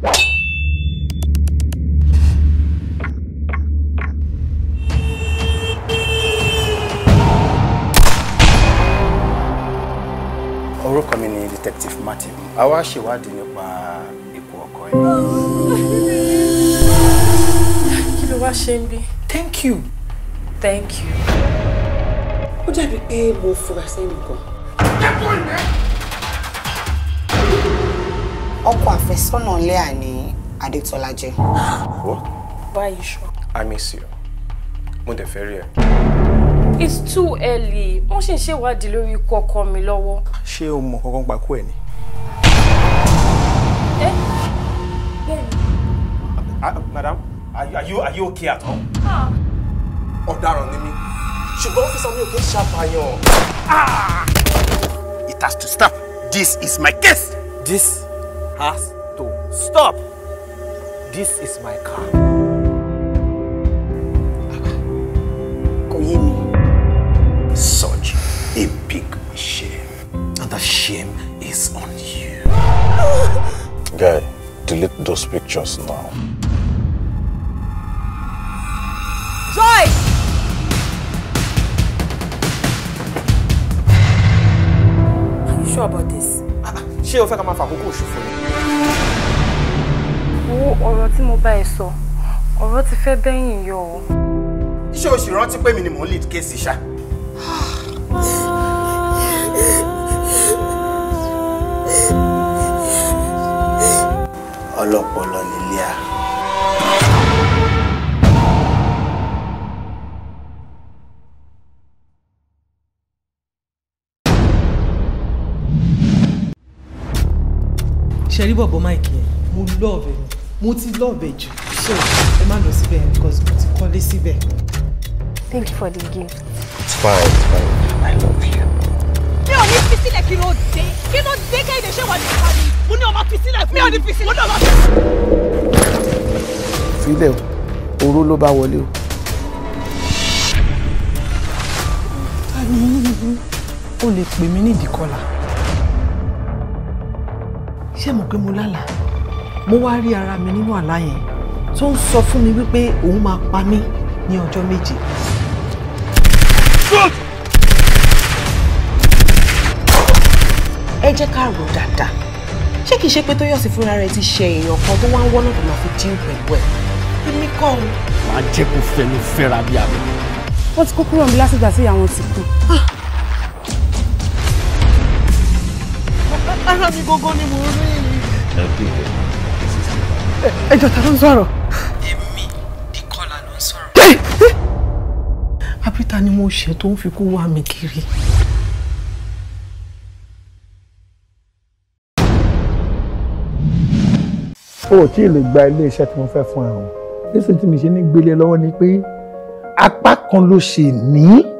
orúkọ mi ni detective Matthew a wá ṣèwádìí nípa ikú ọkọ yìí. kí ló wá ṣe ń bí. thank you. thank you. ó dàbí pé mo fura sẹ́yìn kan. kẹ́kọ̀ọ́ ìrẹ́ ọkọ àfẹ́sọ́nà Leah àní Adétọ́lá jẹ́. What? Why are you sure? I miss you. Mo dẹ̀ fẹ́ rí ẹ. It's too early. Wọ́n ṣì ń ṣèwádìí lórí ikú ọkọ mi lọ́wọ́. Ṣé o mọ̀ kankan pa kú ẹ̀ ni? Eh? Ah, madam, are you, are you, are you okay at all? Ah. Ọ̀daràn ni mí. Ṣùgbọ́n ọ́fíìsà mi ò kí ń ṣàpàyàn. Ah! It has to stop. This is my case. This has to stop. This is my car. Kò yé mi. Such a big shame. And the shame is on you. Guy, delete those pictures now. Joyce! Are you sure about this? ṣé o fẹ́ ká máa fàkókò ṣòfò ni. owó ọ̀rọ̀ tí mo bá ẹ sọ ọ̀rọ̀ ti fẹ́ bẹ́yìn yọ o. ṣé o rántí pé mi ni mò ń lead case ṣá. ọlọ́pọlọ ṣe rí bọ̀bọ̀ máìkì yẹn mo lọ́ọ̀bẹ̀ ni mo ti lọ́ọ̀bẹ̀ jù so ẹ má lọ síbẹ̀ because mo ti kọ́lé síbẹ̀. thank you for the gift. it's fine it's fine i love you. mi ò ní fi sílẹ̀ kí ló dé kí ló dé kẹ́hìndé ṣé wà ní ìfà mi mo ní ọmọ fi sílẹ̀ fún mi ò ní fi sílẹ̀ fún mi. sílẹ̀ o oró ló bá wọlé o. o lè pè mí ní ìdíkọlà ṣé mo pé mo lálàá mo wá rí ara mi nínú àlá yẹn tó ń sọ fún mi wípé òun máa pa mí ní ọjọ́ méje. ẹ jẹ́ ká rò dáadáa ṣé kìí ṣe pé tó yọ̀sí fúnra rẹ̀ ti ṣe èèyàn kan tó wá ń wọ́n náà tó máa fi dín pẹ̀lú ẹ̀ èmi kọ́ ọ. màá jẹ́ kó fẹnu fẹ́ra bí abẹ́. wọ́n ti kó kúrò ní lásìgbà tí ìyá ti kú. Ah! ara mi gógó ni mo rí ni. ẹ jọ ta ló ń sọ̀rọ̀. èmi Bíkọ́lá ló ń sọ̀rọ̀. abita ni mo ṣe tó ń fi kú wá mi kiri. o ò tí ì lè gba ilé iṣẹ́ tí mo fẹ́ fún ẹ o. nísìnyí tí mi ṣe ní gbélé lọ́wọ́ ni pé apá kan ló ṣe ní.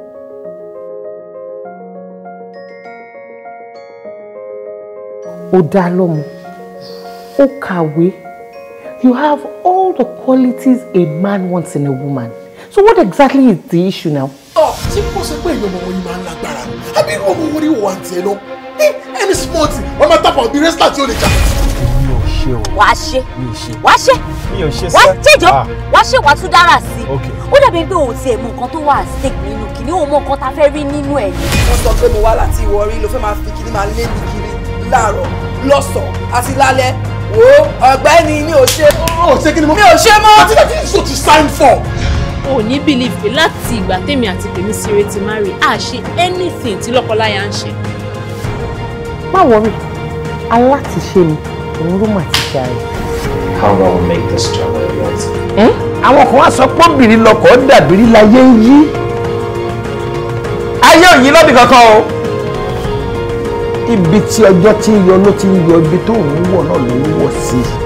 ó dá lọ́mọ ó kàwé you have all the qualities a man wants in a woman so what exactly is the issue now. ọ tí kò sí pé ìyọ̀mọ̀ wọn yìí máa ń lágbára àbí irú ọmọ wọn ni wọ́n àǹtí ẹ̀ lọ ẹni smart wọn máa tàpá bí rẹ́sítà tí ó lè jà. mi ò ṣe o. wàá ṣe wàá ṣe mi ò ṣe sẹ́ wàá jẹjọ wàá ṣe wàá ah. tún dára sí i ó dàbí pé òun ti ẹ̀ mọ nǹkan tó wà stake nínú kìnìún mọ nǹkan tá a fẹ́ rí nínú ẹ̀. wọ́n sọ pé mo wá láti ìwọ rí ló fẹ́ máa fi kíní láàárọ̀ lọ́sàn-án àti lálẹ́ wò ó ọ̀gbẹ́ni mi ò ṣe. o oh, oh, ṣe kí ni mo. mi ò ṣe mọ́. àti àti ìṣó ti sign for. o ní bílífì láti ìgbà tèmi àti tèmi ṣeré ti máa rí a ṣe anything tí lọ́kọláya ń ṣe. má wọrí alátiṣe ni òun ló mà ti ṣe àárẹ̀. How long will make this job a reality? Àwọn kan wá sọ pé obìnrin lọkọ̀ dàbírí láyé ń yí. Ayé òyìn lọ́bì kankan o ibi tí ọjọ́ ti ń yọ ló ti ń yọ ibi tó ń wọ̀ náà ló ń wọ̀ sí i.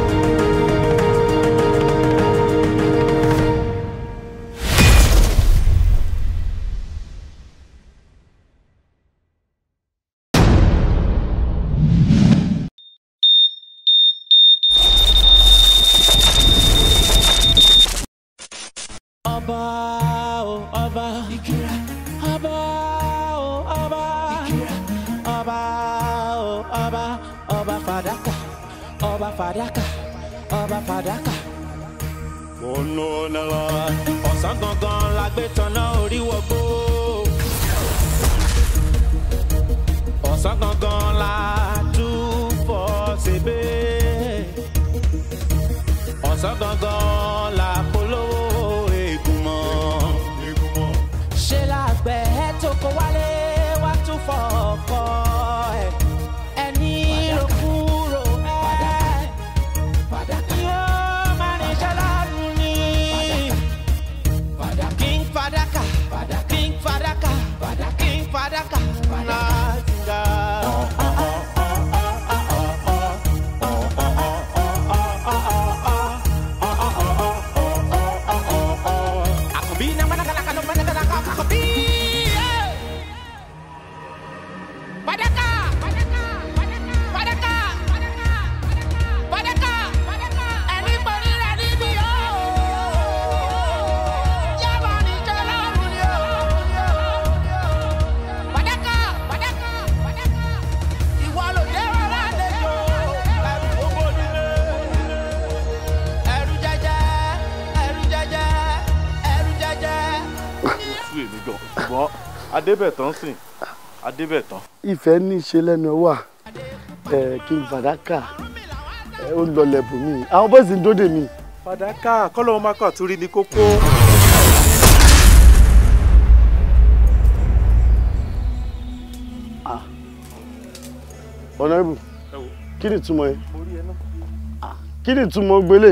adébẹ̀tán sìn adébẹ̀tán. ìfẹ́ ní í ṣe lẹ́nu ọwà kí n fàdákà ó lọlẹ̀ bù mí àwọn bọ́ọ̀sì ń dóde mi. fàdákà kọ́lọ́wọ́ má kà tún rí ní kókó. ọ̀nàrẹ́bù kí ni ìtumọ̀ yẹn kí ni ìtumọ̀ gbélé.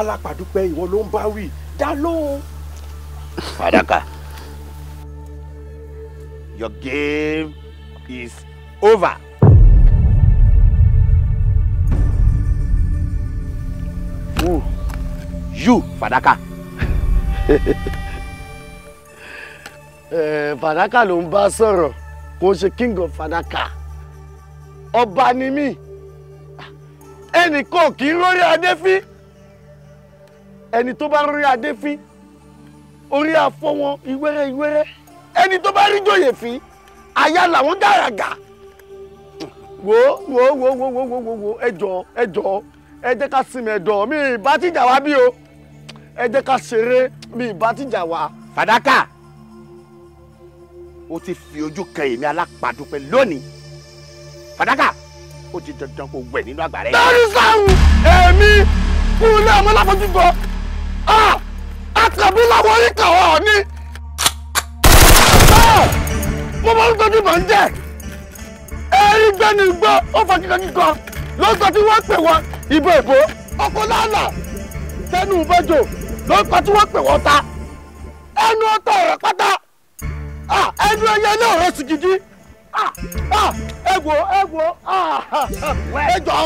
alápàdúpẹ́ ìwọ ló ń bá wí dá lóhùn. fàdákà. Your game is over. Ooh. You, Fadaka. eh, Fadaka ló ń bá sọ̀rọ̀ king of Fadaka. Ọba ni mí. Ẹnì kan kì í rórí Adéfín. Ẹni tó bá rórí Adéfín, orí afọ wọn ìwẹ́rẹ́ ẹni tó bá rí jòyè fi àyà làwọn gàràgà wo wo wo wo wo wo wo wo ẹjọ ẹjọ ẹ jẹ́ ká sinmi ẹjọ mi ìbá tìjà wá bí o ẹ ká ṣeré mi ìbá tìjà wá. fàdákà o ti fi ojú kan èmi alápàdúpẹ́ lónìí fàdákà ó ti dandan kó wẹ̀ nínú àgbà rẹ. dárí sáwù èmi kúnlẹ̀ ọmọ láfojú gbọ́ ah, àkàbí làwọn yìí kà wọ́n mo máa ń tọ́jú mọ̀ ń jẹ́ ẹ̀rí gbẹ́ni gbọ́ ó fa kíkan kíkan lọ́sọ̀ tí wọ́n pè wọ́n ìbò èbó ọkọ̀ lánà tẹnu ìbẹ́jọ lọ́sọ̀ tí wọ́n pè wọ́n ta ẹnu ọtọ̀ rẹ̀ pátá ẹnu ẹyẹ ilé ọ̀rọ̀ sì gidi ẹgbò ẹgbò ẹjọ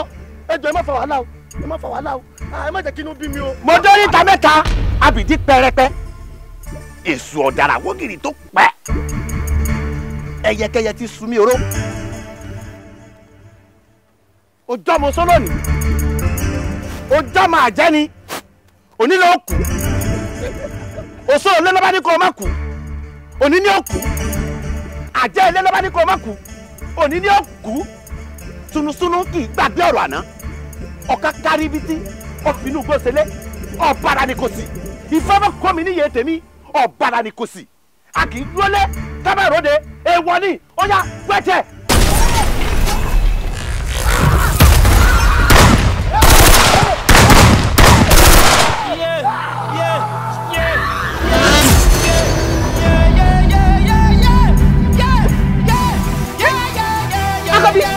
ẹjọ ẹ má fa wàhálà o ẹ má fa wàhálà o ẹ má jẹ́ kí inú bí mi o. mo dé níta mẹ́ta abìdí pẹrẹpẹ èso ọ̀dàrà wọ́gìrì tó pẹ́ ẹyẹkẹyẹ ti sun mí oró ọjọ́ mo sọ lónìí ọjọ́ máa jẹ́ ni onílé òkú òṣò ilé lọ́ba ní kó o má kú òní ní òkú àjẹ́ ilé lọ́ba ní kó o má kú òní ní òkú sunusunu kì í gbàgbé ọ̀rọ̀ àná ọ̀ka kárìbìtì ọ̀fìnnú gbọ́sẹ̀lẹ̀ ọ̀bàrà ni kò sí ìfẹ́ mi níyẹn tèmi ọ̀bàrà ni kò sí a kì í dúrólé tábà ìròde èèwọ̀ ni ó yá pẹ́tẹ́. Akọ̀bí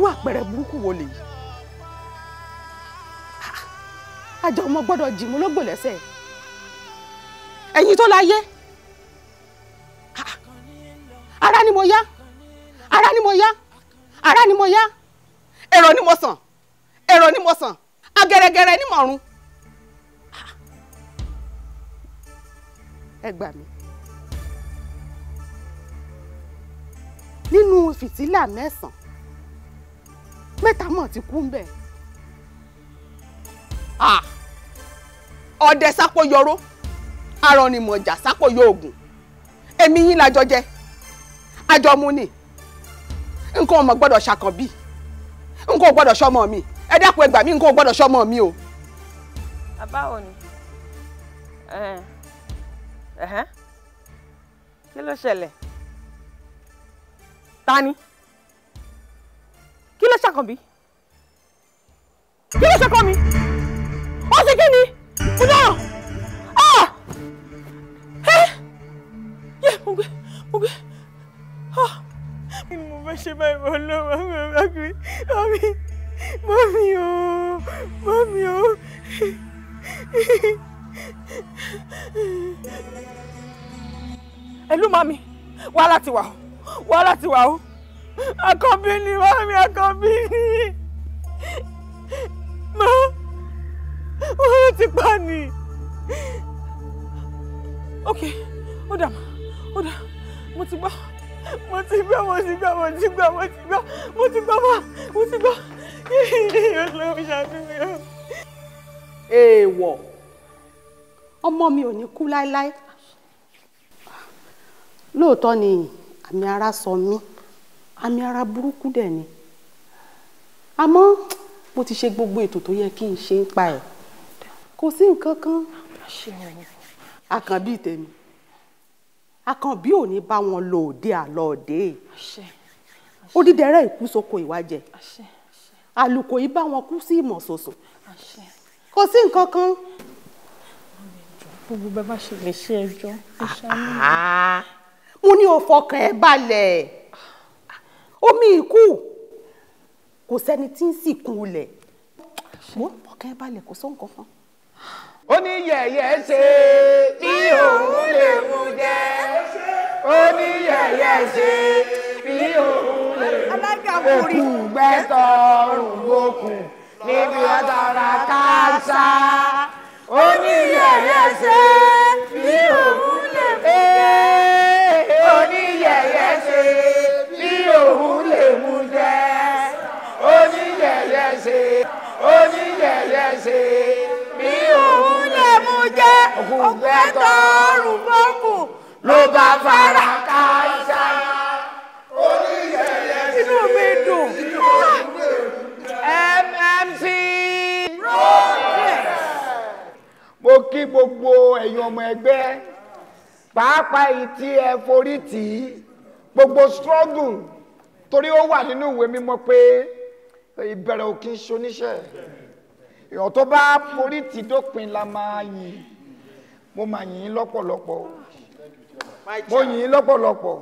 irú àpẹẹrẹ burúkú wo lèyí àjọ ọmọ gbọ́dọ̀ jì mú lógbò lẹ́sẹ̀ ẹ̀yin tó láyé ara ni mo yá ara ni mo yá ara ni mo yá èrò ni mo sàn èrò ni mo sàn agẹrẹgẹrẹ ni mo rún ẹ gbà mí. nínú fìtílà mẹ́sàn mẹ́ta mọ̀ ti kú mbẹ́. ọ̀dẹ sápò yọró arọ̀nìmọ̀jà sápò yóògùn èmi yín lájọ jẹ àjọmú ni nǹkan ọmọ gbọdọ ṣàkàn bí nǹkan ò gbọ́dọ̀ ṣọmọ mi ẹ dákun ẹgbà mi nǹkan ò gbọ́dọ̀ ṣọmọ mi o. bàbá ò ní kí ló ṣẹlẹ̀ ta kí ló ṣàkàn bí kí ló ṣàkàn mi ó ṣe kí ni mo dáràn ah ẹ yẹ mo gbé mo gbé ah mi ni mo fẹ́ ṣe báyìí mo lọ́wọ́ mi ò bá gbé mọ́mí mọ́mí o mọ́mí o. ẹlú mami wàhálà ti wà ó wàhálà ti wà ó. Àkànbí ni mami Àkànbí ni ma wọ́n ti pa ni ok ó dà mà ó dà mo ti gbọ́ mo ti gbọ́ mo ti gbọ́ mo ti gbọ́ mo ti gbọ́ mo ti gbọ́ ma mo ti gbọ́ yíyí olóhùn ọmọ mi ò ní kú láéláé lóòótọ́ ni àmì ara sọ mí àmì ara burúkú dẹ̀ ni àmọ́ mo ti ṣe gbogbo ètò tó yẹ kí n ṣe ń pa ẹ̀ kò sí nǹkan kan àkànbí tèmi àkànbí ò ní bá wọn lọ òde àlọ òde odídẹrẹ́ ìkú soko ìwájẹ àlùkò yìí bá wọn kú sí ìmọ̀sọ̀sọ̀ kò sí nǹkan kan. gbogbo bẹ́ẹ̀ bá ṣe lè ṣe ẹjọ́ ah, ah. mo ní o fọkàn ẹ balẹ̀ omi ìkú kò sẹ́ni tí ń sì kun ulẹ̀ mo ọ̀kẹ́ balẹ̀ kò sóhun kankan. ó ní yẹ̀yẹ́ ṣe bí òun lè mú jẹ́ ó ní yẹ̀yẹ́ ṣe bí òun lè mú òkú gbẹ́tọ̀ ọ̀rùn gbókùn níbi ọ̀dọ̀ra káṣá ó ní yẹ̀yẹ́ ṣe bí òun lè mú jẹ́. lòun lè mú jẹ oníyẹyẹ ṣe oníyẹyẹ ṣe bí òun lè mú jẹ ọgbẹ́ tọrùn bọ́ọ̀kù ló bá fara káṣá oníyẹyẹ ṣe inú mi dùn mmc mo kí gbogbo ẹ̀yin ọmọ ẹgbẹ́ pàápàá èyí tí ẹ forí tì í gbogbo struggle torí ó wà nínú ìwé mímọ́ pé ìbẹ̀rẹ̀ ò kí ń ṣoníṣẹ́ èèyàn tó bá forí tì dópin la máa yìn mo máa yìn lọ́pọ̀lọpọ̀ mo yìn lọ́pọ̀lọpọ̀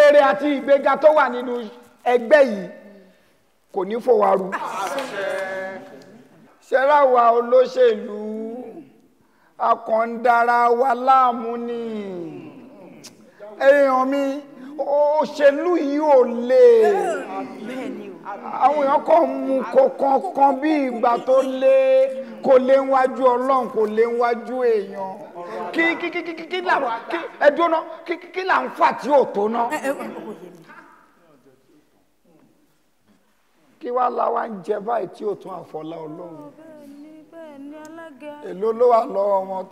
èrè àti ìgbéga tó wà nínú ẹgbẹ́ yìí kò ní fò wá ru ṣẹ́ra wa olóṣèlú akọ̀ǹdara wa láàmú ni èèyàn mi òṣèlú yìí ò lè àwọn èèyàn kò mú kankan kan bí ìgbà tó lé kò lè wájú ọlọ́run kò lè wájú èèyàn kí kí kí kí kí là kí ẹdún náà kí kí là ń fà tí ò tó náà. kí wàá la wá ń jẹ báyìí tí ò tún àfọlá ọlọ́run èló ló wà lọ́wọ́ wọn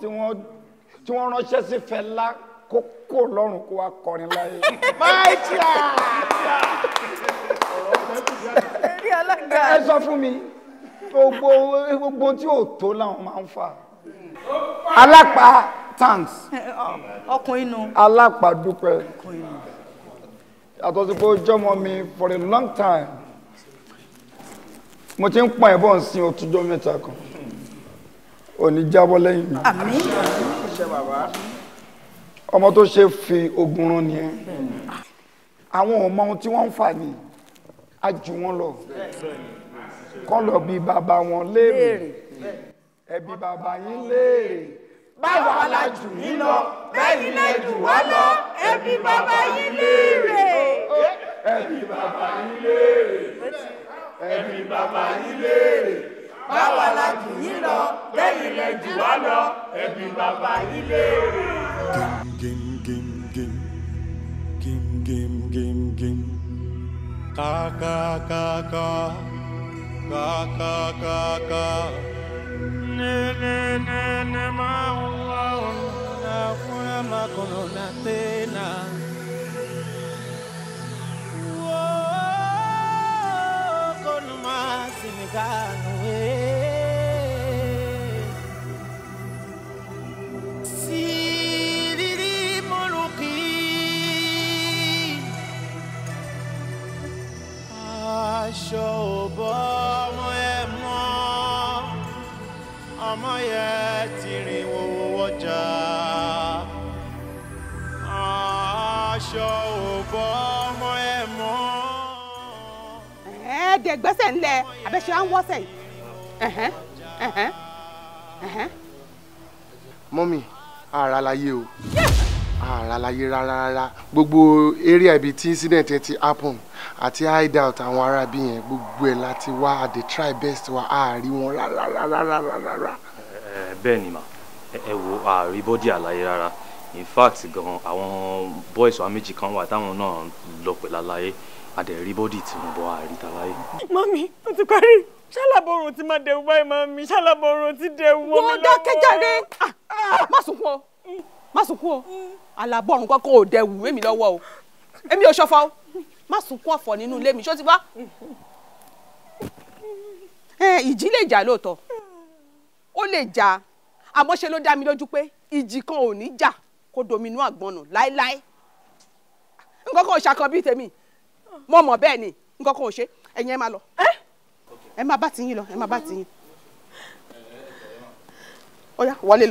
tí wọ́n ránṣẹ́ sí Fẹlá kókó lọ́rùn kó wá kọrin láyé. máìtíà. ẹ sọ fún mi gbogbo gbogbo tí ò tó làwọn máa ń fà. alápá thanks. ọkùnrin inú. alápá dúpẹ́. yàtọ̀ sí pé ó jọmọ mi for a long time mo ti ń pọn ìbọn sí otújọ́ mẹ́ta kan ò jábọ́ lẹ́yìn mi. àmín ọmọ tó ṣe fi ogun rán ni ẹ àwọn ọmọ ohun tí wọ́n ń fà ní a jù lọ kọ́ lọ bí bàbá wọn léèrè ẹbí bàbá yín léèrè báwa la jù yín lọ bẹ́ẹ̀ ni lẹ jù wá lọ ẹbí bàbá yín léèrè ẹbí bàbá yín léèrè ẹbí bàbá yín léèrè báwa la jù yín lọ bẹ́ẹ̀ ni lẹ jù wá lọ ẹbí bàbá yín léèrè. ka ka ka ka ka ka ka ka ne ne ne ne ma wa na kuna makono na tena Wow, con más ni me gano, eh. aṣọ òbọ ọmọ yẹn mọ ọmọ yẹn ti rìn wòwò wọjà aṣọ òbọ ọmọ yẹn mọ. ẹ̀ẹ́dẹ̀ gbẹ́sẹ̀ ńlẹ̀ abẹ́ṣẹ́ à wọ́sẹ̀ yìí. mọ́mí ara láyé o. Yeah! àràlàyé ah, rárá rárá gbogbo area ibi tí incident ti happen àti hideout àwọn arábí yẹn gbogbo ẹ̀ láti wá at the try best wa àárí wọn rárá bẹ́ẹ̀ ni mà ẹ wo àárí bọ́dí àlàyé rárá in fact gan àwọn boys wa méjì kan wà táwọn náà lọ pẹ̀lú àlàyé àdẹ̀rí bọ́dì tí wọ́n bọ́ àárí tàlàyé. mọ́mí o ti parí ṣálàbọ̀rọ̀ ti máa dẹ̀wù báyìí mọ́mí ṣálàbọ̀rọ̀ ti dẹ̀wù wọ́n mi lọ́wọ́. wọ́n dákẹ́ jàre ah, ah. má sunkún ọ má sunkún ọ alábọ̀rùn kọ́kọ́ ò dẹ̀wù èmi lọ́wọ́ o èmi ò ṣọ̀fọ̀ o má sunkún ọ̀fọ̀ nínú ilé mi ṣó wá. ìjì lè jà lóòótọ́ ó lè jà àmọ́ ṣe ló dá mi lójú pé ìjì kan ò ní jà kó dominú àgbọn láéláé nǹkan kan ò ṣàkọ bíi tèmi mo mọ̀ bẹ́ẹ̀ ni nǹkan kan ò ṣe ẹ̀yin lọ ẹ máa bá lọ máa bá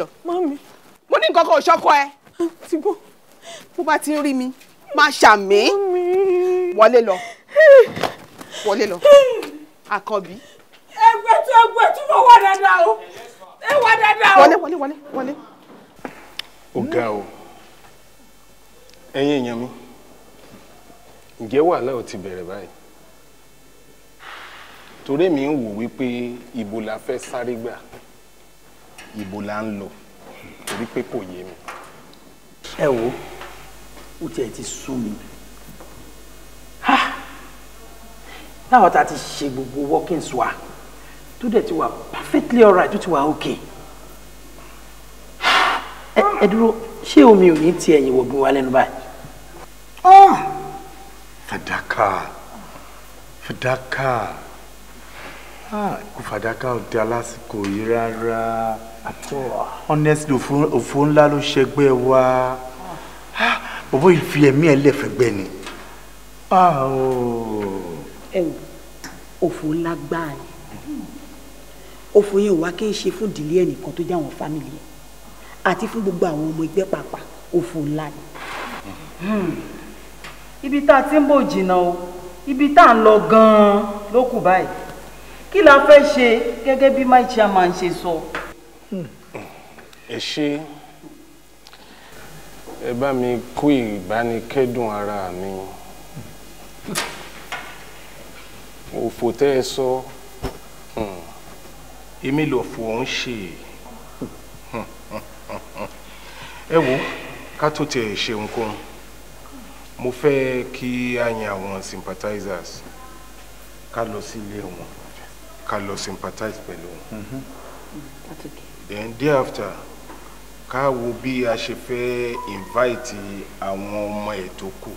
lọ. mo ní nǹkan kan ò ẹ. ti gbọ́ bó bá ti ń rí mi máa ṣàmì wọlé lọ wọlé lọ àkànbí. ẹgbẹ́ tó ẹgbẹ́ tó mọ̀ wá dáadáa o ẹ wá dáadáa o. wọlé wọlé wọlé wọlé. ó ga o ẹ̀yin èèyàn mi ǹjẹ́ wàhálà ò ti bẹ̀rẹ̀ báyìí torí mi ń wò wípé ibo la fẹ́ sáré gbà ibo la ń lọ torí pé kò yé mi ẹ wo ó tiẹ̀ ti sú mi láwọn tá a ti ṣe gbogbo workings wa tó dẹ̀ ti wà perfectly alright tó ti wà okay ẹ dúró ṣé omi ò ní ti ẹ̀yìn wọ̀gbìn wa lẹ́nu báyìí. Ah! fàdákà fàdákà ah, kò fàdákà ò dá lásìkò yìí rárá honestly òfò ńlá ló ṣẹgbẹ́ wa bọbọ yìí fi ẹ̀mí ẹ lẹfẹ gbẹ ni. Ah, ah, oh. Oh. ẹ wò òfò ńlá gbáà ni òfò yẹn ò wá kí n ṣe fún ìdílé ẹnìkan tó jẹ́ àwọn fámìlì ẹ àti fún gbogbo àwọn ọmọ ẹgbẹ́ pàápàá òfò ńlá ni. Hmm. ibi tá a ti ń bò jìnnà o ibi tá a ń lọ gan-an ló kù báyìí kí la fẹ́ ṣe gẹ́gẹ́ bí my chairman ṣe sọ. Hmm. ẹ ṣe. Hmm ẹ bá mi kú ìbánikẹ́dùn ara mi òfò tẹ́ ẹ sọ èmi lòfò ń ṣe ẹ wo ká tó tiẹ̀ ṣe nǹkan mo fẹ́ kí a yan àwọn sympathizers ká lọ sí ilé wọn ká lọ sympathize pẹ̀lú wọn mm-hmm. then thereafter ká wo bí a ṣe fẹ́ invite àwọn ọmọ ẹ̀ tó kù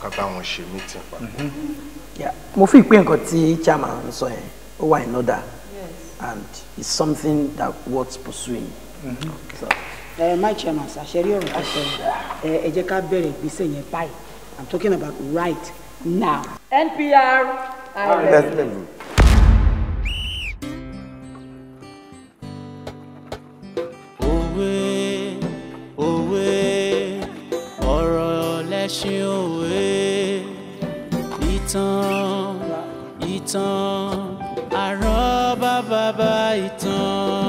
ká bá wọn ṣe meeting papọ̀. Mm-hmm. mo fi pé nǹkan tí chairman sọ yẹn ó wà in order and it's something that worth pursuing. Mm -hmm. okay. so, Uh, my chairman àṣẹrí ọ̀rọ̀ àṣẹ ẹ jẹ́ ká bẹ̀rẹ̀ ìgbésẹ̀ yẹn báyìí i'm talking about right now. npr. òwe òwe ọ̀rọ̀ lẹ́ṣin òwe ìtàn ìtàn àrọ́ bàbá ìtàn.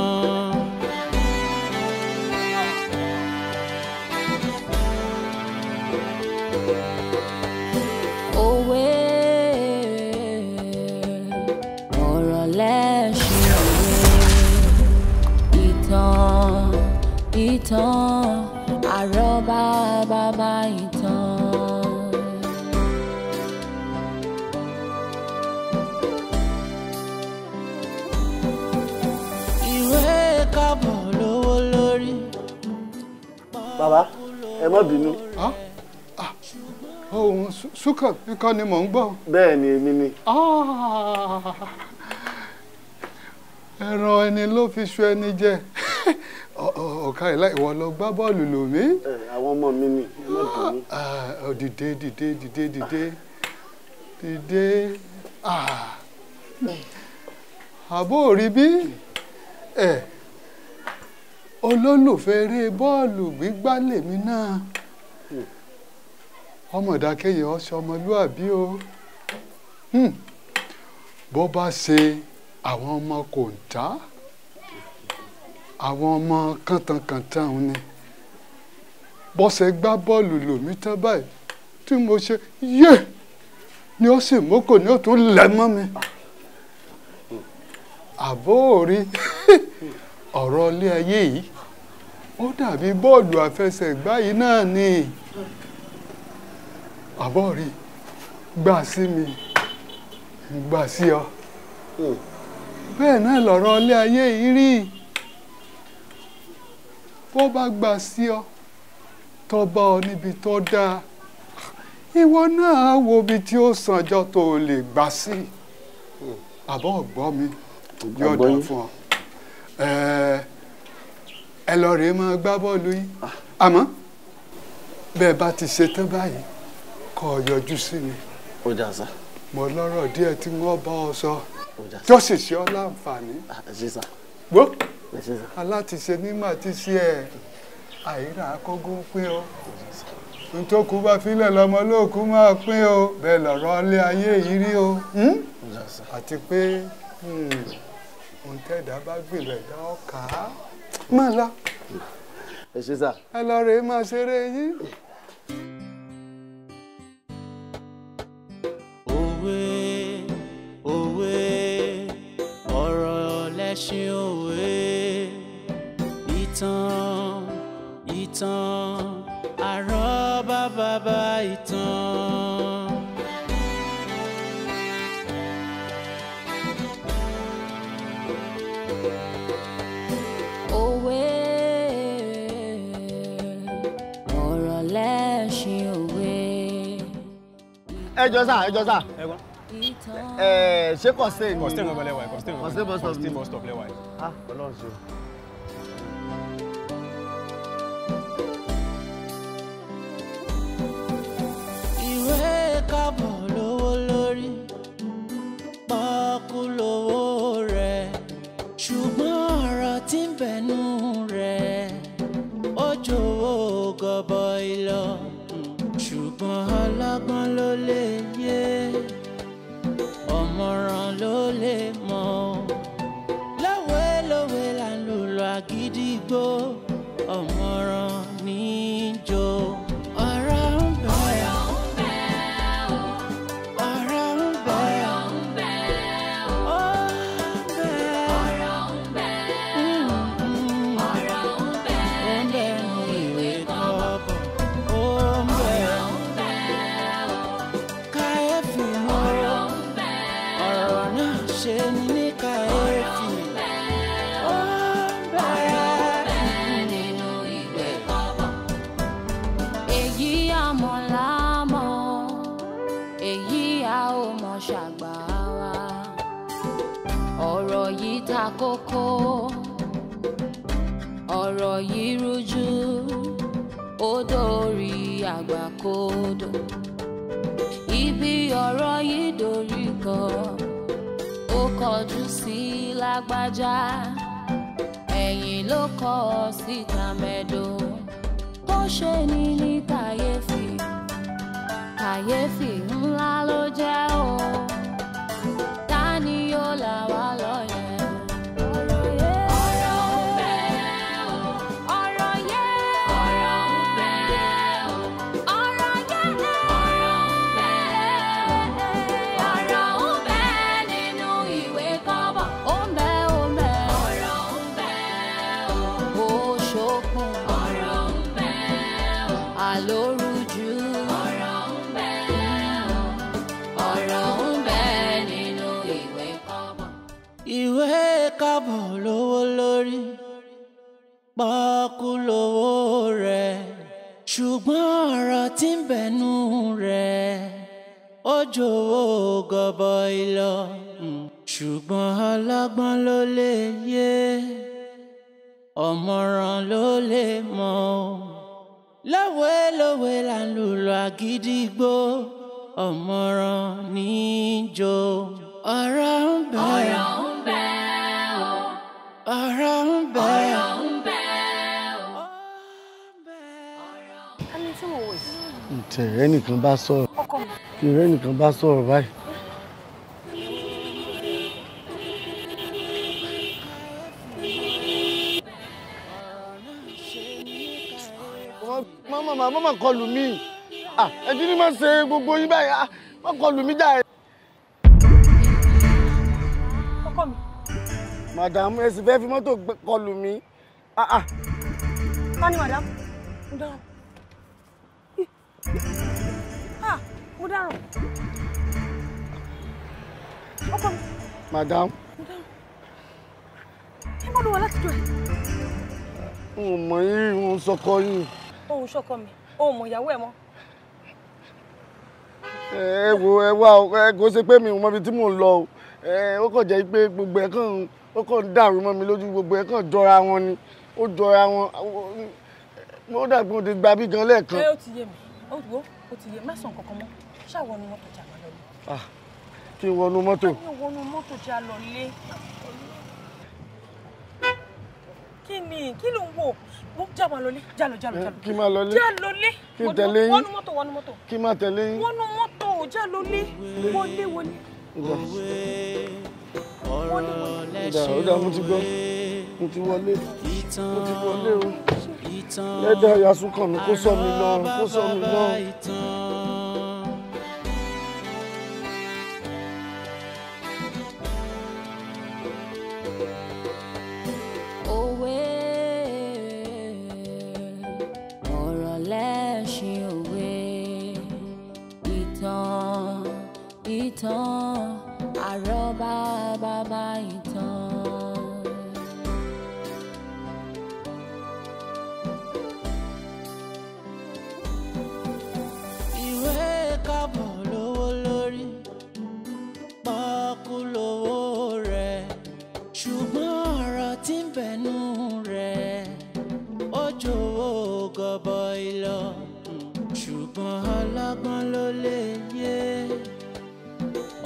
ẹ má bínú. Ah, ah, ohun súkà kíkọ́ ni mò ń gbọ́. bẹ́ẹ̀ ni èmi ni. Ah, ẹran ẹni ló fi ṣu ẹni jẹ ọ̀ka ìlà ìwọ lọ gbá bọ́ọ̀lù lómi. àwọn ọmọ mi ni ẹ má bínú. dìde dìde dìde dìde dìde àbó rí bí olólùfẹ́ eré bọ́ọ̀lù gbígbá lèmi náà hmm. ọmọdàkẹyẹ ọsẹ ọmọlúàbí o hmm. bó bá ṣe àwọn ọmọ kò ń ta àwọn ọmọ kàntankàntan òun ni bọ́sẹ̀ gbá bọ́ọ̀lù lòmí tán báyìí tí mo ṣe yé ni ó sì mókò ni ó tún lẹ̀ mọ́ mi hmm. àbó ọ̀rọ̀ ilé ayé yìí ó dàbí bọ́ọ̀lù àfẹsẹ̀gbá yìí náà ni àbọ̀ rí gbà sí mi gbà sí ọ bẹ́ẹ̀ náà lọ̀rọ̀ ilé ayé yìí rí bó bá gbà sí ọ tó bá ọ níbi tó dáa ìwọ náà wo ibi tí ó sànjọ tó lè gbà sí àbọ̀ ọ̀gbọ́n mi yóò dá fún ọ. ẹ lọ rèé máa gbá bọ́ọ̀lù yín àmọ́ bẹ́ẹ̀ bá ti ṣe tán báyìí kọ́ ọ yọjú sí mi. mo lọ́rọ̀ díẹ̀ tí wọ́n bá ọ sọ tó sì ṣe ọ́ láǹfààní. Ah, ṣe akọ́gún pín o ntókù bá filẹ̀ lọ́mọ lóòkú máa o bẹ́ẹ̀ ayé yìí rí o hmm? àti pé. Hmm, ohun tẹ́ẹ̀dá bá gbìn lẹ̀dá ọkà á máa lọ. ẹ ṣe sá. ẹ lọ rèé máa ṣeré yín. òwe òwe ọ̀rọ̀ lẹ́ṣin òwe ìtàn ìtàn àrọ́ bàbá ìtàn. ẹ jọ sá ẹ jọ sá. ẹ ṣé kọ́sẹ̀ ni. kọ́sẹ̀ bọ̀ lẹ́wà kọ́sẹ̀ bọ̀ lẹ́wà kọ́sẹ̀ bọ̀ stop lẹ́wà. ah ọlọ́run ṣe. ìwé kábọ̀ lówó lórí pọ́kú lówó rẹ̀ ṣùgbọ́n ọ̀rọ̀ tí ń bẹ̀nu rẹ̀ ó jọ̀wọ́ gọbọ ìlọ ọgbọ́n ọlọ́gbọ́n ló lè yé ọ̀mọ̀ràn ló lè mọ̀ lówe lówe là ń lò lọ àgídìgbò ọ̀mọ̀ràn nìyẹn. kókó ọ̀rọ̀ yìí rújú ó àgbàkodò ibi ọ̀rọ̀ yìí dorí kan ó kọjú sí lágbájá ẹ̀yìn ló kọ ọ sí tàmẹ́dò ó ṣe ní ní kàyéfì kàyéfì ńlá ló jẹ́ o ta ni yóò là wá lọ́yẹ̀. lórújú. ọ̀rọ̀ ń bẹ ọ̀rọ̀ ń bẹ nínú ìwé kọ́bọ̀. ìwé kọ́bọ̀ lówó lórí pọ́ọ́kú lówó rẹ̀ ṣùgbọ́n ọ̀rọ̀ tí ń bẹ̀nu ló lè yé ọ̀mọ̀ràn lówe lówe là ń lùlọ àgídìgbò ọ̀mọ̀ràn níjó ọ̀rọ̀ ń bẹ ọ̀rọ̀ ń bẹ ọ̀rọ̀ ń bẹ ọ̀rọ̀ ń bẹ ẹni tí mo wò yìí. tẹ̀rẹ́ nìkan bá sọ̀rọ̀ tẹ̀rẹ́ nìkan bá sọ̀rọ̀ báyìí. mama mama mama kọlù mí ẹ̀dín ní máa ṣe gbogbo yín báyìí wọ́n kọlù mí jáde. ọkọ mi. madam ẹ sì fẹ́ fi mọ́tò kọlù mí. ká ní madam mo dáràn mo dáràn ọkọ mi. madam. ẹ má lọ wà láti jọ ẹ. n ò mọ yín n ò sọkọ yín òun ṣọkọ mi òun mọ ìyàwó ẹ mọ. ẹ wo ẹ wá o ẹ kò ṣe pé mi ò mọbi tí mò ń lọ o ẹ ó kàn jẹ́ pé gbogbo ẹ̀ kàn ó kàn ń dàrú mọ́ mi lójú gbogbo ẹ̀ kàn jọra wọn ni ó jọra wọn ó dàgbọ́n ó ti gba bí gan lẹ́ẹ̀kan. ẹ ó ti yé mi ó wo ó ti yé má sàn kankan mọ́ ṣáwọ ni mọ́tò jà lọ lé. kí n wọnú mọ́tò. kí n wọnú mọ́tò jà lọ lé. kí ni kí ló ń wò já máa lọlé já lọ já lọ já lọ. Eh, kí máa lọlé já lọlé kí tẹ̀lé yín wọnú mọ́tò wọnú mọ́tò. kí máa tẹ̀lé yín wọnú mọ́tò já lọlé wọlé wọlé. ìdá ọ̀dà mo ti gbọ́ mo ti wọlé mo ti wọlé o lẹ́dàá yasukànnù kó sọ mi lọ kó sọ mi lọ. ẹlẹ́ṣin òwe ìtàn ìtàn àrọ́bá bàbá ìtàn. ọlọ́gbọ́n ló lè yé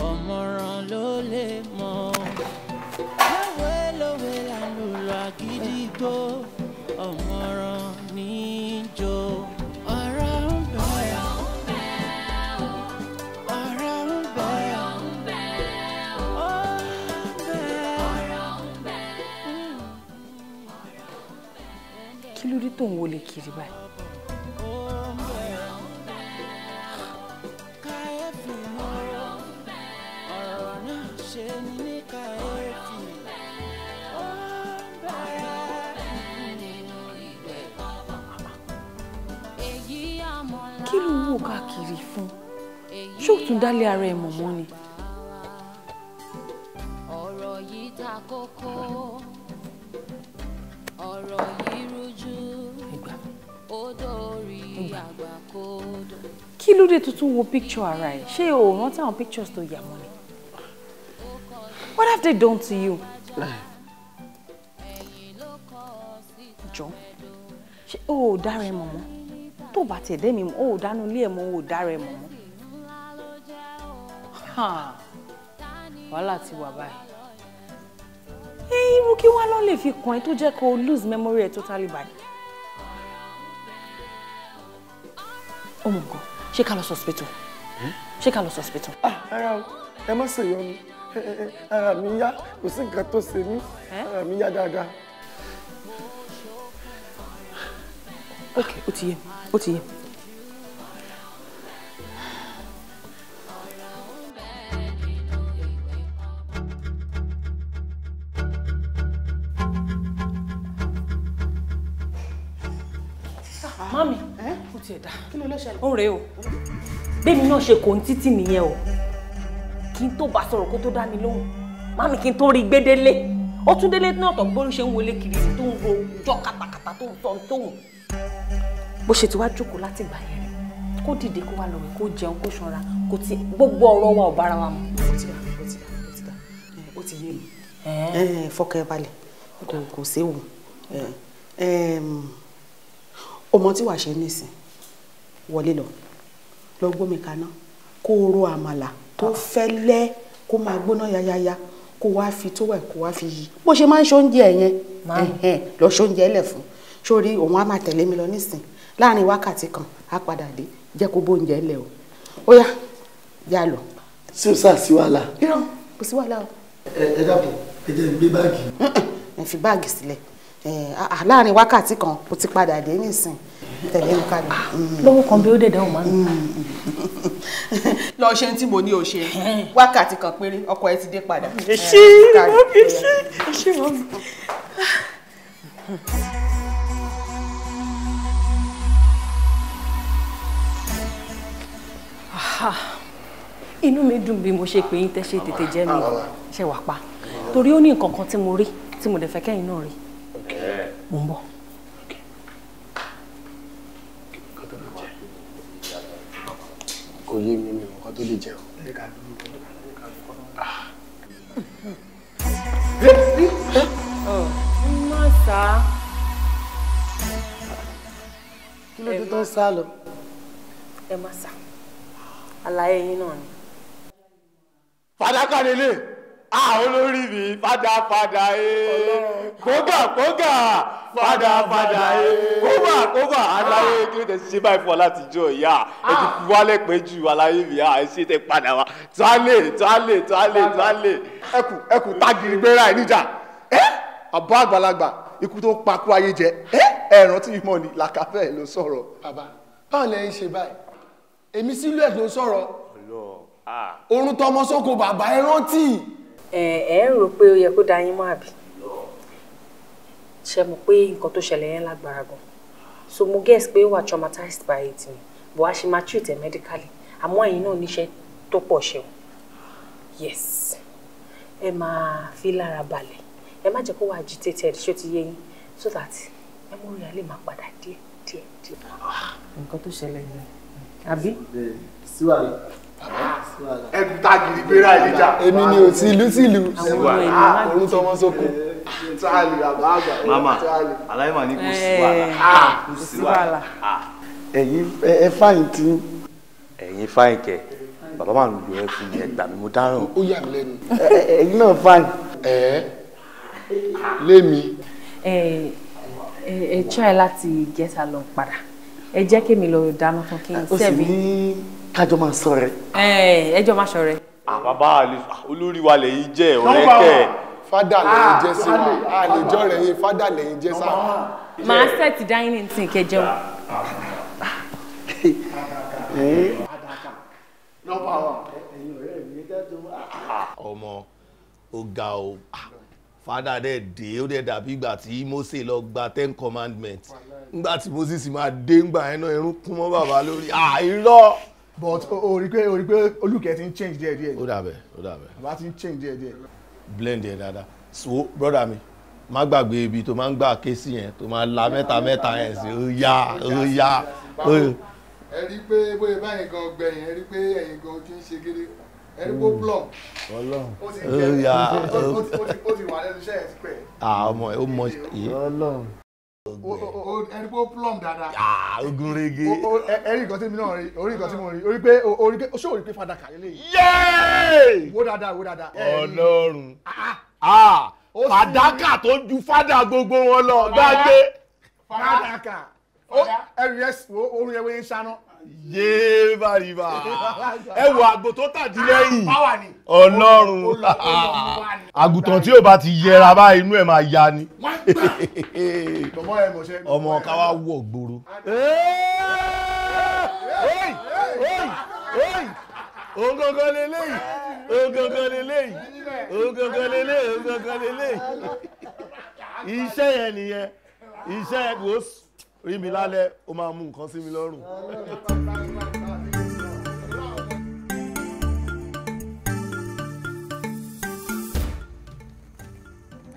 ọ̀mọ̀ràn ló lè mọ̀ lówe lówe lálùlọ àgídìgbò ọ̀mọ̀ràn ń bẹ̀ ọ́ ọ̀rọ̀ ń bẹ̀ ọ́ ó kí ló dé tó ń wọlé kiri báyìí. kiri fún ṣé ò tún dálé ara ẹ̀ mọ̀mọ́ ni. ọ̀rọ̀ kí ló dé tuntun wo picture ara ẹ ṣé o rántí àwọn pictures tó yà mọ́ ni what have they done to you. jọ ṣé o ò dára ẹ mọ̀mọ́ tó bá tiẹ̀ dẹ́mi mọ́ ò dánú ilé ẹ̀ mọ́ ò dára ẹ̀ mọ́ wàhálà ti wà báyìí irú kí wá ló lè fi kàn ẹ́ tó jẹ́ kó o lose memory ẹ̀ totally bad. ọmọ nǹkan ṣé ká lọ sọ hospital ṣé ká lọ sọ hospital. Ah, ara o ẹ má ṣèyọnu ara mi yá kò sí nǹkan tó ṣe mí ara mi yá dáadáa. ok ó ti yé mi ó ti yé mi. Ah. mami ó ti ẹ̀dá kí ló lọ́ṣẹ̀ ó rèé o bẹ́ẹ̀ mi náà ṣe kò ń títì nìyẹn o kí n tó bá sọ̀rọ̀ kó tó dá mi lóhùn mami kí n tó rí gbédélé ó tún délé náà tó gbórí ṣe ń wọlé kiri tó ń ro ọjọ́ katakata tó ń tọ́ tó bó ṣe ti wá jókòó láti gbà yẹn kó dìde kó wá lọ́wọ́ kó jẹun kó ṣanra kó ti gbogbo ọ̀rọ̀ wa ò bára wa mu. ó ti dà ó ti dà ó ti yé mi. fọkàn balẹ̀ kò séwu ọmọ tí wàá ṣe nísìn wọlé lọ lọ gbómi kaná kó o ro àmàlà tó ah. fẹ́lẹ́ kó máa gbóná yáyáyá kó wá fi tówẹ̀ kó wá fi yí bó ṣe máa ń ṣoúnjẹ yẹn lọ ṣoúnjẹ lẹ̀ fún un sórí òun á máa tẹ̀lé mi lọ nísìn láàrin wákàtí kan á padà dé jẹ́ kó bóúnjẹ ńlẹ̀ o ó yá yá lọ. ṣé o sáà sí wàhálà. irọ́ kò sí wàhálà o. ẹ ẹ dàpọ̀ ẹ jẹ́ gbé báàgì. ẹ fi báàgì sílẹ̀ láàrin wákàtí kan o ti padà dé nísìn tẹ̀lé mi ká lọ. lọ́wọ́ kan bí ó dẹ̀ dáhùn máa ń lọ ṣe tí mo ní o ṣe wákàtí kan péré ọkọ ẹ ti dé padà. ṣé mo fi ṣe ṣé mo fi. inú mi dùn bí mo ṣe pé yín tẹ́ ṣe tètè jẹ́ mi ṣe wà pa torí ó ní nǹkan kan tí mo rí tí mo dẹ̀ fẹ́ kẹ́yìn náà rí mo ń bọ̀. kò yé mi mi nǹkan tó lè jẹun. Ah. má sá. kí ló dé tó ń sá lọ. ẹ má sá àlàyé yín náà ni. fàdákà nílé a olórí mi fàdáfàdá ee kógà kógà fàdáfàdá ee kógà kógà àlàyé ah. kí ló tẹ ṣe báyìí fún ọ láti jọ ìyá ẹ ti ah. fi wálẹ̀ pé ju àlàyé mi à ẹ ṣe tẹ padà wá tálẹ̀ tálẹ̀ tálẹ̀ tálẹ̀. ẹkù ẹkù tágìrì gbéra ẹ níjà ẹ àbá àgbàlagbà ikú tó pa kú ayé jẹ ẹ ẹ̀ràn tí mo ní làkàfẹ́ ló sọ̀rọ̀. bàbá báwo lẹ ṣe báyìí èmi sílùú ẹ̀ ló sọ̀rọ̀ orun tọmọ sóko bàbá ẹ rántí. ẹ ẹ ń rò pé ó yẹ kó da yín mọ́ àbí ṣe mọ̀ pé nǹkan tó ṣẹlẹ̀ yẹn lágbára gan so mo guess pé ó wà traumatized by it ni bó a ṣe máa treat ẹ medically àmọ́ ẹ̀yin náà níṣẹ́ tó pọ̀ ṣe o yes ẹ máa fi lára balẹ̀ ẹ má jẹ́ kó wà agitated ṣó ti yé yín so that memory rẹ̀ lè máa padà díẹ̀ díẹ̀ díẹ̀. nǹkan tó ṣẹlẹ̀ yẹn àbí. síwájú ẹkùn tá a gidi gbéra ìdíjà. èmi ni ò sí ìlú sí ìlú orun tọmọ ah, sókun. mama aláìmọ ni kò sí wàhálà kò sí wàhálà. Ah. ẹ̀yin ẹ fáyìn tí. ẹ̀yin fáyìn kẹ bàbá máa ń lo ẹ fún mi ẹgbà mi mo dáràn. ó yà mí lẹ́nu. ẹ̀yin náà fáyìn. ẹ lémi. ẹ eh, eh, ẹ try láti get along padà ẹ jẹ́ kí mi lọ dáná fún kí n sẹ́bi. o sì ní kájọ máa sọ rẹ. ẹ jọ máa sọ rẹ. àbábá olórí wa lẹ́yìn jẹ́ ọ̀rẹ́ kẹ́ fádà lẹ́yìn jẹ́ sí wa ah, àlejò rẹ̀ yín fádà lẹ́yìn jẹ́ sá. màá sẹ́ẹ̀tì dáínì tí n jẹun. Eh? ọmọ ó ga o ah, fádà dẹ̀ dé ó dẹ̀ dàbí ìgbà tí Mósè lọ gba ten commandments. Wow nígbà tí Moses máa dé ńgbà yẹn náà irun kún mọ́ bàbá lórí àìrọ́. but o rí pé o rí pé olùkẹ́ ti ń change díẹ̀ díẹ̀. ó dàbẹ̀ ó dàbẹ̀. bàbá ti ń change díẹ̀ díẹ̀. blend yẹn dáadáa so brother mi má gbàgbé ibi tó máa ń gbà ké sí yẹn tó máa la mẹ́ta mẹ́ta yẹn sí ó yá ó yá. ẹ rí i pé bóyá báyìí gan gbẹ̀yìn ẹ rí i pé ẹ̀yìn gan ti ń ṣe gidi ẹ̀rígbó blọm ó ti wà lẹ́nu iṣẹ́ ẹ̀ ti pẹ́. ọmọ ẹ ó mọ iye ẹni pé ó plum dáadáa. ogun rege. ẹrí nǹkan tí mi náà rí orí nǹkan tí mo rí orí pé orí pé ṣé o rí pé fada kàlẹ́ lè. yéé. wo dáadáa wo dáadáa. ọlọ́run ah, ah. Ah, fàdákà tó ju fada gbogbo wọn lọ gbàgbé. fàdákà ẹrù yẹn orí yẹn wọ́n ń ṣáná yé bàrìbà ẹ wo àgbò tó tàdí lẹ́yìn ah, ọlọ́run àgùntàn tí ò bá ti yẹra bá inú ẹ̀ máa ya ni ọmọ káwá wọ̀ gbòòrò. òun gangan lélẹ́yìn òun gangan lélẹ́yìn òun gangan lélẹ́yìn òun gangan lélẹ́yìn iṣẹ́ yẹn nìyẹn iṣẹ́ yẹn kò sùn rí mi lálẹ́ ó máa mú nǹkan sí mi lọ́rùn.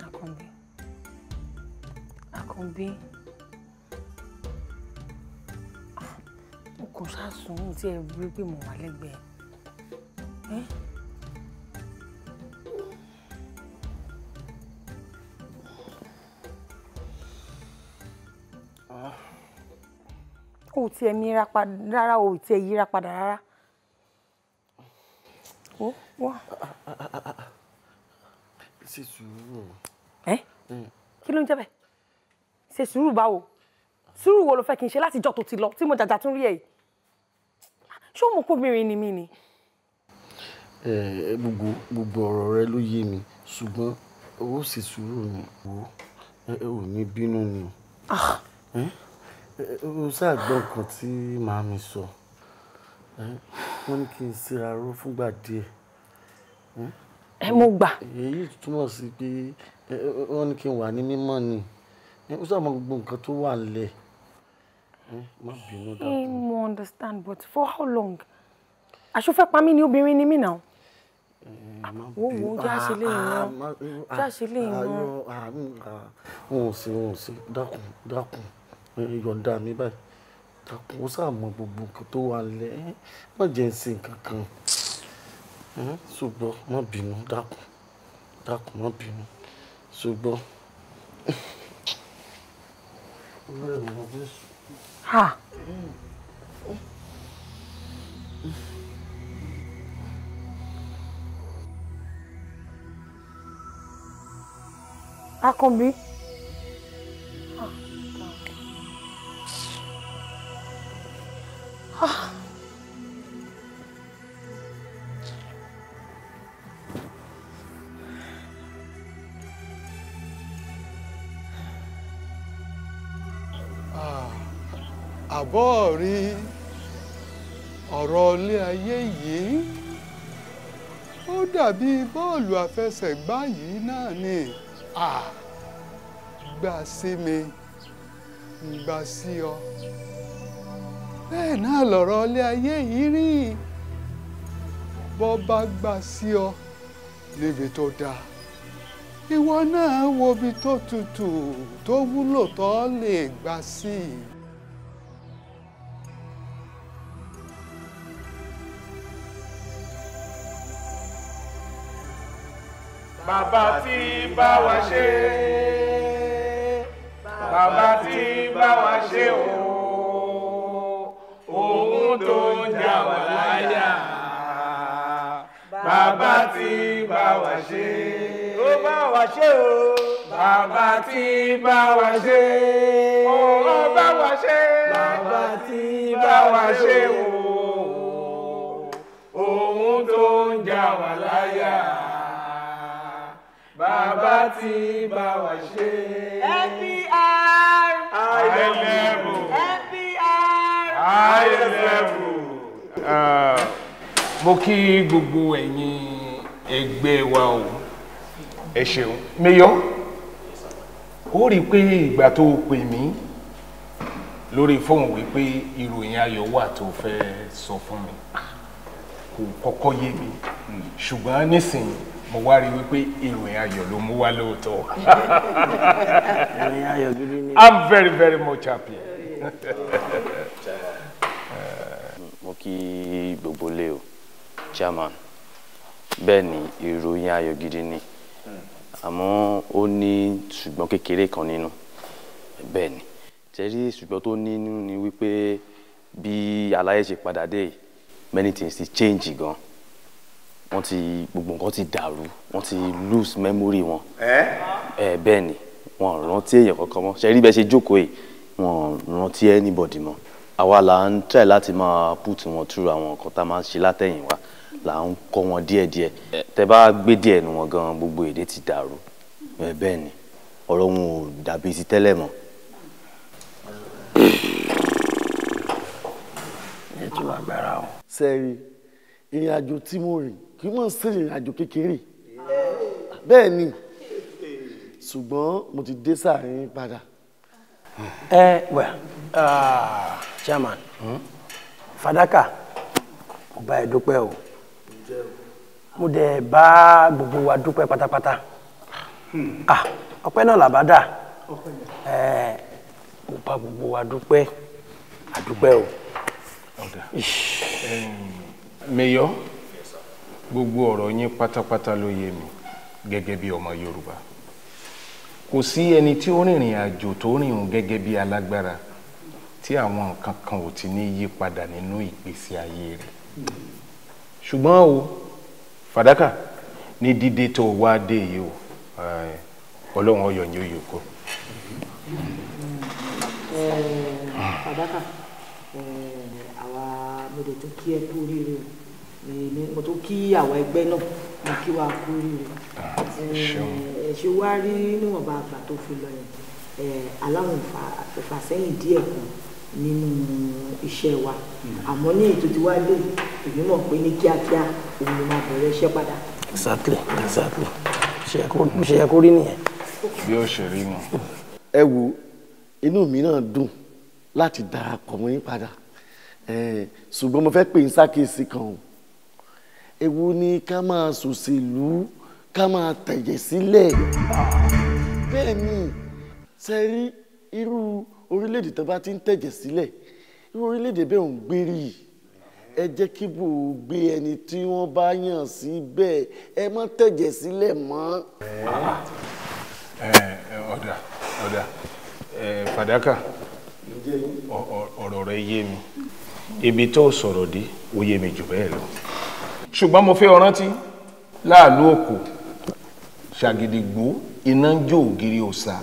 Àkànbí Àkànbí mo kò sá sùn ó ti rí pé mo wà lẹ́gbẹ̀ẹ́. o ò tiẹ̀ mira padà rárá o ò tiẹ̀ yíra padà rárá. ó wá. ṣe sùúrù. ẹ hmm. kí ló ń jẹ bẹ́ẹ̀ ṣe sùúrù báwo sùúrù wo ló fẹ́ kí n ṣe láti jọ́ tó ti lọ tí mo jàjà tún rí ẹ̀ ṣé o mọ̀ pé obìnrin ni mí ni. ẹ gbogbo gbogbo ọ̀rọ̀ rẹ ló yé mi ṣùgbọ́n ó ṣe sùúrù ni wò ẹ ò ní bínú ni o ṣáà gbọ́ nǹkan tí màámi sọ wọ́n ní kí n síra ró fúngbà díẹ̀. ẹ mo gbà. èyí túmọ̀ sí pé wọ́n ní kí n wà ní mímọ́ ni ó ṣàmọ́ gbogbo nǹkan tó wà lẹ̀ má bínú dákun. ẹ mo understand but for how long àṣọfẹ́ pa mí ni obìnrin ni mí náà wo wo jáṣe lè yan jáṣe lè yan. wọn ò sí wọn ò sí dákun dákun pé yọ̀ǹda mi báyìí dàpọ̀ ó sàmọ gbogbo nǹkan tó wà lẹ́ má jẹ́ ń sin kankan ṣùgbọ́n má bínú dákun dákun má bínú ṣùgbọ́n. ha. Akànbí. Ah. àbọ̀ rí ọ̀rọ̀ ilé ayé yìí ó dàbí bọ́ọ̀lù àfẹsẹ̀gbá yìí náà ni à gbà sí mi gbà sí ọ bẹ́ẹ̀ náà lọ̀rọ̀ ilé ayé yìí rí bọ́ bá gbà sí ọ níbi tó dáa ìwọ náà wo ibi tó tutù tó wúlò tó lè gbà sí i. bàbá tí bá wa ṣe bàbá tí bá wa ṣe o ohun tó ń jà wá láyà bàbá tí bá wa ṣe. ó bá wa ṣe o. bàbá tí bá wa ṣe. ó bá wa ṣe. bàbá tí bá wa ṣe o ohun tó ń jà wá láyà bàbá ti bá wa ṣe. NPR high level NPR level. mo kí gbogbo ẹ̀yin ẹgbẹ́ wa o ẹ ṣeun mayor ó rí i pé ìgbà tó o pè mí lórí fóun wípé ìròyìn ayọ̀ wà tó fẹ́ sọ fún mi kò kọ́kọ́ yé mi hmm. ṣùgbọ́n nísìnyí mo wá rí wípé ìròyìn ayọ̀ ló mú wá lóòótọ́ ìròyìn ayọ̀ gidi ni i'm very very much happy. mo kí gbogbo lé o chairman bẹ́ẹ̀ ni ìròyìn ayọ̀ gidi ni àmọ́ ó ní ṣùgbọ́n kékeré kan nínú bẹ́ẹ̀ ni tẹ́rí ṣùgbọ́n tó nínú ni wípé bí aláyẹ̀ ṣe padà dé many things ti change gan-an wọ́n ti gbogbo nǹkan ti dàrú wọ́n ti lose memory wọn. ẹ ẹ bẹ́ẹ̀ ni wọn rántí èèyàn kankan mọ́ ṣe rí bẹ́ẹ̀ ṣe jókòó yìí wọn rántí anybody mọ́ àwa là ń tẹ̀ láti máa put wọn through àwọn nǹkan tá a máa ń ṣe látẹ̀yìn wa là ń kọ́ wọn díẹ̀díẹ̀ tẹ bá gbé díẹ̀ nu wọn gan gbogbo èdè ti dàrú ẹ bẹ́ẹ̀ ni ọ̀rọ̀ wọn ò dàbí ti tẹ́lẹ̀ mọ́. ètò agbára ìrìn àjò tí mo rìn kì í mọ̀ sí ìrìn àjò kékeré bẹ́ẹ̀ ni ṣùgbọ́n mo ti dé sáàrin padà. ẹ wẹ ah, chairman hmm? fadaka mo bá ẹ dúpẹ́ o mo dẹ̀ bá gbogbo wa dúpẹ́ pátápátá hmm. ah, ọpẹ́ náà làbá dà mo bá gbogbo wa dúpẹ́ àdúpẹ́ o. mayor gbogbo ọ̀rọ̀ yín pátápátá ló yé mi gẹ́gẹ́ bí ọmọ Yorùbá kò sí ẹni tí ó rìnrìn àjò tó rìnrìn gẹ́gẹ́ bí alágbára tí àwọn nǹkan kan ò ti ní yí padà nínú ìgbésí ayé rẹ̀ ṣùgbọ́n o fàdákà ní dídé tó wá dé yìí o ọlọ́run ọyọ̀ ni ó yọ kó. fàdákà àwa mo lè tún kí ẹ kú oríire o èmi mo tó kí àwa ẹgbẹ́ náà mo kí wa kú rírì ah, ẹ ṣe wá rí níwọ̀nba àgbà tó fi lọ yẹn aláwọn ìfàsẹ́yìn díẹ̀ kan nínú iṣẹ́ wa hmm. àmọ́ ní ètò tí wàá lè èmi mọ̀ pé ní kíákíá òun ló máa bẹ̀rẹ̀ iṣẹ́ padà. exactly exactly ṣe yẹ kó rí nìyẹn. bí ó ṣe rí mu. ẹ wo inú mi náà dùn láti darapọ̀ mọ́ yín padà ṣùgbọ́n mo fẹ́ pè ń ṣàkíyèsí kan o ewu ni ká máa ṣòṣèlú ká máa tẹ̀jẹ̀ sílẹ̀ bẹ́ẹ̀ ni ṣe rí irú orílẹ̀-èdè tó bá ti ń tẹ̀jẹ̀ sílẹ̀ irú orílẹ̀-èdè bẹ́ẹ̀ ò ń gbérí yìí ẹ jẹ́ kí gbòògbé ẹni tí wọ́n bá yàn sí bẹ́ẹ̀ ẹ má tẹ̀jẹ̀ sílẹ̀ mọ́. ọ̀dà ọ̀dà fàdákà ọ̀rọ̀ rẹ yé mi ibi tó sọ̀rọ̀ dé ó yé mi jù bẹ́ẹ̀ lọ ṣùgbọ́n mo fẹ́ ọrántí láàlú òkò ṣàgìdìgbò iná jó ògiri òòṣà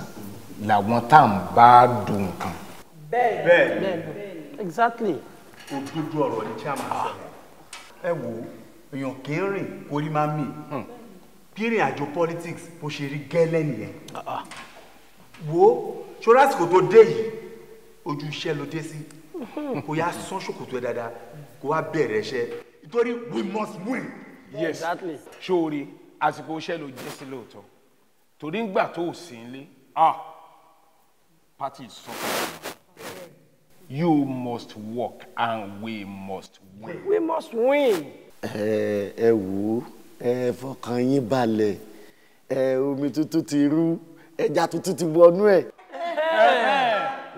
làwọn tá à ń bá dùn nǹkan. bẹ́ẹ̀ bẹ́ẹ̀ exactly. òdodo ọ̀rọ̀ ni chairman sọ ẹ wo èèyàn kéèrè kórí máa mì bírìn hmm. àjò politics bó ṣe rí gẹ́lẹ́ nìyẹn ah, ah. wo ṣọ́ra àsìkò tó dé yìí ojú iṣẹ́ ló dé sí hmm. kó yá sán ṣòkòtò ẹ dáadáa kó wá bẹ̀rẹ̀ iṣẹ́ nítorí we must win. yes sórí àsìkò iṣẹ́ ló jẹ́ sí lóòótọ́ torí ń gbà tó ò sí nílé ah party is sọ́kàn. you must work and we must win. we must win. ẹ wò ó ẹ fọkàn yín balẹ̀ ẹ omi tuntun ti rú ẹja tuntun ti wọnú ẹ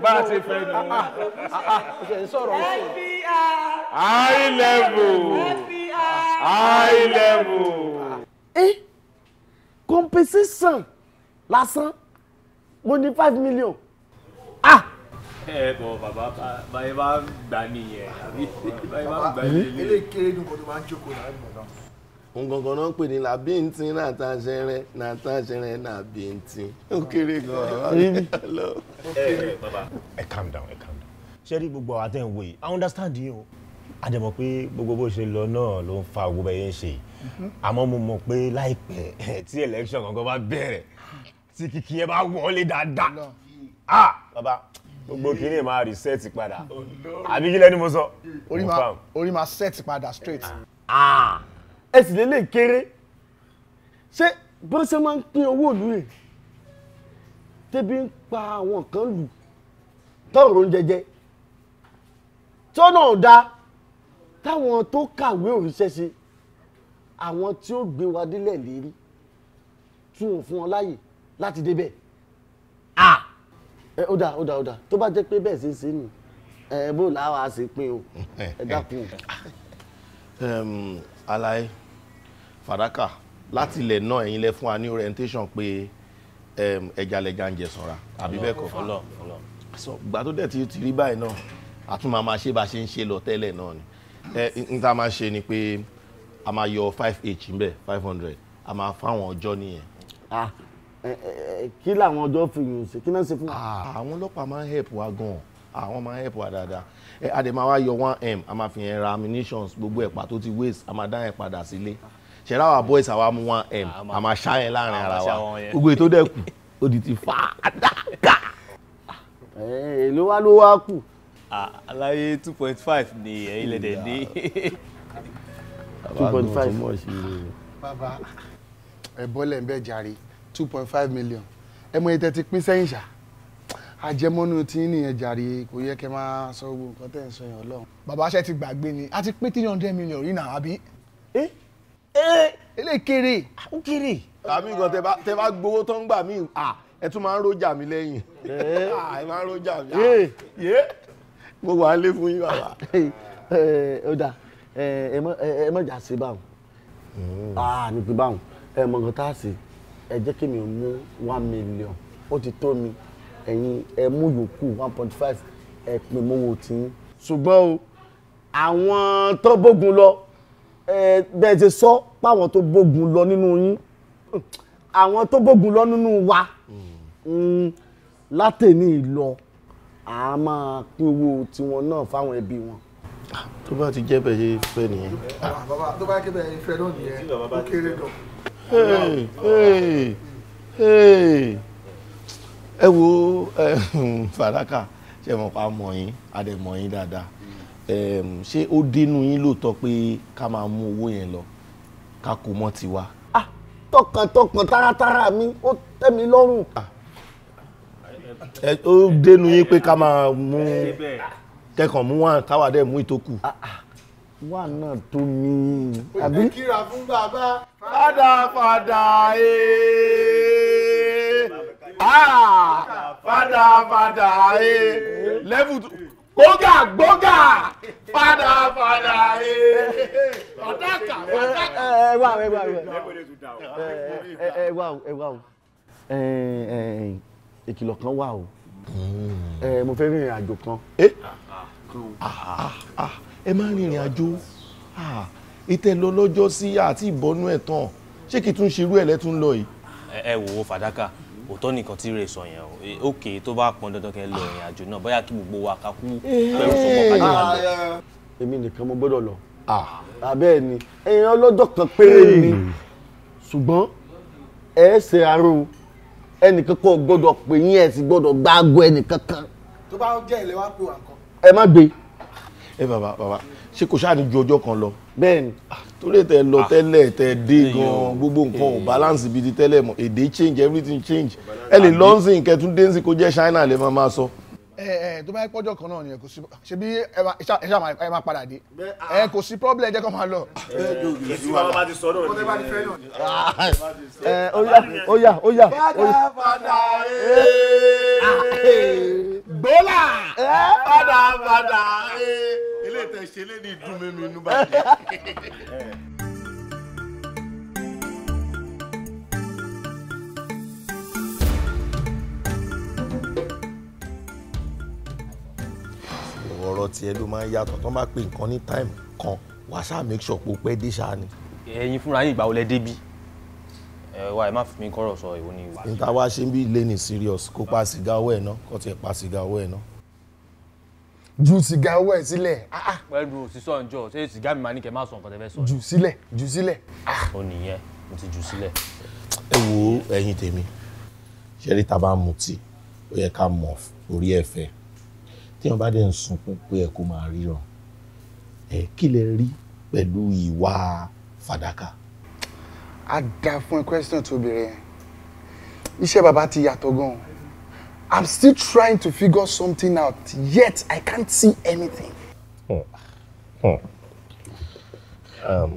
bá a ṣe fẹ́ nìyẹn. Ah, ah, ah, ṣe ń sọ̀rọ̀ high level high level. ẹ eh, compensation lásán mo ní five million. ah ẹ bọ bàbá báyìí bá gbà nìyẹn àbí báyìí bá gbà nìyẹn. eléyìí kéré ní nǹkan tó máa ń jókòó náà ẹ òun gangan náà ń pè ní labintin natasẹrẹ natasẹrẹ nabintin ó kéré gan-an. ẹ calm down ẹ calm down ṣé rí gbogbo àwọn àtẹ̀wò yìí i understand you. o a dẹ̀ mọ̀ pé gbogbo bó ṣe lọ náà ló ń fa gbogbo ẹ̀yẹ ń ṣe àmọ́ mo mọ̀ pé láìpẹ́ tí election gangan bá bẹ̀rẹ̀ tí kìkì yẹn bá wọlé dáadáa ah baba. gbogbo kìíní máa reset padà àbí kí lẹ́ni mo sọ. orí máa set padà straight. ah ẹ sì lélẹ̀ kéré ṣé bọ́n ṣe máa ń pín owó ìlú rẹ̀ tẹ́bí ń pa àwọn kan lù tọ́rọ̀ ń jẹjẹ tọ́nà ọ̀dà táwọn tó kàwé òrìṣẹ́ ṣe àwọn tí ó gbé wa délẹ̀ lérí tún ò fún ọ láyè láti débẹ̀ ẹ ó dà ó dà ó dà tó bá jẹ́ pé bẹ́ẹ̀ ṣe ń ṣe nù ẹ bó làá wàá ṣe pín o ẹ dákun. Àlàyé fàdákà láti ilẹ̀ náà ẹ̀yin lẹ fún wa ní orientation pé ẹja lẹja ń jẹ sanra àbí bẹ́ẹ̀ kọ́ so gbà tó dẹ̀ ti rí báyìí náà a tún máa máa ṣe bá a ṣe ń ṣe lọ tẹ́lẹ̀ náà ni n ta máa ṣe ni pé a máa yọ five h ńbẹ five hundred a máa fáwọn ọjọ́ nìyẹn. kí làwọn ọjọ́ fi yùn sí kí náà ṣe fún. àwọn ọlọ́pàá máa ń help wa gan àwọn máa ń help wa dáadáa ẹ adẹ̀ yọ one m a máa fi yẹn ra ammunitions gbogbo ẹ̀pà tó ti waste a máa dá yẹn padà sílé ṣẹlá wa boys àwa mu one ah, m àmà ṣáyẹn láàrin ah, ara wa gbogbo ètò dẹ kù ó di ti fa àdàkà. Eh, èló wá ló wá kù. Ah, aláyé two point five ni ẹ̀yin lẹ́dẹ̀ ní. two point five bàbá ẹ ń bẹ̀ jàre two point five million ẹ mọ ètò ti pín sẹ́yìn ṣá àjẹmọ́nú tí ń nìyẹn jàre kò yẹ kẹ́ máa sọ gbogbo nǹkan tẹ̀ ń sọ yẹn ọlọ́run. bàbá aṣẹ́ ti gbàgbé ni a ti pín three hundred million rí náà àbí. ẹ́ eh? Eh, ele kéré. Ah, ó kéré. àmì nǹkan tẹ bá tẹ bá gbowó tó ń gbà mí ẹ tún máa ń rojà mí lẹ́yìn eh. ẹ máa ń rojà mí eh. mo wà á lé fún yín bàbá. ó dà ẹ mọ̀ jà sí báwọn ní hmm. pé báwọn ẹ mọ̀ nǹkan tá a ṣe ẹ jẹ́ kí mi mú one million ó ti tó mi ẹ̀yin ẹ mú yòókù one point five ẹ pín mọ́wọ́ tí. ṣùgbọ́n o àwọn tó bógun lọ Eh, bẹ́ẹ̀ ti sọ páwọn tó bógun lọ nínú yín àwọn tó bógun lọ nínú wa hmm, látẹ̀ní lọ a máa pín owó tiwọn náà fáwọn ẹbí wọn. tó bá ti jẹ́ bẹ́ẹ̀ ṣe fẹ́ nìyẹn. bàbá tó bá jẹ́ bẹ́ẹ̀ ṣe fẹ́ náà nìyẹn ó kéré gan. ẹ wo eh, Fàdákà ṣe mọ̀ pa mọ̀ yín adẹ̀ mọ̀ yín dáadáa ṣé ó dénú yín lóòótọ́ pé ká máa mú owó yẹn lọ ká kó mọ́ tiwa. Ah, tọkàntọkàn tààràtààrà mi ó tẹ́ mi lọ́rùn. Ah. ó dénú yín pé ká máa mú kẹkàn mú wá táwa dẹ̀ mú ìtókù. wà ah, náà tó mi. àbí kíra fún bàbá. fada fada ee. fada fada ee. lẹ́fù gbógà gbógà padà padà pàtàkà pàtàkà. ẹ wá ẹ eh, wá ẹ eh, wá ẹ eh, wá o ìkìlọ̀ kan wà o mo fẹ́ rìnrìn àjò kan ah, ah, ah, ẹ má rìnrìn àjò ìtẹ̀ lọ lọ́jọ́ sí àti ìbọnú ẹ̀ tán ṣé kì í tún ṣerú ẹ̀ lẹ́tún lọ yìí. ẹ wo fàdákà òótọ́ nìkan tí rè sọ yẹn o òkè e, tó bá pọn dandan kẹ́ lọ ìrìn àjò náà bóyá kí gbogbo wa ká kú pẹ̀lú sọ́kọ̀ kájọ́ wa lọ. Ah, èmi nìkan mo gbọ́dọ̀ lọ àbẹ́ẹ̀ ah, ni ẹ̀yin ọlọ́jọ́ kan péré ni ṣùgbọ́n ẹ̀ ṣe aró ẹnìkan kò gbọ́dọ̀ pè yín ẹ̀ sì gbọ́dọ̀ gbáàgọ́ ẹnìkan kan. tó bá jẹ́ ilé wa pé wà kọ́. ẹ má gbé. ẹ bàbá bàbá ṣé kò ṣáà ní ju ọjọ́ kan lọ. bẹ́ẹ̀ ni ah, torí tẹ lọ ah. tẹ́lẹ̀ tẹ dé gan gbogbo nǹkan ò balance ibi di tẹ́lẹ̀ mọ́ èdè change everything change ẹ lè lọ́nsìn kẹtùndé nsìn kó jẹ́ China lè máa máa sọ. So ẹ eh, ẹ eh, tó bá yẹ pọ́jọ́ kan náà ni ẹ kò sí ṣe bí ẹ ṣáà ẹ máa padà dé ẹ ah, eh, kò sí problem ẹ jẹ́ kó máa lọ. èsì wa bá ti sọ náà ni ẹ ah, ah, ó yá ó yá. padà padà gbólà padà padà ilé ìtẹ̀sílẹ̀ ni dùn mímu inú bàjẹ́. ọ̀rọ̀ tiẹ̀ ló máa ń yàtọ̀ tó bá pè nǹkan ní táìmù kan wàá ṣáà make sure pé o pẹ́ dé ṣáà ni. ẹ̀yin fúnra yín ìgbà wo lẹ débí ẹ wá ẹ má fi mí kọ́rọ̀ sọ ìwọ ni. níta wá ṣe ń bí ilé ní serious kó pa sìgá ọwọ́ ẹ̀ náà kó tiẹ̀ pa sìgá ọwọ́ ẹ̀ náà. ju sìgá ọwọ́ ẹ̀ sílẹ̀. pẹ̀lú ah, ah. sísọ ǹjọ́ ṣé sìgá mi máa ní kẹ́ máa sọ nǹkan tẹ́ fẹ́ sọ. jù sílẹ̀ jù sílẹ̀. Ah. ó nìyẹn mo ti jù sílẹ̀. ẹ wo ẹ̀yin tèmi ṣe rí ta bá ó yẹ ká mọ orí ẹ̀ fẹ́ téèyàn bá dẹ̀ ń sunkún pé ẹ kó máa ríran ẹ kí lẹ rí pẹ̀lú ìwà fàdákà. a dá fún ẹ question tó bèrè yẹn iṣẹ́ bàbá ti yàtọ̀ gan-an i'm still trying to figure something out yet i can't see anything. Hmm. Hmm. Um,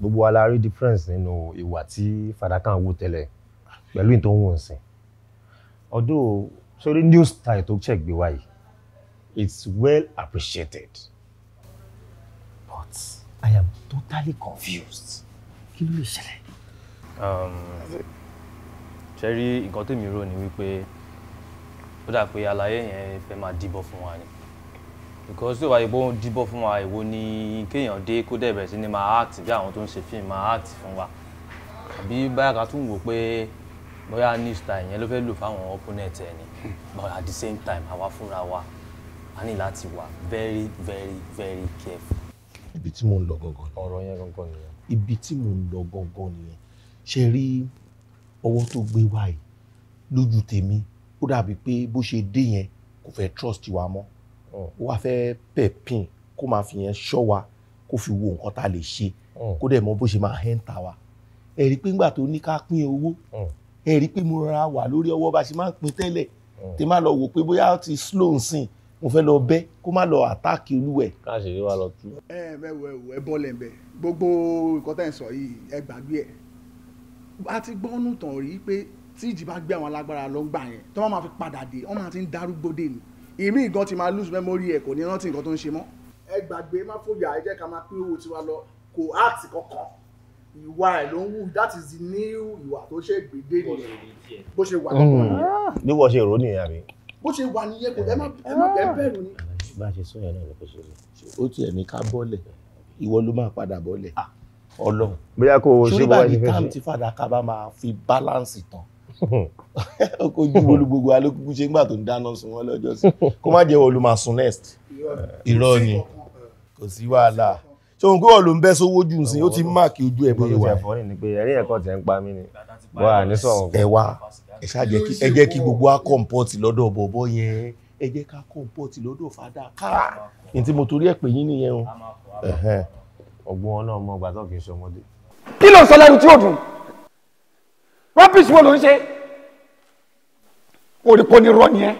gbogbo wa la rí difference nínú ìwà tí fàdákà ń wò tẹ́lẹ̀ pẹ̀lú ìtòhùn ọ̀sìn ọdún sórí new style tó check gbé wáyìí It's well appreciated. But I am totally confused. Kí ló lè ṣẹlẹ̀? Um, ṣé rí nǹkan tèmi rò ní wípé ó dà pé àlàyé yẹn fẹ́ máa dìbò fún wa ni. Because tí ó bá yẹ pé ó ń dìbò fún wa ìwo ni kéèyàn dé kó dẹ̀ bẹ̀rẹ̀ sí ni máa act bí àwọn tó ń ṣe We máa act fún wa. Àbí báyà ká tún wò pé bóyá new style yẹn ló fẹ́ lò fáwọn opponent ẹ̀ ni. But at the same time àwa fúnra wa a ní láti wà very very very careful. ibi tí mò ń lọ gangan nìyẹn. ọ̀rọ̀ yẹn gangan nìyẹn. ibi tí mò ń lọ gangan nìyẹn ṣe rí ọwọ́ tó gbé wá yìí lójú tèmi ó dàbí pé bó ṣe dé yẹn kò fẹ́ trust wa mọ́ oh. ó wá fẹ́ pẹ̀pìn kó máa fi yẹn ṣọ́ wa kó fi wo nǹkan tá a lè ṣe oh. kó dẹ̀ mọ bó ṣe máa hẹ́ǹtà wa ẹ rí pé ńgbà tó ní ká pín owó oh. ẹ rí pé mo rọra wà lórí ọwọ́ bá ṣe máa ń pín tẹ́lẹ̀ tí má lọ wò pé bóyá ó ti slow nsìn mo fẹ́ lọ bẹ́ kó má lọ àtáàkì olúwẹ̀. káàṣì rí wa lọ tú. ẹ ẹ bẹ wẹ wẹ bọ́ọ̀lù ẹ̀bẹ̀ gbogbo nǹkan tẹ̀ ń sọ yìí ẹ gbàgbé ẹ̀ a ti gbọ́nù tàn rí pé tí ìjì bá gbé àwọn alágbára lọ ń gbà yẹn tó bá máa fi padà dé wọ́n máa ti ń darúgbó dé ni ìmí nǹkan ti máa lose memory ẹ̀ kò ní rántí nǹkan tó ń ṣe mọ́. ẹ gbàgbé má fòyà ẹ jẹ́ ká máa pín owó tiwa lọ kò act kankan ìwà ẹ̀ ló ń wù that is the new ìwà tó ṣe gbèdé nìyẹn bó ṣe wà lọ́kùnrin. Hmm. bí wọ́n ṣe rò ó nìyẹn àbí bó ṣe wà nìyẹn kò ẹ má bẹ́ẹ̀ ah. bẹ̀rù ni. bá a ṣe sún yẹn náà ló kó ṣe ó tiẹ̀ ní ká bọ́lẹ̀ ìwọ ló máa padà bọ́lẹ̀ ah, ọlọ́run bóyá kò ṣe bọ́ ẹni fẹ́ ṣe. ṣùgbọ́n ìtàn tí fàdákà bá máa fi báláǹsì tán kó ju bolu gbogbo alókùnkùn ṣe nígbà tó ń dáná sun wọn lọ́jọ́ sí kó má jẹ́ wọ́n sun next irọ́ ni kò sí wàhálà ṣòun kí wọ́n ló ń bẹ́ sówó jù sí ó ti máàkì ojú ẹ̀ bóyá wà. ẹ̀rí ẹ̀kọ́ tẹ̀ ń pa mí ni wà á ní sọ̀rọ̀. ẹ ẹ ṣáà jẹ́ kí ẹ jẹ́ kí gbogbo á kọ̀ǹpọ̀tì lọ́dọ̀ bọ̀bọ̀ yẹn ẹ jẹ́ ká kọ̀ǹpọ̀tì lọ́dọ̀ fàdà káà ní tí mo torí ẹ̀ pè yín nìyẹn o. ọgbọ́n ọlọ́run mọ ọgbà tó kì í ṣe ọmọdé. kí ló ń sọ lẹ́nu tí ò dùn rọ́bìsì wo ló ń ṣe òrìpọ̀ ni rọ́ nìyẹn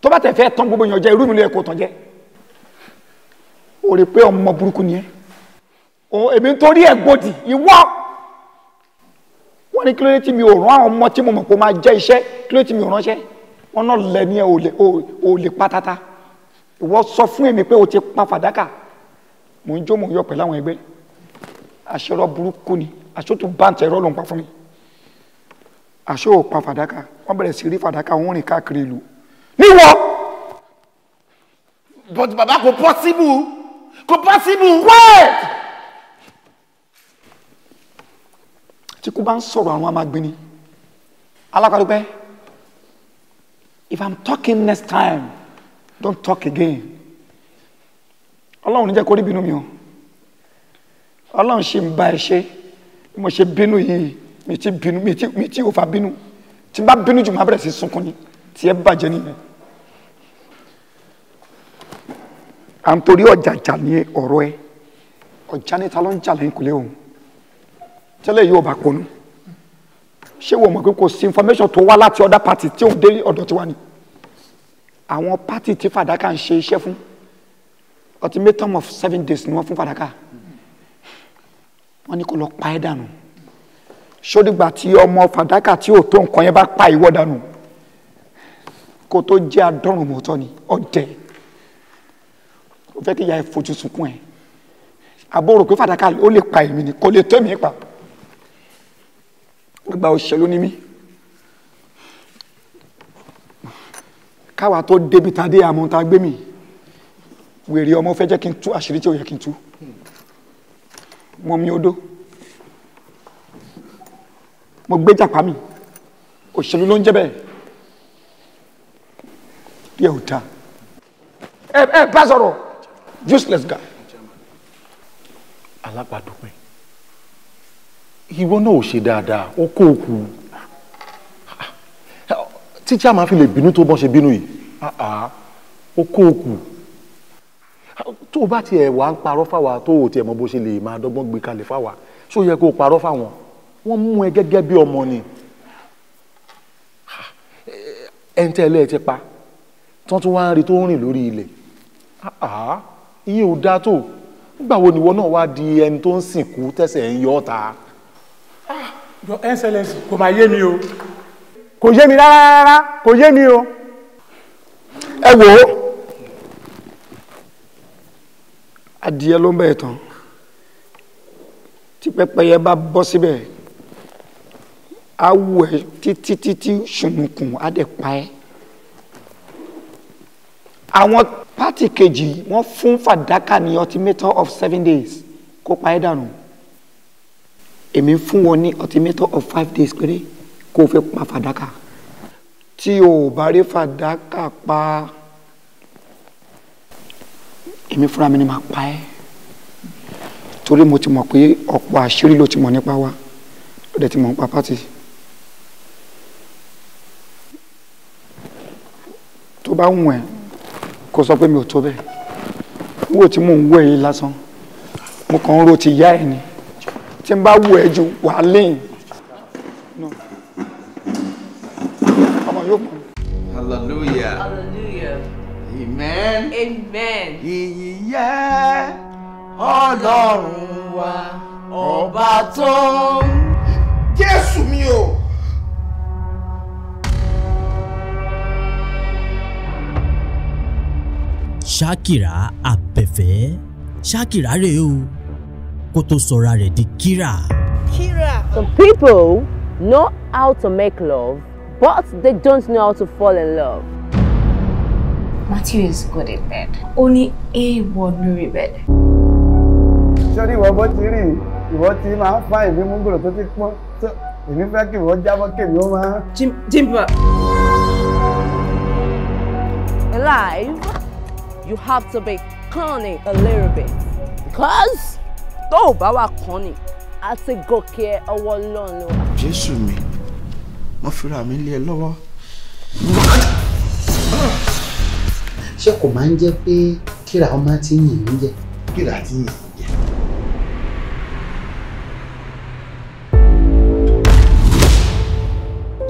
tó bá tẹ̀ fẹ́ tán gbogbo èèyàn jẹ́ irú mi ló yẹ kó tán jẹ́ òrìpẹ́ ọmọ burúkú nìyẹn èmi ń torí ẹ̀ gbòdì ìwọ wọ́n ní kí ló dé tí mi ò rán àwọn ọmọ tí mo mọ̀ pé ó máa jẹ́ iṣẹ́ kí ló dé tí mi ò ránṣẹ́ wọ́n náà lẹ ní ẹ ò lè pátátá ìwọ sọ fún èmi pé o ti pa fàdákà mò ń jó mò ń yọ pẹ̀lú àwọn ẹgbẹ́ àṣẹrọ burúkú ni àṣọtún báńtẹ̀ ẹ̀rọ ló ń pa fún mi àṣọ ò pa fàdákà wọ́n bẹ̀rẹ̀ sí rí fàdákà wọ́n rìn káàkiri ìlú níwọ̀. but baba kò possible kò possible. wait tí kú bá ń sọ̀rọ̀ àwọn amagbeni alákàdúpẹ́ if i'm talking next time don't talk again ọlọ́run níjẹ́ kó rí bínú mi o ọlọ́run ṣe ń ba ẹ ṣe bí mo ṣe bínú yìí mi ti bínú mi ti mi ti ò bínú tí n bá bínú jù máa bẹ̀rẹ̀ sí sunkún ni tí ẹ bàjẹ́ nìyẹn à ń torí ọjà jà ní ọ̀rọ̀ ẹ ọjà níta ló ń jà lẹ́yìn kò léwu tẹ́lẹ̀ yóò bá ponú ṣé wọ́n mọ̀ pé kò sí information tó wá láti other party tí òun dé ọ̀dọ̀ tiwa ni àwọn party tí fàdákà ń ṣe iṣẹ́ fún ultimatum of seven days ni wọ́n fún fàdákà wọ́n ní kó lọ pa ẹ́ dànù ṣódìgbà tí ọmọ fàdákà tí ò tó nǹkan yẹn bá pa ìwọ dànù kó tó jẹ́ adọ́rùn mọ́tọ́ ni ọ̀dẹ̀ ó fẹ́ kí ìyá ẹ fojú sunkún ẹ̀ àbúrò pé fàdákà ó lè pa èmi ni kò lè tó èmi pa gbogbo òṣèlú ni mí káwa tó débi tadé àmọ́ tá a gbé mi wèrè ọmọ fẹ́ jẹ́ kí n tú àṣírí tí ò yẹ kí n tú mo mi odó mo gbé jàpá mi òṣèlú ló ń jẹ́ bẹ́ẹ̀ díẹ̀ ò ta ẹ ẹ bá sọ̀rọ̀ useless guy. alágbàdúpẹ́ ìwọ náà ò ṣe dáadáa ó kó òkú tíjà máa fi lè bínú tó bọ́n ṣe bínú yìí ó kó òkú tó o bá tiẹ̀ wá ń parọ́ fáwa tó o tiẹ̀ mọ bó ṣe lè máa dọ́gbọ́n gbé kalẹ̀ fáwa ṣó yẹ kó o parọ́ fáwọn wọ́n mú ẹ gẹ́gẹ́ bí ọmọ ni ẹ̀ńtẹ́lẹ̀ ti pa tán tún wá ń rí tó ń rìn lórí ilẹ̀ ìyẹn ò dáa tó nígbà nìwọ náà wá di ẹni tó ń sìnkú tẹ̀sẹ̀ ń yọ ọ́ your excellence kò máa yé mi o kò yé mi rárá rárá kò yé mi o ẹ wò ó adìẹ ló ń bẹ̀ tán tí pẹ́pẹ́yẹ bá bọ́ síbẹ̀ á wù títí títí ṣùnùkùn á dẹ̀ pa ẹ́ àwọn pátì kejì wọ́n fún fàdákà ní ultimatum of seven days kó pa ẹ́ dànù èmi fún wọn ní ultimatum of five days péré kó o fẹ́ pa fàdákà tí o ò bá rí fàdákà pa èmi fúnra mi ni màá pa ẹ́ torí mo ti mọ̀ pé ọ̀pọ̀ àṣírí ló ti mọ̀ nípa wa ó dẹ̀ ti mọ̀ nípa pátì. tó bá wù ẹ́ kó sọ pé mi ò tó bẹ́ẹ̀ n ò tí mò ń wẹ̀ yìí lásán mo kàn ń ro ti yá ẹ̀ ni tí n bá wù ẹ́ ju wàá lẹ́yìn. hallelujah. amen. amen. ìyì yẹ ọlọ́run wa ọba tó ń. jésù mi o. Shakira abẹ́fẹ́ Shakira rèé o kó tó sọra rẹ̀ di Kira. Kira. Some people know how to make love, but they don't know how to fall in love. Matthew is good in bed. Ó ní èèwọ̀ lórí bed. Sọ́rí ìwọ bó ti rí ìwọ ti máa ń fa ìbí múngòrò tó ti pọ́n tó èmi fẹ́ kí ìwọ jábọ́ kèmí ó máa. Jimba. Alive, you have to be cunning a little bit because tó ò bá wà kàn ní àti gòkè ọwọ́ ọlọ́run ló wà. jésù mi mo fira mi lé ẹ lọ́wọ́. ṣé kò máa ń jẹ́ pé kíra ọmọ ti yìn ń jẹ. kíra ti yìn ń jẹ.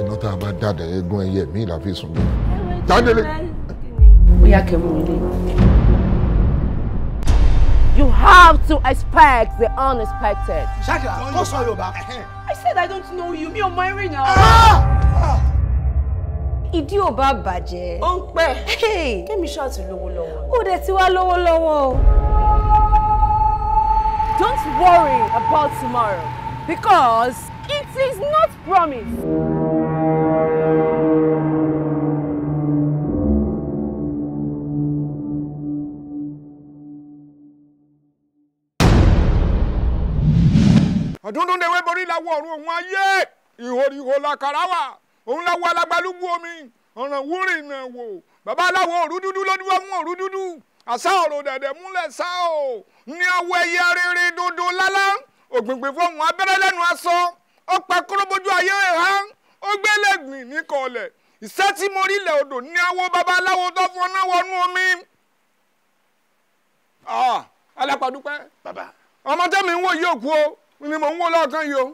iná tá a bá dàdà eégún ẹyẹ mi là fi sùn jáde lé. bóyá kẹ́ mú mi You have to expect the unexpected. Shakira, kó sọ about? I said I don't know you, Me, ò mọ eré náà. Ah! Ah! Ìdí ò bá bàjẹ́. Ó ń pẹ́. Kémi ṣáàtì lówó lọ́wọ́. Ó dẹ̀ ti wá lówó Don't worry about tomorrow because it is not promised. ọ̀dúndún dèwé borí ìlàwọ̀ ọrụ òun ayé ìhòrìhò làkàrà wà òun làwọ̀ omi ọ̀ràn wúrì wò bàbá aláwọ òru dúdú lójú ọmú dúdú àṣà ọ̀rọ̀ dẹ̀dẹ̀ múlẹ̀ sá o ní ọwọ́ ẹyẹ rere dodo lálá ògbìngbìn abẹ́rẹ́ lẹ́nu aṣọ ó pa ayé ha ó ní kọlẹ̀ ìṣẹ́ tí mo rí ilẹ̀ odò ní awọ bàbá tó fún omi. Ah, alápàdúpẹ́ ọmọ tẹ́mi ń wò ni mo ń wó lọ́ọ̀kan yìí o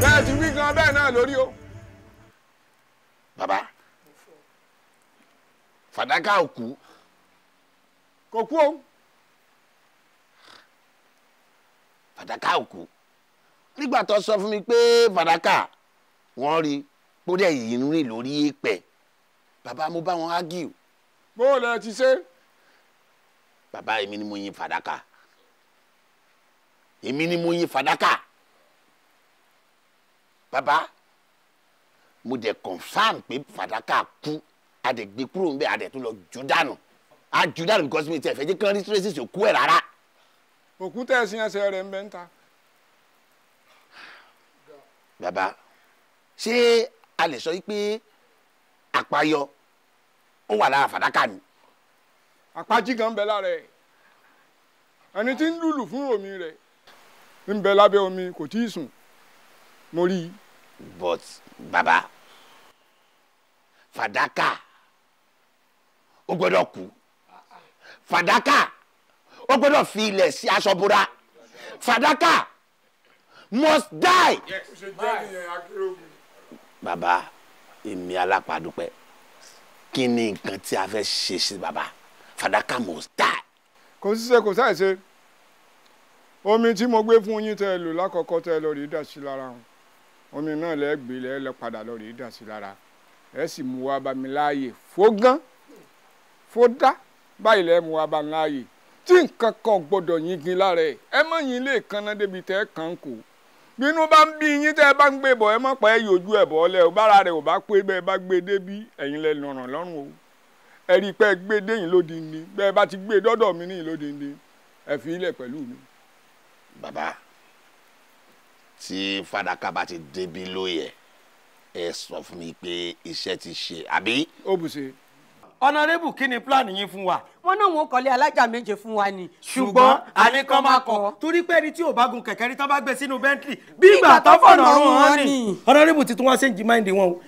bẹ́ẹ̀ ti wí gan bẹ́ẹ̀ náà lórí o bàbá fàdákà ò kò kú o fàdákà ò kú nígbà tó sọ fún mi pé fàdákà wọ́n rí kódà yìí ń rìn lórí èèpẹ̀ bàbá mo bá wọn ágì o. bó o lẹ ti ṣe. bàbá èmi ni mo yin fàdákà èmi ni mo yin fàdákà bàbá mo dẹ̀ confam pé fàdákà kú adẹ̀gbẹ́ kúrò ńbẹ́ adẹ̀tún lọ jù dànù a jù dànù because mi tẹ̀ fẹ́ jẹ́ kí wọ́n si traces òkú ẹ̀ rárá. òkúta ẹ̀sìn ẹsẹ̀ rẹ̀ ń bẹ́ ń ta. bàbá ṣé a lè sọ pé àpáyọ ó wà lára fàdákà ni. àpájí gan bẹ lára ẹ ẹni tí ń lùlù fún omi rẹ ń bẹ lábẹ́ omi kò tí ì sùn mo rí i. but baba Fadaka, ó gbọ́dọ̀ kú fàdákà ó gbọ́dọ̀ fi ilẹ̀ sí aṣọ bora fàdákà must die. baba èmi alápàdúpẹ́ kí ni nǹkan tí a fẹ́ ṣe sí baba Fadaka must die. kò sí ṣe kò sáà ṣe omi tí mo gbé fún yín tẹ́ ẹ lò lákọ̀ọ́kọ́ tẹ́ ẹ lọ rí dà sí lára wọn omi náà lẹ́ẹ̀ gbé lẹ́ẹ̀ lọ padà lọ rí dà sí lára ẹ sì mú wa bá mi láàyè fógán fódá báyìí lẹ́ẹ̀ mú wa bá mi láàyè tí nǹkan kan gbọ́dọ̀ yingin lára ẹ̀ ẹ mọ̀ yín lè kanná débi tẹ́ ẹ kàn kó bínú bá ń bí yín tẹ́ ẹ bá ń gbé bọ̀ ẹ mọ̀ pé yòójú ẹ̀ bọ̀ ọlẹ́ bára rẹ̀ ò bá pé bẹ́ẹ̀ bá gbé débi ẹ̀yin lẹ nọ̀ràn lọ́rùn o ẹ̀rí pé gbé déyìn lódìndín bẹ́ẹ̀ bá ti gbé dọ́dọ̀ mi níyìn lódìndín ẹ ilẹ̀ pẹ̀lú mi Baba, tí fàdákà bá ti débi lóye ẹ sọ fún mi pé iṣẹ́ ti ṣe àbí. ó bù sí i ọ̀nàrẹ́bù kí ni plan yín fún wa. wọn náà wọn kọ́lé alájà méje fún wa ni. ṣùgbọ́n àníkan máa kọ́ torí pé ẹni tí ò bá gun kẹ̀kẹ́ rí tán bá gbé sínú Bentley bí ìgbà tó fọ̀nà ọ̀run hàn ni. ọ̀nàrẹ́bù ti tún wá ṣéǹjì máìndì wọn o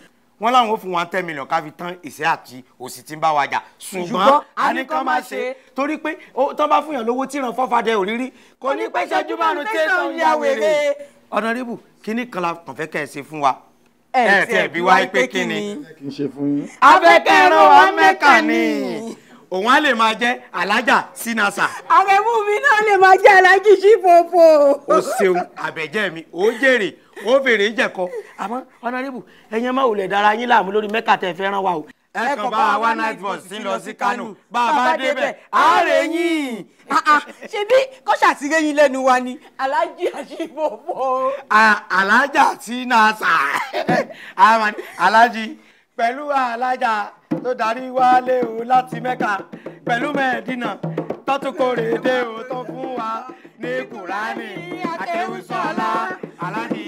wọ́n láwọn ó fún wa ten million ká fi tán ìṣẹ́ àti òṣì tí ń bá wa jà ṣùgbọ́n a ní kán máa ṣe torí pé tán bá fún yàn lówó tí ràn fọ́fadẹ òrírí kò ní pẹ́ ṣẹ́jú márùn-ún tẹ̀sán ya wèrè. ọ̀nàrẹ́bù kínní kan la kàn fẹ́ kẹ́ ẹ ṣe fún wa. ẹ ti ẹ bí wa pé kí ni. kì í ṣe fún yín. afẹ́kẹ́ ẹran wa mẹ́ka ni òun á lè máa jẹ́ alájà sínasa. àrẹ̀mú mi náà lè máa jẹ́ alájì sí fòfò. o ṣeun àbẹ̀jẹ́ mi ò jèrè wọ́n fèrè jẹ̀kọ́ àmọ́ honourable ẹ̀yin máa wòlẹ̀ dára yín láàmú lórí mẹ́ka tẹ̀ fẹ́ràn wa o. ẹ kàn bá wa night bus sí lọ sí Kánò bàbá débẹ̀ àárẹ̀ yín. Ah, ah. ṣebí kó ṣàtìrẹ́ yín lẹ́nu wa ni aláàjì àti bòbò. alájà tí náà sà aláàjì pẹ̀lú alájà tó darí wálé o láti mẹ́ka pẹ̀lú mẹ́ẹ̀dínà tọ́tùkọ̀rẹ́ dé o tó fún wa ní kùránì àtẹ̀wùsọ̀ọ́lá aláàjì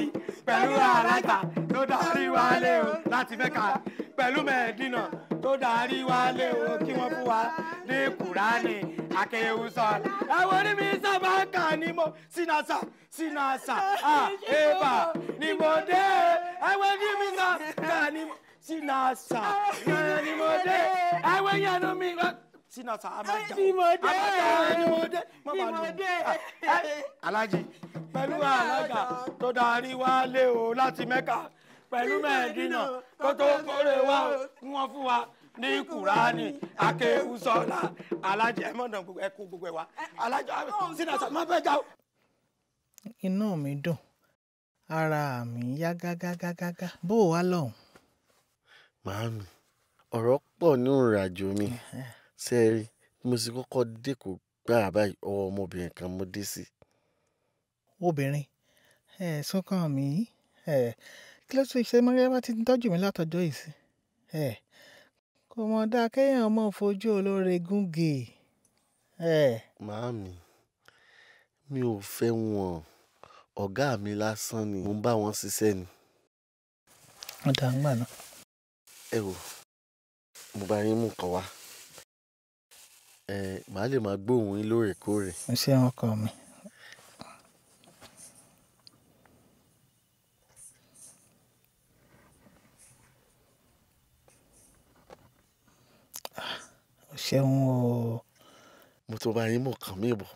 pẹ̀lú alágbà tó darí wálé o láti mẹ́ka pẹ̀lú mẹ́ẹ̀dínà tó darí wálé o kí wọ́n fún wa ní kùránì akéwù sọ̀rọ̀. àwọn onímì sábà kà ní mo sinasa sinasa ah eba ni mo dé àwọn onímì sábà kà ní mo sinasa ni mo dé àwọn yẹnu mi sínú sa a máa jà o a máa jà o ni mo dé alájí pẹ̀lú alága tó darí wá lé o láti mẹ́ka pẹ̀lú mẹ́ẹ̀dínà kó tó kórè wá o wọ́n fún wa ní kùránì akéwùsọ̀lá alájẹ mọ̀nà ẹ̀kú gbogbo ẹ̀ wá alájọ sínú sa máa fẹ́ jà o. inú mi dùn ara mi yá gágágágá bó o wá lọ́hùn. màámi ọ̀rọ̀ pọ̀ ní òǹrìnàjò mi. Yeah ṣe é rí mo sì kọ́kọ́ dé kò gbà báyìí ọwọ́ ọmọbìnrin kan mo dé sí. obìnrin ẹ sọkàn mi ẹ kí ló tún ṣe mọ́ríyá bá ti ń tọ́jú mi látọjọ́ yìí sí ẹ kò mọ̀ dáa kéèyàn mọ̀ fojú olóore gúngè. màámi mi ò fẹ́ wọn ọ̀gá mi lásán ni mo ń bá wọn ṣiṣẹ́ ni. wọ́n dá ń gbà náà. ẹ wò mo bá yín mú nǹkan wá ẹ màá lè máa gbóhùn yín lóòrèkóòrè. ẹ ṣé ọkọ mi. ṣeun o. mo tún bá yín mọ̀ kàn mí bọ̀.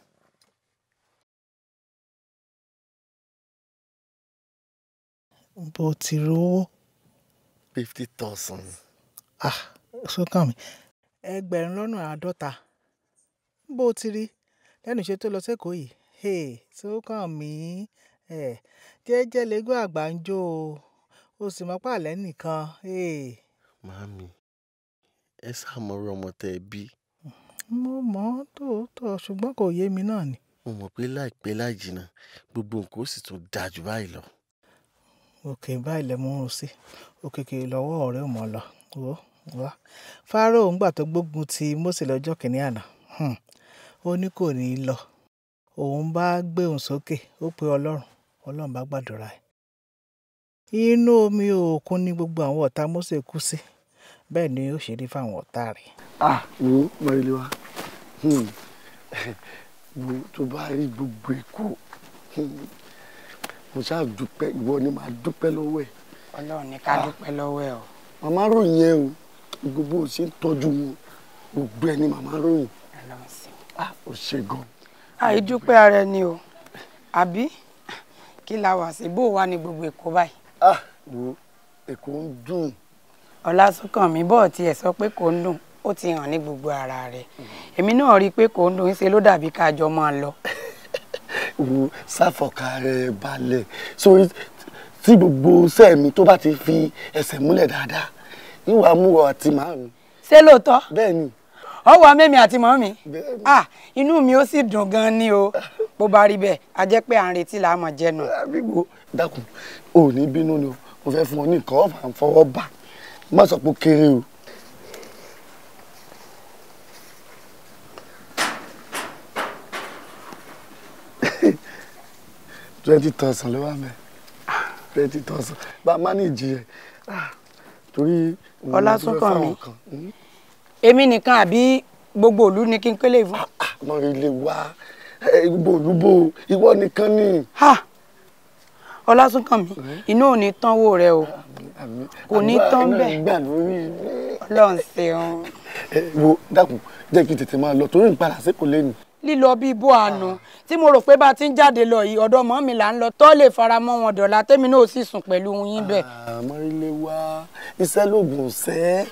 bó ti rówó. fifty thousand. ah sókàn mi ẹgbẹ̀rún lọ́nà àádọ́ta. Bó ti rí lẹ́nu iṣẹ́ tó lọ sẹ́kọ̀ọ́ yìí, hey, Súnkànmí, ẹ̀, eh, jẹ́ẹ́jẹ́ léégún àgbà ń jó o. O sì mọ̀ pé àlè nìkan, hey. Màámi, ẹ sá mọ irú ọmọ tẹ bí. Mo mọ̀ ọ́n tóótọ́ ṣùgbọ́n kò yé mi náà ni. Mo mọ̀ pé láìpẹ́ láì jìnnà, gbogbo nǹkan ó sì tún dà jù báyìí lọ. Òkè báyìí lẹ mú un sí. Òkèkè lọ́wọ́ ọ̀rẹ́ ò lọ. Wò ó, wá. Fáráò ńgbà tó gbógun ti Mósè lọ́jọ́ kìíní àná, hmm ó ní kò ní í lọ òun bá gbé òun sókè ó pe ọlọ́run ọlọ́run bá gbàdúrà ẹ̀ inú omi òkun ni gbogbo àwọn ọ̀tá Mósè kú sí bẹ́ẹ̀ ni ó ṣe rí fáwọn ọ̀tá rẹ̀. a wo Màrílẹ́wà hmm. wo tó bá rí gbogbo ikú hmm, mo ṣáà dúpẹ́ ìwọ ni màá dúpẹ́ lọ́wọ́ ẹ̀. ọlọ́run ní ká dúpẹ́ lọ́wọ́ ẹ̀ o. màmá ròyìn ẹ o gbogbo ò sí tọ́jú wọn gbogbo ẹ ni màmá ròyìn ó ah, ṣe gan. àìdúpẹ́ ara ẹni o àbí kí la wà sí bó wà ní gbogbo èkó báyìí. ah wo èkó ń dùn. ọlásùnkànmí bọ́ọ̀ tiẹ̀ sọ pé kò ń dùn o ti hàn ní gbogbo ara rẹ̀ èmi náà rí i pé kò ń dùn ṣe ló dàbí ká jọ máa lọ. wo sáfọ̀kà rẹ̀ balẹ̀ sórí tí gbogbo sẹ́ẹ̀mí tó bá ti fi ẹsẹ̀ múlẹ̀ dáadáa ìwà amúwọ̀ àti màrún. ṣé lóòótọ́. bẹ́ẹ̀ ni ọwọ́ mẹ́mi àti mọ́mi ah inú mi ó sì dùn gan ni o bó bá rí bẹ́ẹ̀ a jẹ́ pé à ń retí là á mọ̀ jẹ́nu. àbígbò ah, dákun ò ní bínú ni o mo fẹ́ fún ọ ní nǹkan ọ̀fà fọwọ́ bà má sọ pé kéré o. twenty thousand ló wà mẹ́ twenty thousand bá a má ní ìjìyẹ ah, torí. ọlá tún èmi nìkan àbí gbogbo òlu ni kí n kélé fún. àmọ́ ah, ah, ilé wa gbogbo òlu bò ìwọ nìkan ni. ọlásùnkànmí inú ò ní tán owó rẹ o kò ní tán bẹ́ẹ̀ ọlọ́run ṣeun. wo dákun jẹ́ kí n tètè máa lọ torí n padà sí kò lẹ́nu lílọ bíi bó àánú tí mo rò pé bá ti ń jáde lọ yìí ọ̀dọ̀ mọ́ mi là ń lọ tó lè fara mọ́ wọn dọ̀la tèmi náà sì sùn pẹ̀lú yín bẹ́ẹ̀. àmọ́rílé ah, wa iṣẹ́ lóògùn ṣẹ́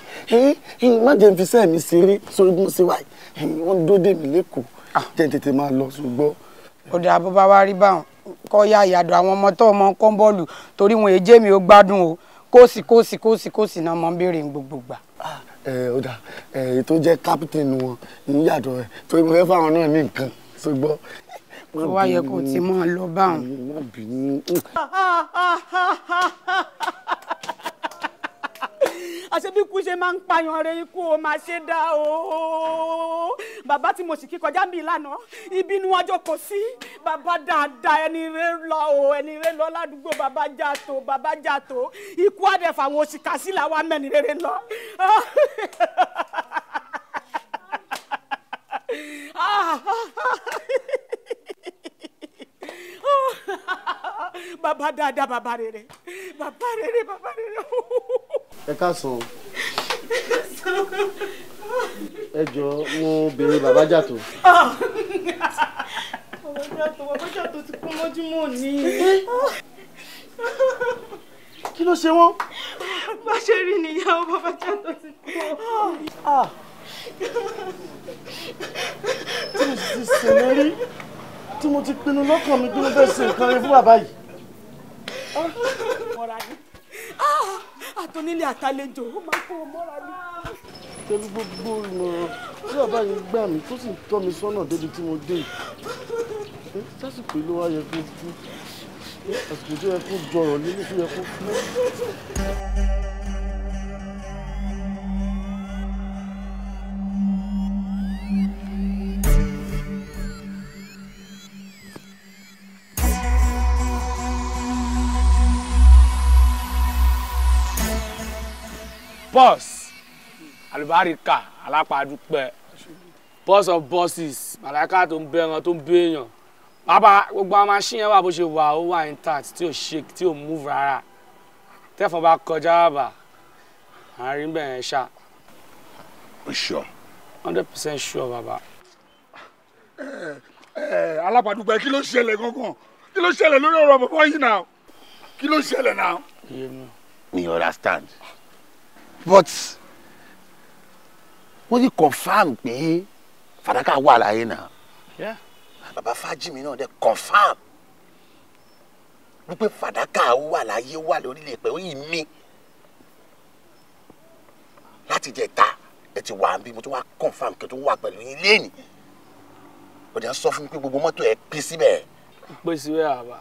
má jẹ́ fi iṣẹ́ mi ṣeré sórí bí mo ṣe wà yìí wọ́n dóde mi lẹ́kọ̀ọ́ jẹ́ tètè máa lọ ṣùgbọ́n. ọ̀dà àbúbá wa rí báwọn kọ́ ya ìyàdọ̀ àwọn ọmọ tó ọmọ kọ́ bọ́ọ̀lù torí wọn èjé mi ò gbádùn o kóòsì kóòsì kóòsì náà mọ̀ ń béèrè ọ̀dà èyí tó jẹ́ captain wọn níyàtọ̀ ẹ̀ torí fẹ́ fáwọn náà ní nǹkan ṣùgbọ́n. ó wá yẹ kó ti máa lọ báwọn àṣẹ bí ikú ṣe máa ń pààyàn rẹ ikú o máa ṣe dá o bàbá tí mo sì kí kọjá mi lánàá ibi ni wọn jọ kò sí bàbá dáadáa ẹni rẹ lọ o ẹni rẹ lọ ládùúgbò bàbá já tó bàbá já tó ikú àdẹ̀fà àwọn òṣìkà sí làwọn amẹ́ni rere lọ. ah, ah, ah. bàbá dáadáa bàbá rere bàbá rere bàbá rere. ẹ ká sàn ẹ jọ wọn béèrè bàbá jàtò. bàbá jàtò bàbá jàtò ti kún lójúmọ́ ni. kí ló ṣe wọ́n. bá a ṣe rí nìyàwó bàbá jàtò ti kún. tí mo sì ti sèlérí tí mo ti pinnu lọ́kàn mi bí mo fẹ́ ṣe nǹkan rẹ fún bàbá yìí. Ah, àtọ́nílé àtàlejò ó máa kó o mọ́ra ní. pẹ̀lú gbogbo ìmọ̀ràn tí bàbá yìí gbà mí tó sì tọ́ mi sọ́nà débi tí mo dé yìí sásìkò ló wá yẹ kó kú àsìkò tó yẹ kó jọrọ̀ nínú tó yẹ kó kú. boss alubarika alápàdúpẹ́ boss of bosses Malaka tó ń bẹran tó ń béèyàn bàbá gbogbo àwọn machine yẹn wà bó ṣe wà ó wà intact tí ò shake tí ò move rárá tẹfọn bá kọjá bàbá àárín bẹ́ẹ̀ yẹn ṣá. o sure. hundred percent sure Baba. ẹ ẹ alápàdúpẹ́ kí ló ṣẹlẹ̀ gangan kí ló ṣẹlẹ̀ lórí ọ̀rọ̀ bàbá yìí náà kí ló ṣẹlẹ̀ náà. mi understand but wọ́n ti confam pé fàdákà wà láyé náà bàbá fájìmí náà dẹ̀ confam wípé fàdákà wà láyé wà lórílẹ̀ pẹ̀ ó yìí mí láti jẹ ta ẹ ti wà bí mo tún wá confam kí n tún wà pẹ̀lú yín léènì ó dẹ̀ sọ fún mi pé gbogbo mọ́tò ẹ pín síbẹ̀. pín síbẹ̀ àbá.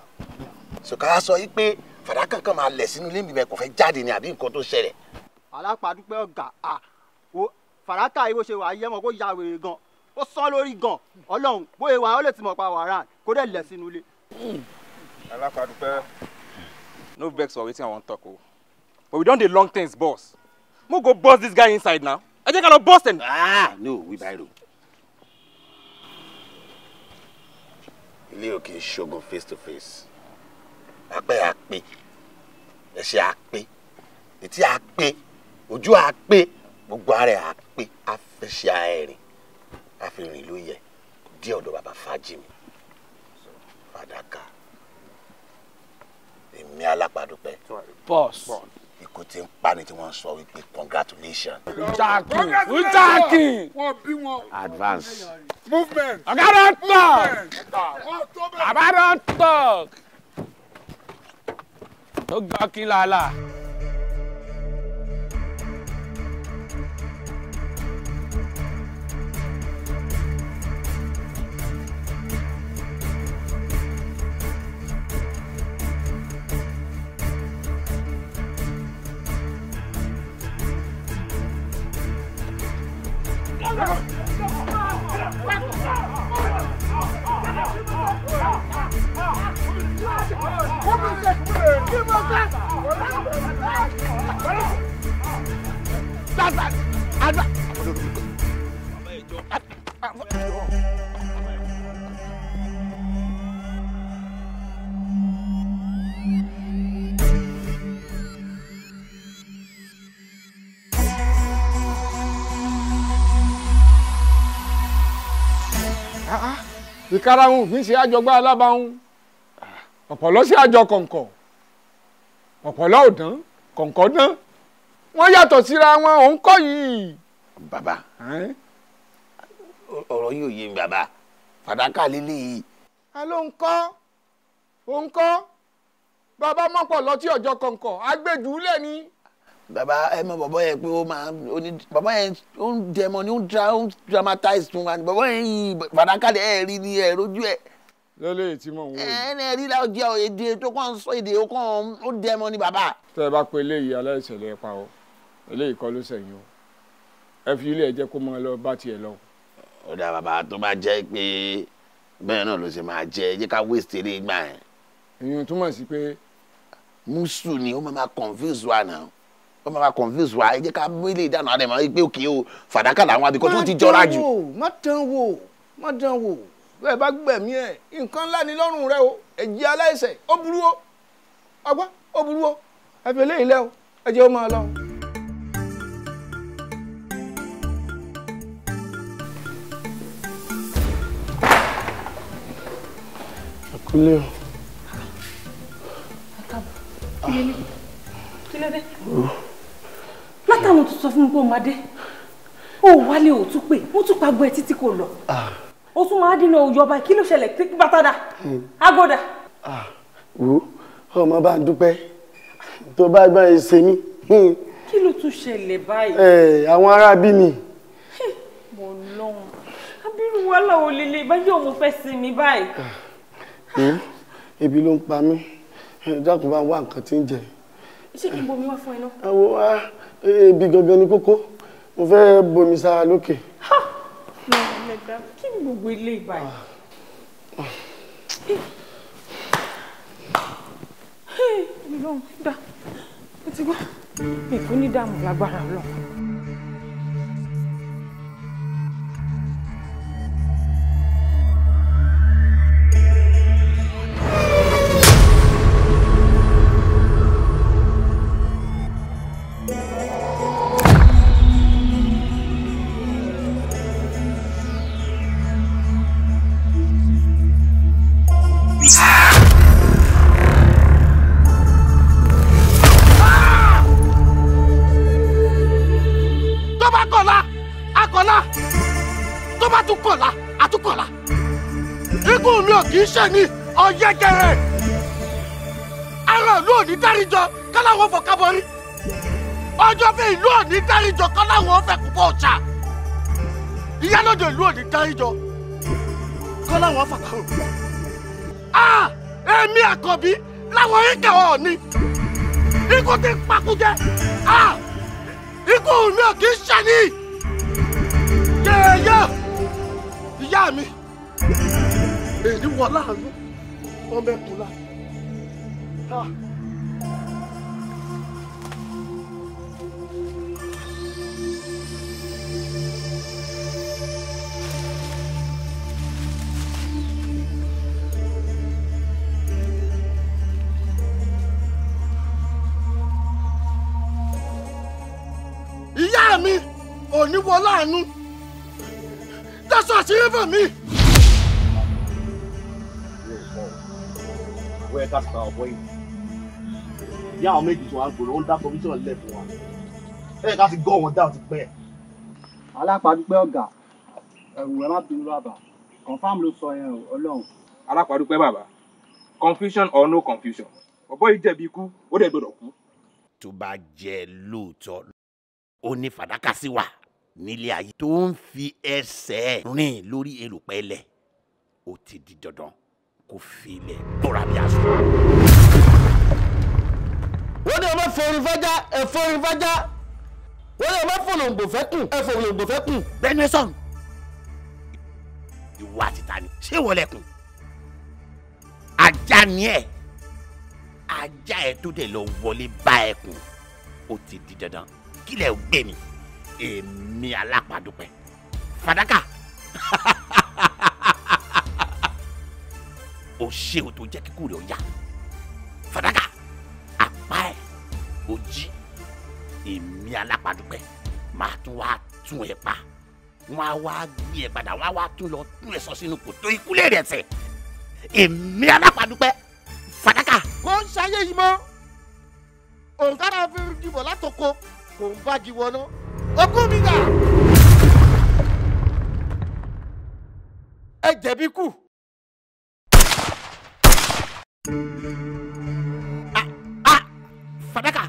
sọ̀kà sọ yìí pé fàdákà kan máa lẹ̀ sínú ilé mi bẹ́ẹ̀ kò fẹ́ jáde ni àbí nǹkan tó ṣẹlẹ̀ alápàdúpẹ́ ọ̀gá à wo fàràtà yìí bó ṣe wà yẹ mọ kó ya wèrè gan ó sọ lórí gan ọlọ́run bóyá wà ó lè ti mọ̀ pa wàrà kó dẹ̀ lẹ̀ sínú ilé. alápàdúpẹ́ no vex for wetin i wan talk o but we don dey long things boss mo go burst this guy inside now ẹ jẹ́ ká lọ burst ẹ̀. ah no we buy room. ilé òkè ṣogun face to face apẹ́ àpè ẹ̀ṣẹ̀ àpè ètí àpè ojú á pé gbogbo ara ẹ̀ á pé á fẹ́ ṣe àẹ̀rìn á fi rìn ló yẹ dí ọ̀dọ̀ bàbá fájìmí fàdákà èmi alápàdúpẹ́ boss ikú ti ń pani tí wọ́n sọ wípé congratulations. ujaki ujaki advance. movement. ọ̀gá don talk bàbá don talk tó gbọ́ kí lálá. That's that. That's that. ìkarahun òfin ṣe àjọgbá alábàáhùn ọ̀pọ̀lọ́ sí àjọ kọ̀ǹkọ̀ ọ̀pọ̀lọ́ ò dán kọ̀ǹkọ̀ dán wọ́n yàtọ̀ síra wọn òun kọ́ yìí. bàbá ọ̀rọ̀ yóò yé mi bàbá fàdákà lílé yìí. a ló ń kọ́ ó ń kọ́ bàbá mọ́pọ̀ lọ sí ọjọ́ kọ̀ǹkọ̀ agbẹ́jùúlẹ̀ ni bàbá ẹ mọ bàbá yẹn pé ó máa ó ní yẹn ó ń dẹmọ ni ó ń dramatize fún wa ni yẹn yìí fàdákàlẹ̀ ẹ̀ rí ni ẹ̀ rojú ẹ̀. lọ́lẹ̀ tí mò ń ẹ ẹ rí láwọn jẹ́ èdè tó kàn sọ èdè ó kàn ó dẹmọ ni bàbá. tẹ́ ẹ bá pe eléyìí aláìṣẹ̀lẹ̀ ẹ pa o eléyìí kọ́ ló sẹ̀yìn o ẹ fi ilé ẹ jẹ́ kó máa lọ bá tiẹ̀ lọ. ó dà bàbá tó bá jẹ́ pé bẹ́ẹ̀ náà ló ṣe máa jẹ́ ẹ ká waste eré gbà yẹn. ìyẹn túmọ̀ sí pé. musu ni ó máa confuse wa náà ó máa confuse wa ẹ jẹ́ ká mílè ìdáná rẹ̀ máa pé òkè o fàdákà làwọn abikọ́ tó ti jọra jù. má dán wò má dán wò bẹ́ẹ̀ bá gbẹ̀mí ẹ̀ nǹkan ńlá ni lọ́rùn rẹ o ẹ̀jẹ̀ aláìṣẹ̀ ó burú o ọgbọ́n ó burú o ẹ̀fẹ̀ lé ilẹ̀ o ẹ̀jẹ̀ ó máa lọ. kúlẹ̀ o. kí ló dé látàwọn tó sọ fún mi pé ó máa dé ó wálé ò tún pè mo tún pàgbọ́ ẹ títí kò lọ ah. ó tún máa dínà òyọba kí ló ṣẹlẹ̀ kí bàtàdà hmm. agoda. Ah, wo ọmọ bá dúpẹ́ tó bá gbá ẹ ṣe mí. Hmm. kí ló tún ṣẹlẹ̀ báyìí. ẹ eh, àwọn ará bí mi. mo lọ́hùn abirù wàhálà ò lè lè báyìí òun fẹ́ sí mi báyìí. Ah. Hmm. ebi ló ń pa mí eh, dákun bá wá nǹkan tí ń jẹ. ṣé kí n bomi wá fún ẹ náà. àwọn wa ebi gangan ni kókó mo fẹ́ bomi sára lókè. kí ni gbogbo ilé ibà yìí? ìlọrin dá mo ti gbọ́ èkó ní dààmú lágbára ọlọ́run. àtúkọ̀lá àtúkọ̀lá ikú mi ò kì í ṣe ni ọ̀yẹ́gẹrẹ ara ìlú òní dáríjọ káláwọ̀ fọ kábọ́rí ọjọ́ fẹ́ ìlú òní dáríjọ káláwọ̀ fẹ́ kúkọ́ ọ̀chà ìyálòdì ìlú òní dáríjọ káláwọ̀ fàkàrò a èmi àkọ́bí láwọn ìkà ọ̀ọ́ni ikú ti pakújẹ a ikú mi ò kì í ṣe ni yẹ̀yẹ́ ìyá mi èyí wọ láàánú ọmọ ẹkùn la. ìyá mi ò ní wọ láàánú dáṣọ àṣírí fún mi. wẹ́ẹ́ ká sọ ọ̀bọ yìí ìyá àwọn méjì tó wà gbòòrò ó ń dá provision Hey, that's wa bẹ́ẹ̀ ká ti gọ́ wọn dáhùn ti pẹ́. alápàdúpẹ́ ọ̀gá ẹ̀rù ẹ̀ má bínú bàbá confam ló sọ yẹn o ọlọ́run. alápàdúpẹ́ bàbá confusion or no confusion ọ̀bọ boy jẹ̀bi ikú ó dẹ̀ gbọ́dọ̀ kú. tó bá jẹ loot. ó ní fàdákà sí wa nílé ayé tó ń fi ẹsẹ̀ rìn lórí erùpẹ̀ ilẹ̀ ó ti di dandan kó fi ilẹ̀ bóra bí aṣọ. wọ́n ní ọmọ forin fájá ẹ forin fájá wọ́n ní ọmọ fòlòǹgbò fẹ́kùn ẹ fòlòǹgbò fẹ́kùn. bẹ́ẹ̀ni sọ̀n ìwọ àti tani ṣé ìwọlẹ̀kùn ajá ni ẹ̀ ajá ẹ̀ tó dẹ̀ lọ wọlé bá ẹkùn ó ti di dandan kílẹ̀ gbé èmi alápàdúpẹ́ fàdákà o ṣe o tó jẹ́ kíkú rẹ̀ ó yá fàdákà apá ẹ̀ o jí èmi alápàdúpẹ́ màá tún wá tún ẹ̀ pa wọn á wá gbé ẹ̀ padà wọn á wá tún lọ tún ẹ̀ sọ sínú kòtò ìkúlẹ̀ rẹ̀ sẹ̀ èmi alápàdúpẹ́ fàdákà. kò ń ṣayé yìí mọ́ òǹkàrà fi dìbò látòkò kò ń bá jí wọnú ogún mi dà. ẹ jẹ̀bi kù. fàdákà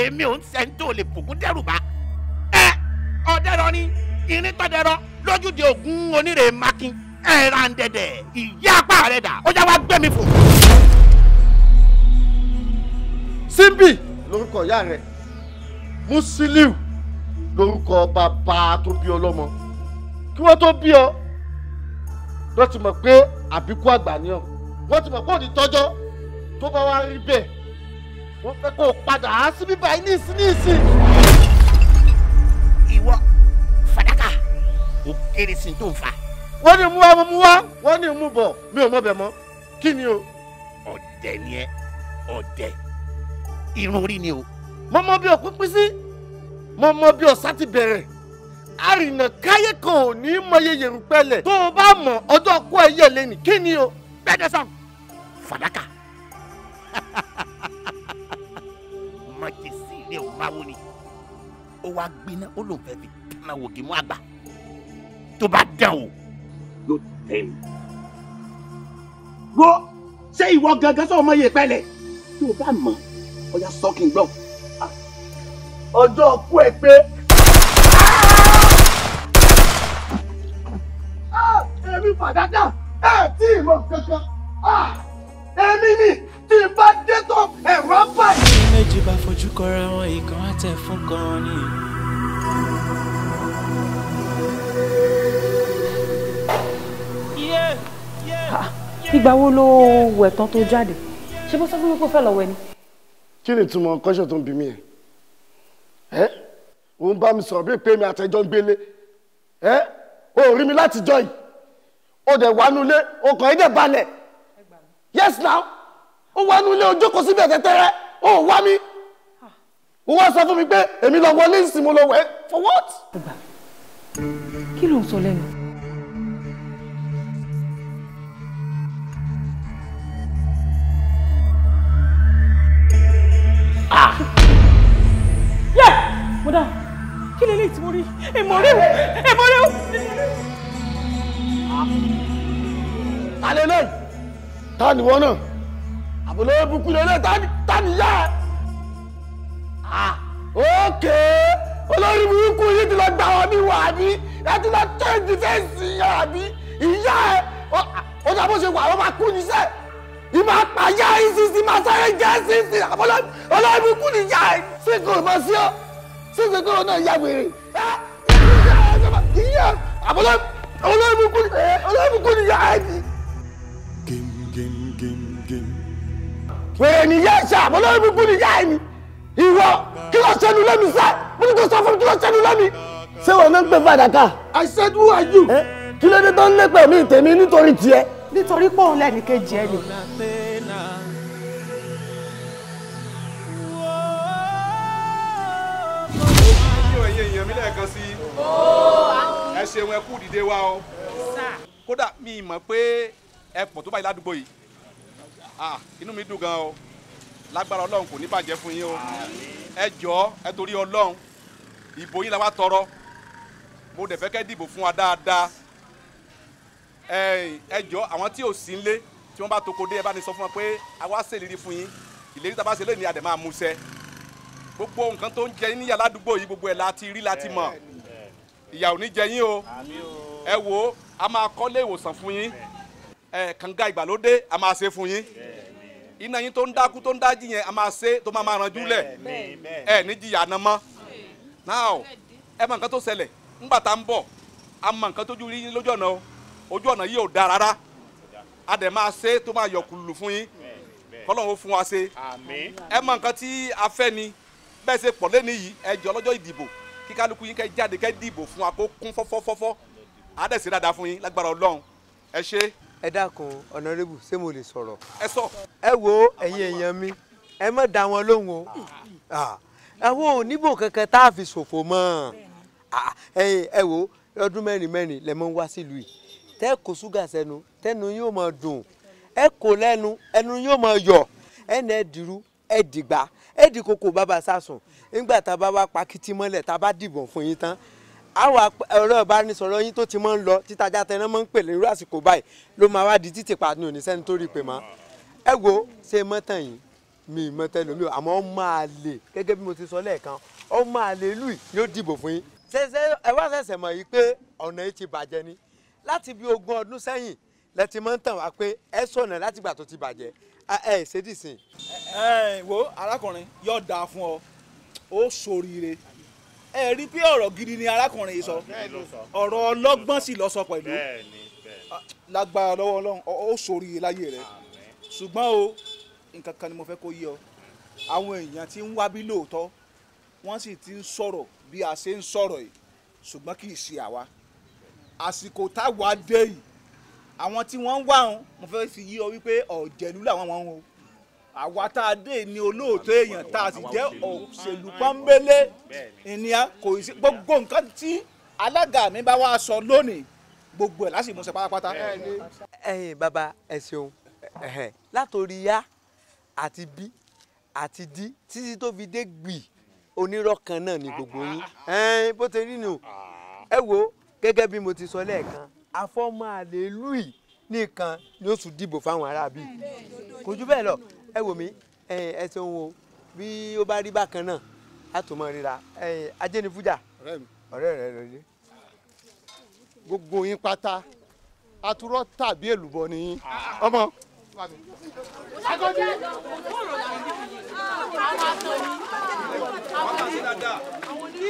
èmi ò ń sẹ́ńtò lè fògùn dẹ́rù bá ẹ ọ̀dẹ́rọ ni irin tọ́dẹ̀rọ lójúde ògún onírè makin ẹ̀ràn dẹ̀dẹ̀ ìyá apá rẹ̀ dà ó já wá gbẹ̀mí fò. Simbi lórúkọ ìyá rẹ̀ Musiliu lórúkọ bàbá tó bí ọlọ́mọ kí wọ́n tó bí ọ wọ́n ti mọ̀ pé àbíkú àgbà ni ọ wọ́n ti mọ̀ pé òní tọ́jọ́ tó bá wá rí bẹ́ẹ̀ wọ́n fẹ́ kó o padà á sí bíbá yìí níìsín níìsín. ìwọ fàdákà ò kéré sí tó ń fa. wọ́n ní mú wa mo mú wa wọ́n ní mú bọ̀ mi ò mọ̀ bẹ̀ mọ́ kí ni o. ọ̀dẹ̀ ni ẹ ọ̀dẹ̀ irun orí ni o mo mọ bí òkú pín sí mo mọ bí ọ̀sá ti bẹ̀rẹ̀ àrìnà káyé kan ò ní mọye yèrùpẹ̀lẹ̀ tó o bá mọ ọjọ́ kú ẹyẹ lẹ́nu kí ni o bẹ́ẹ̀ dẹ́sán fàdákà májèsí ilé ò máa wo ni ó wá gbiná ó lòun fẹ́ fi dáná wògì mú àgbà tó bá dán o yóò tẹ̀ mí. wo ṣé ìwọ gangan sọ ọmọ yèèpẹ̀ lẹ̀ tó o bá mọ̀ ọ́ ya sọ́kìn gbọ́ ọjọ́ ọkú ẹ pé. Ah! Ah! èmi fàdákà ẹ tí ì mọ kankan ah! èmi ni tí n bá dé tó ẹ̀rọ báyìí. ní méjì bá fojú kọra wọn ìkan á tẹ fún kan ni. ìgbà wo ló wẹ̀ tán tó jáde ṣé bó sọ fún mi kó fẹ́ lọ wẹ̀ ni. kí ni ìtumọ̀ kọ́ṣọ̀ tó ń bí mi yẹn ẹ́ ò ń bá mi sọ̀rọ̀ bí pé mi àtẹ̀jọ́ ń gbélé ẹ́ ò rí mi látijọ́ yìí ó dẹ̀ wá nulẹ̀ ó kàn yín dẹ̀ balẹ̀ yes now ó wá nulẹ̀ ó jókòó síbẹ̀ tẹ́tẹ́rẹ́ ó wá mi ó wá sọ fún mi pé èmi lọ wọlé ìsìn mo lọ wẹ̀ for what. kí ló ń sọ lẹ́nu. ah yẹ mo dá kí lè léyìí tí mo rí èmo rí o èmo rí o. ta lè lè ta ni wọn náà àbúlé ebukú lè lè ta ni yá ẹ ókè olórí burúkú yìí ti lọ gbà wọn ní wà bí ẹ ti lọ tẹ́ ẹ dìfẹ́ǹsì yà á bí ìyá ẹ ó dàbó ṣe wà ló máa kú ní sẹ́ẹ̀ ìmọ̀ àpàyà ìsinsin máa sáré jẹ́ sísìn ọlọ́ọ̀bù kù ní ìyá ẹ̀ sínkù sí ọ́ sínkù náà ya wèrè ìyá ọlọ́ọ̀bù kù ní wèrè ni ìyá ẹ̀ṣẹ̀ ọlọ́ọ̀bù kù ní ìyá ẹ̀ ìwọ kí ló ṣẹnu lẹ́mi sẹ́ mo ní sọ fún mi kí ló ṣẹnu lẹ́mi. ṣé wọn ń gbé fàdákà. I said who are you. kí ló dé tó ń lépè mí tèmi nítorí tiẹ̀ nítorí pé òun lẹ́nu kejì ẹ ni. ẹ ṣeun ẹ kú dìde wa o kódà mi mọ̀ pé ẹ pọ̀ tó báyìí ládùúgbò yìí inú mi dùn gan o lágbára ọlọ́run kò ní bàjẹ́ fún yín o ẹ jọ̀ọ́ ẹ torí ọlọ́run ìbò yín la wá tọrọ mo dẹ̀ fẹ́ kẹ́ dìbò fún wa dáadáa ẹjọ àwọn tí ò sí ń lé tí wọn bá toko dé ẹ bá ní sọ fún wọn pé àwa ṣèlérí fún yín ìlérí tá a bá ṣe lónìí àdè máa mú ṣẹ gbogbo nǹkan tó ń jẹ níyà ládùúgbò yìí gbogbo ẹ̀ láti rí láti mọ̀ ìyà ò ní jẹ yín o ẹ wo a máa kọ́lé ìwòsàn fún yín ẹ kànga ìgbàlódé a máa ṣe fún yín iná yín tó ń dákú tó ń dájí yẹn a máa ṣe tó máa máa ranjú lẹ̀ ẹ ní jìyà náà mọ́ náà ẹ mọ nǹkan tó ṣẹlẹ̀ ńgbà tá ń bọ̀ a mọ nǹkan tójú rí yín lójú ọ̀nà o ojú ọ̀nà yìí ò dáa rárá a dẹ̀ máa ṣe tó máa yọ kùlù fún yín kọ́lọ́hún fún wa ṣe ẹ mọ nǹkan tí a fẹ́ ni bẹ́ẹ̀ ṣe pọ̀ lẹ́nu yìí ẹ jọ lọ́jọ́ ìdìbò kí kálukú yín kẹ́ jáde kẹ́ dìbò fún wa kó kún fọ́fọ́fọ́fọ́ a dẹ̀ ṣe dáadáa fún yín lágbára ọlọ́run ẹ ṣe. ẹ dákun ọ̀nàrẹ́bù ṣé mo lè sọ̀rọ̀. ẹ sọ. ẹ wo ẹ̀yin èèyàn mi ẹ má dá wọn lóhùn o àwọn oníbò kankan tá a fi ṣòfò mọ́ ẹ wo ọdún mẹ́rin mẹ́rin lẹ wá sílùú yìí tẹ́ kó ṣúgà sẹ́nu tẹ́nu yóò máa dùn ẹ kó lẹ́nu ẹnu yóò máa yọ̀ ẹnu ẹ dìrú ẹ dìgbà ẹ dì kókó bàbá sàsùn nígbà tá a bá wá pa kìtì mọ́lẹ̀ tá a bá dìbò fún yín tán àwọn ẹ̀rọ ìbánisọ̀rọ̀ yín tó ti máa ń lọ títajà tẹná máa ń pè lérú àsìkò báyìí ló máa wá di títì pa ní oníṣẹ́ni tó rí i pé mọ́ ẹ wo ṣe mọ́tàn yìí mi mọ́tàn lómi o àmọ́ ó máa lè gẹ́gẹ́ bí mo ti sọ lẹ́ẹ̀kan ó máa lè lùi yóò dìbò fún yín ṣe ẹ wá ṣẹ̀ṣẹ̀ mọ̀ yìí pé ọ̀nà yìí ti bàjẹ́ ni láti bí ogún ọdún sẹ́yìn lẹ ti máa ń tàn wá pé ẹ sọ̀nà láti gbà tó ti bàjẹ́ ẹ ẹ ṣe dìsìn. ẹ ẹ wo arákùnrin yóò dáa fún ọ ó ṣoríire ẹ rí pé ọ̀rọ̀ gidi ni arákùnrin yìí sọ ọ̀rọ̀ ọlọ́gbọ́n sì lọ sọ pẹ̀lú lágbára lọ́wọ́ ọlọ́run ó ṣoríire láyé rẹ ṣùgbọ́n o nǹkan kan ni mo fẹ́ kó yé ọ àwọn èèyàn ti ń wá bí lóòótọ́ wọ́n sì ti ń sọ̀rọ̀ bí a ṣe ń sọ̀rọ̀ yìí ṣùgbọ́n kì í ṣe àwa àsìkò táwa dé yìí àwọn tí wọ́n ń wá wọn mo fẹ́ fi yí ọ wípé ọ̀jẹ̀lú làwọn wọn o àwa tá a dé ní olóòótọ́ èèyàn tá a sì jẹ́ òṣèlú pọ́nbélé ìníà kò sí gbogbo nǹkan tí alága mi bá wá sọ lónìí gbogbo ẹ̀ lásìkò ṣe pátápátá. ẹ̀yin bàbá ẹ ṣeun látòrí yá àti bí àti dí títí tó fi dé gbì onírọ̀ kan náà ni gbogbo yín bó ti rí nù ẹ wo gẹ́gẹ́ bí mo ti sọ lẹ́ẹ̀kan afọ́mọ àlélùì nìkan ni ó sùn dìbò fáwọn aráabí kò jù bẹ́ẹ̀ lọ ẹ wò mí ẹ ṣeun o bí ó bá rí bákan náà a tún mọ ríra ajẹ́nifújà ọ̀rẹ́ rẹ rẹ ni. gbogbo yín pátá aturọ tàbí èlùbọ́ ni yín ọmọ.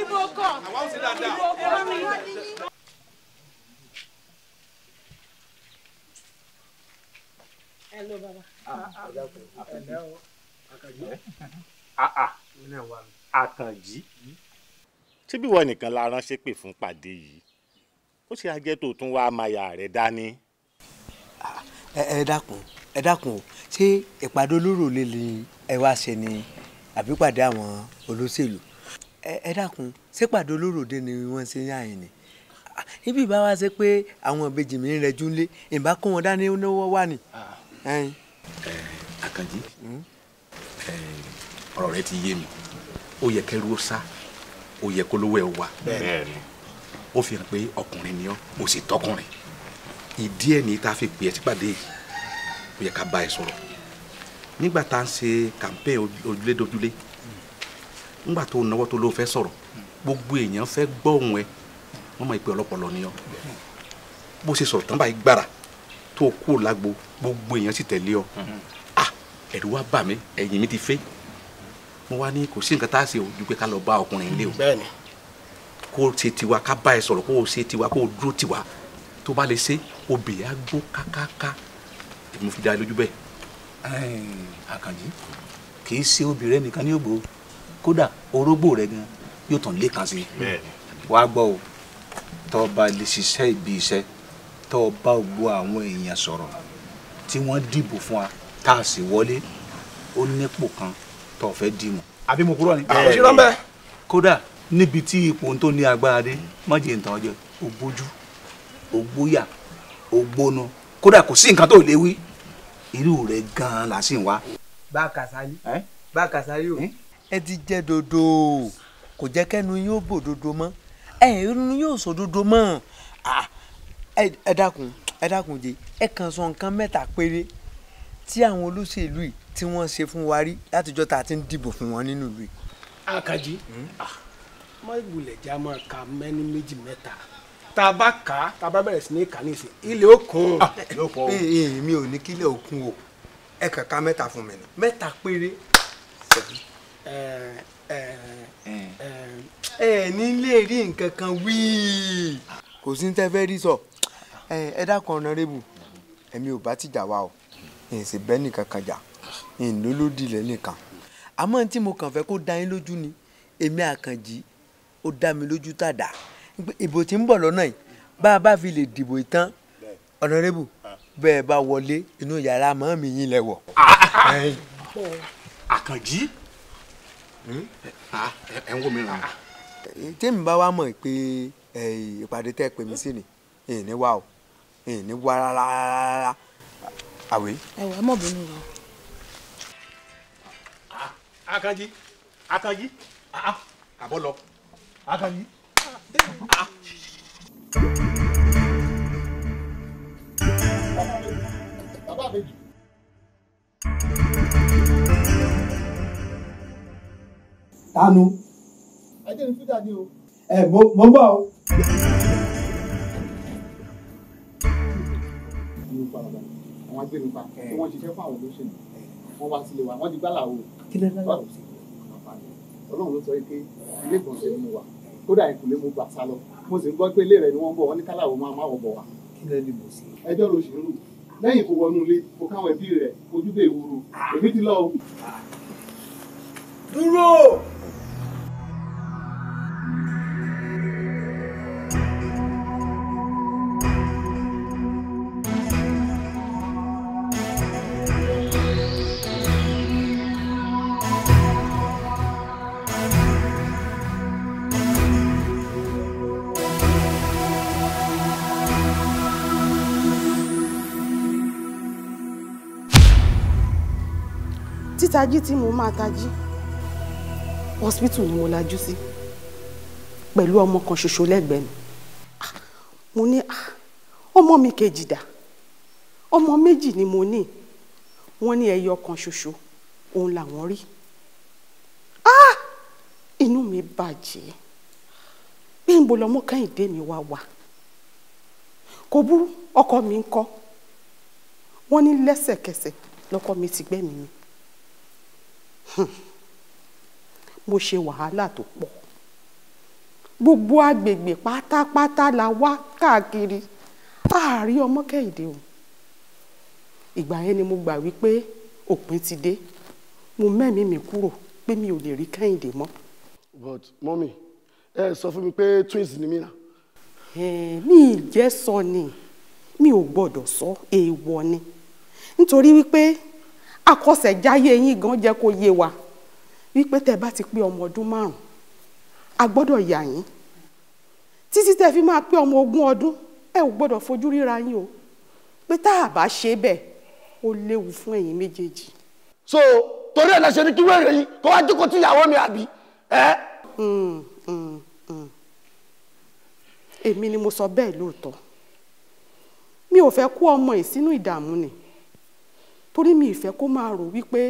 ibo kọ ibo kọ. Hello, baba. Ah, Tí bí wọ́n nìkan la ránṣẹ́ pè fún pàdé yìí, ó ṣe ajẹ́ tó tún wá amaya rẹ̀ dání. Ah, ẹ dákun ẹ dákun o ṣé ìpàdé olóró lè lè ẹ wá ṣe ni àbí pàdé àwọn olóṣèlú ẹ dákun ṣé pàdé olóró dé ni wọ́n ṣe yàn yín ni ah, ibi ìbá wa ṣe pé àwọn ìbejì mi ń rẹjú lé ìbá kó wọn dání lọ́wọ́ wà ní. Àkànjí hmm? ọ̀rọ̀ rẹ ti yé mi ó yẹ kẹrù ó sá ó yẹ kó lówó ẹ wá ó fi hàn pé ọkùnrin ni ọ mo sì tọkùnrin ìdí ẹ̀ ní tá a fi pè ẹ́ sípàdé yìí ó yẹ ká bá ẹ sọ̀rọ̀ nígbà tá a ń ṣe campaign ojúlé dojúlé nígbà tó náwó tó ló fẹ́ sọ̀rọ̀ gbogbo èèyàn fẹ́ gbọ́ òun ẹ wọ́n mọ̀ pé ọlọ́pọlọ ni ọ bó ṣe sọ̀rọ̀ tán báyìí gbára tó kú lágbo gbogbo èèyàn sì tẹ̀lé ọ ah ẹ̀rù wá bà mí ẹ̀yìn mi ti fẹ́ mo wá ní kò sí nǹkan tá a ṣe o ju pé ká lọ bá ọkùnrin ilé o kó o ṣe tiwa ká bá ẹ sọ̀rọ̀ kó o ṣe tiwa kó o dúró tiwa tó bá lè ṣe obìnrin á gbó kákáká mo fi dá lójú bẹ́ẹ̀. àkànjí kì í ṣe obìnrin nìkan ní ògbó kódà orógbó rẹ gan yóò tàn lé kan sí wàá gbọ́ o tọ́ ọ bá lè ṣiṣẹ́ ibi iṣẹ́ tọ́ ọ bá gbọ́ àwọn èèyàn sọ̀rọ̀ tí wọ́n dìbò fún wa tá a sì wọlé ó nípò kan tó fẹ́ dìmọ̀. àbí mo kúrò ní. àwọn ṣe rọ́ńbẹ́. kódà níbi tí ipò tó ní agbára dé mọ̀jẹ̀ ń ọjọ́ o bójú o gbóyà o gbónu kódà kò sí nǹkan tó lè wí irú rẹ̀ gan-an là sì ń bá a Kàsálí bá a Kàsálí o. ẹ ti jẹ́ dodo kò jẹ́ kẹ́nu yín ó bò dodo mọ́ ẹ̀yin yóò sọ dodo mọ́ ẹ dákun ẹ dákunjẹ ẹ kàn sọ nǹkan mẹ́ta péré tí àwọn olóṣèlú yìí tí wọ́n ṣe fún wa rí látijọ́ tá ti ń dìbò fún wọn nínú ìlú yìí. Hmm? akaji ah, mọ́ìgbùlẹ̀ já máa ka mẹ́ni méjì mẹ́ta tá a bá kà á tá a bá bẹ̀rẹ̀ sí ní kà nísìn ilẹ̀ òkun. mi ò ní kí ilẹ̀ òkun o ẹ kàn ká mẹ́ta fún mi náà mẹ́ta péré. Eh, eh, eh, ẹ ní lè rí nǹkan kan wíì kò sí ní tẹ́ fẹ́ rí sọ. So ẹ dákun ọ̀nàrẹ́bù ẹ̀mí ò bá ti jà wa o ẹ̀yìn sì bẹ́ẹ̀ nìkan kan jà ẹ̀yìn ló ló nìkan àmọ́ tí mo kàn fẹ́ kó dá yín lójú ni èmi àkànjì ó dá mi lójú tàdá ìbò tí ń bọ̀ lọ́nà yìí bá a bá fi lè dìbò ìtàn ọ̀nàrẹ́bù bẹ́ẹ̀ bá wọlé inú yàrá mọ́ mi yín lẹ̀ ah! àkànjì hmm? ah, ẹ ń wò mí ràn. tèmi bá wá mọ̀ pé ìpàdé tẹ́ pè mí sí ni èyí ni wá o ẹ̀ ní wá rárá àwẹ̀. ẹ wà á mọ̀ bínú wa. Ah, akanji akanji ah, ah, àbọ̀ lọ akanji. bàbá àbẹ̀bí. tanu. ẹ jẹ́ ní fúdà ni o. ẹ mo mo ń bọ̀ o. agbẹnipa bàbá àwọn agbẹnipa tí wọ́n ṣiṣẹ́ fún àwọn olóṣèlú wọ́n wá sílé wa wọ́n ti gbálà o ọlọ́run ló sọ pé ilé ìgbọ̀nsẹ̀ ni mo wà kódà ìkùnlé mo gbà sá lọ mo sì ń gbọ́ pé ilé rẹ̀ ni wọ́n bọ̀ wọ́n ní kálá òun máa má wọ̀ ẹjọ́ ló ṣe ń rù lẹ́yìn kó wọnú ilé kó káwọn ẹbí rẹ̀ ojú bẹ́ẹ̀ wúru èmi ti lọ ah. dúró. tají tí mo máa tají hospital ni mo lajú sí pẹ̀lú ọmọ kan ṣoṣo lẹ́gbẹ̀ẹ́ mi ah, mo ní ah, ọmọ mi kejì dà ọmọ méjì ni mo ní wọ́n ní ẹyọ kan ṣoṣo òun làwọn rí ah, inú mi bàjẹ́ bí n bò lọ́mọ kẹ́hìndé mi wá wà kò burú ọkọ mi ń kọ́ wọ́n ní lẹ́sẹ̀kẹsẹ̀ lọ́kọ mi ti gbẹ́mìí mi Hmm. mo ṣe wàhálà tó pọ̀ gbogbo agbègbè pátápátá la wá káàkiri àárí ọmọ kẹ́hìndé o ìgbà yẹn ni mo gbà wípé òpin ti dé mo mẹ́mìí mi kúrò pé mi ò lè rí kẹ́hìndé mọ́. but mọ́mì ẹ sọ fún mi pé twins ni mí náà. mi ì jẹ́ sọ ni mi ò gbọ́dọ̀ sọ èèwọ̀ ni nítorí wípé àkọsẹ̀jáyé yín gan jẹ́ kó yé wa wípé tẹ́ bá ti pé ọmọ ọdún márùn a gbọ́dọ̀ yà yín títí tẹ́ fi máa pé ọmọ ogún ọdún ẹ ò gbọ́dọ̀ fojú ríra yín o pé tá a bá ṣe bẹ́ẹ̀ ó léwu fún ẹ̀yin méjèèjì. so torí ẹ̀ lẹ́sẹ̀ ní kí wẹ́rẹ̀ yìí kó wá jókòó tí ìyàwó mi àbí ẹ́. Mm, mm, mm. èmi ni mo sọ bẹ́ẹ̀ lóòótọ́ mi ò fẹ́ kó ọmọ yìí sínú ìdààmú ni torí mi ìfẹ́ kó máa rò wípé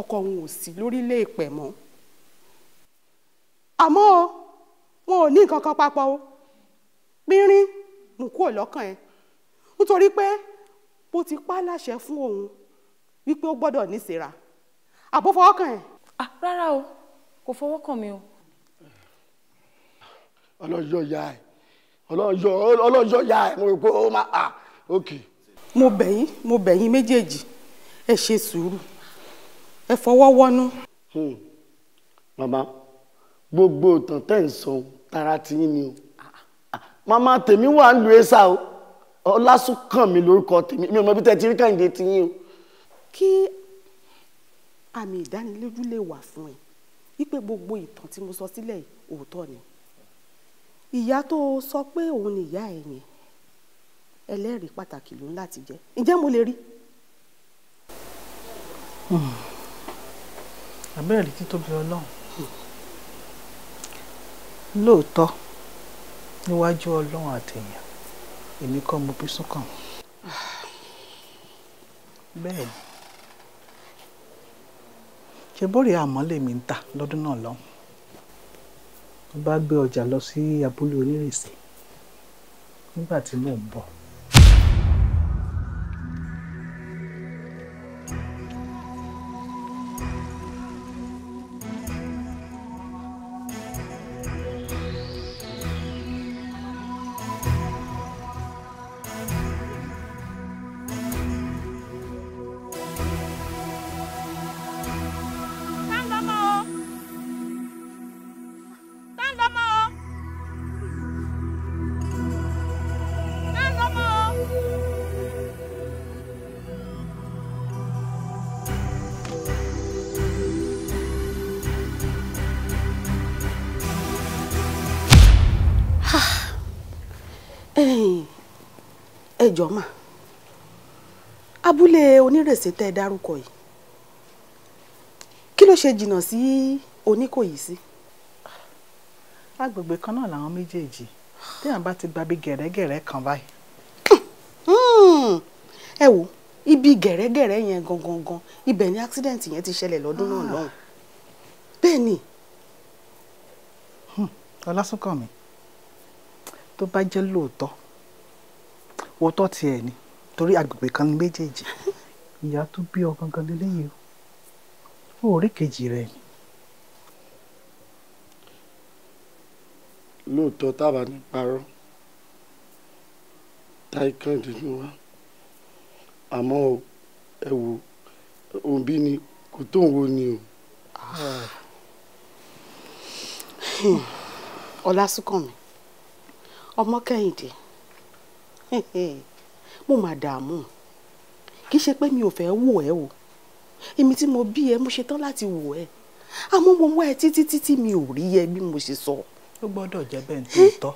ọkọ òun ò sí lórílẹ̀ èpẹ̀ mọ́ àmọ́ wọn ò ní nǹkan kan papọ̀ o pínrín mú kúrò lọ́kàn ẹ nítorí pé bó ti pa láṣẹ fún òun wípé ó gbọ́dọ̀ nísìra àbó fọwọ́ kàn ẹ. rárá o kò fọwọ́ kàn mi o. ọlọ́jọ́ ya ẹ̀ ọlọ́jọ́ ya ẹ̀ mo rò pé ó máa ok. mo bẹ̀ yín mo bẹ̀ méjèèjì ẹ ṣe sùúrù ẹ fọwọ́ wọ́nú. Hmm. màmá gbogbo ìtàn tẹ́ ń sọ tara ti yín ni o màmá tèmi wà ń lu ẹ́sà o ọlásùnkànmí lórúkọ tèmi mi ò mọ ibi tẹ́ ti rí kàǹdé ti yín o. kí àmì ìdánilójú lè wà fún ẹ wípé gbogbo ìtàn tí mo sọ sílẹ̀ òótọ́ ni ìyá tó sọ pé òun ni ìyá ẹ̀ yẹn ẹlẹ́rìí pàtàkì ló ń láti jẹ́ ǹjẹ́ mo lè rí i àbẹ́rẹ́ rí títóbi ọlọ́run lóòótọ́ níwájú ọlọ́run àtẹ̀yàn èmi kọ́ mo bí súnkàn bẹ́ẹ̀ ni ṣe bórí àmọ́ lèmi ń tà lọ́dún náà lọ́hùn mo bá gbé ọjà lọ sí abúlé onírèsè nígbà tí mò ń bọ̀ ẹ jọ̀ọ́ mà abúlé onírèsè tẹ́ ẹ dárúkọ yìí kí ló ṣe jìnnà sí oníkòyí sí. agbègbè kan náà làwọn méjèèjì téèyàn bá ti gba bí gẹ̀rẹ́gẹ̀rẹ́ kan báyìí. Hmm. ẹ wo ibi gẹ̀rẹ́gẹ̀rẹ́ yẹn gangan gan ibẹ̀ ni accident yẹn ti ṣẹlẹ̀ lọ́dún náà ah. lọ́hùn bẹ́ẹ̀ ni. Hmm. ọlásùnkànmí tó bá jẹ́ lóòótọ́ òótọ́ tiẹ̀ ni torí agbègbè kan ní méjèèjì ìyá tó bí ọ gangan lélẹ́yìí o òórí kejì rẹ ni. lóòótọ́ táwa ní parọ́ táìkàndì ni wá àmọ́ ẹ wò òbí ni kò tó ń wo ni o. ọlásùnkànmí ọmọ kẹ́hìndé. Ah mo mà dààmú kì í ṣe pé mi ò fẹ́ wò ẹ́ o èmi tí mo bí ẹ mo ṣetán láti wò ẹ́ àmọ́ mo wá ẹ títí títí mi ò rí ẹ bí mo ṣe sọ. ó gbọ́dọ̀ jẹ́ bẹ́ẹ̀ ní tòótọ́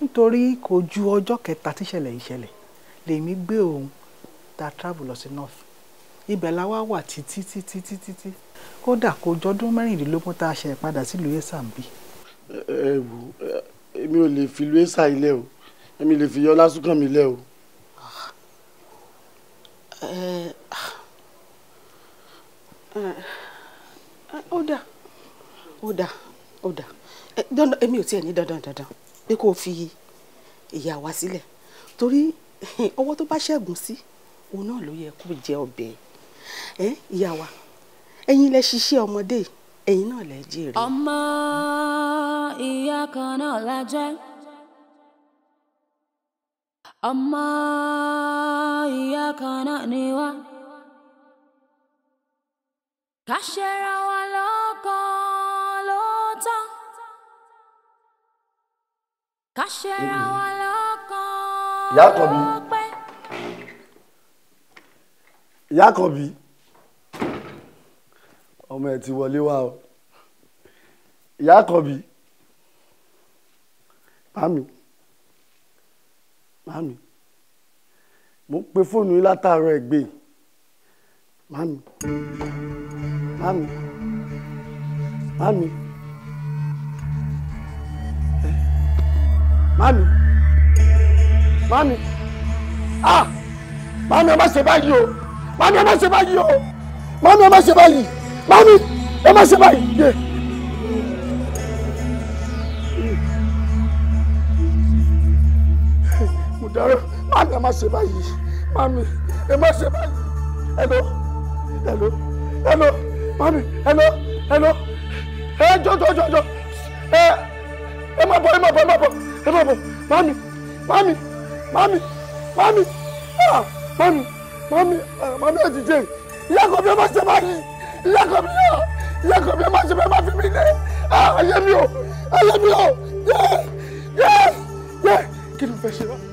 nítorí kò ju ọjọ́ kẹta tíṣẹ̀lẹ̀ ìṣẹ̀lẹ̀ lèmi gbé òun ta travel lọ sí north ibẹ̀ la wá wà títí títí títí tí kódà kò jọdún mẹ́rìndínlógún tá a ṣe padà sílùú èsà ń bí. ẹ wo èmi ò lè fi ìlú èsà ilé o èmi lè fi yọ lásùkàn mi lẹ o. ó dà ó dà ó dà dandan èmi ò tiẹ̀ ní dandan dandan pé kó o fi ìyá wa sílẹ̀ torí ọwọ́ tó bá ṣẹ́gun sí òun náà ló yẹ kó jẹ ọbẹ̀ ẹ ìyá wa ẹ̀yin lẹ ṣiṣẹ́ ọmọdé ẹ̀yin náà lẹ jèrè. ọmọ ìyá kan náà la Ya إياك نأني كشر ولوكا لوتا كشر ولوكا Ìyá Àkànbí Ìyá Àkànbí ọmọ ẹ ti wọlé wá o Ìyá Àkànbí bá mi. Mami, mo ń pe fóònù yín látàárọ̀ ẹ̀ gbé Mami, màámi màámi eh, màámi màámi ah Mami, ẹ má ṣe báyìí o màámi ẹ má ṣe báyìí o Mami, ẹ má ṣe báyìí màámi ẹ ṣe báyìí. dárò mami ẹ má ṣe báyìí mami ẹ má ṣe báyìí hello hello hello mami hello hello ẹ jọ jọ jọ jọ ẹ ẹ má bọ ẹ má bọ ẹ má bọ ẹ má bọ mami mami mami mami ah mami mami ah mami ẹ dìde ìyá kan bí ẹ má ṣe báyìí ìyá kan bí ẹ ah, ìyá kan bí ẹ má ṣe báyìí má fi mí lé ah ayé mi o ayé mi o yẹ yẹ yẹ kí ló fẹ́ ṣe báyìí.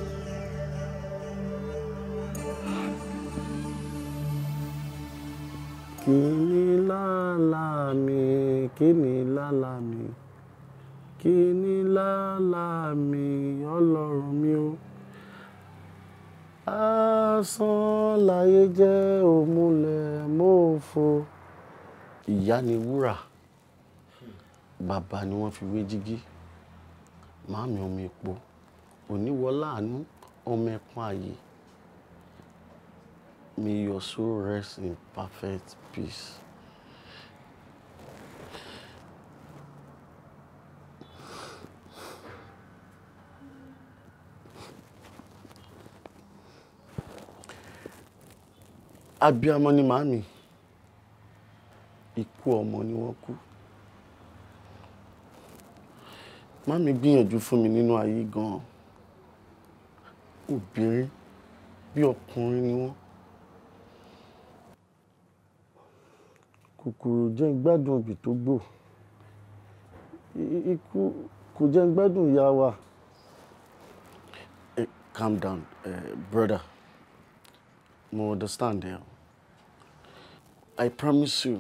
kíni lálá mi kíni lálá mi kíni lálá mi ọlọ́run mi o. asán láyé jẹ́ òmùlẹ̀ mọ́fò. ìyá ni wúrà bàbá ni wọ́n fi wé jígí màámi ọmọ epo oníwọlá àánú ọmọ ẹ̀pọ̀n àyè. May your soul rest in perfect peace. Abíamọ ni màámi, ikú ọmọ ni wọ́n kú. Màámi gbìyànjú fún mi nínú ayé gan-an. Obìnrin bí ọkùnrin ni wọ́n. kòkòrò jẹ́ gbádùn obì tó gbò ikú kò jẹ́ gbádùn ìyá wa. Eh, calm down uh, brother mo understand now i promise you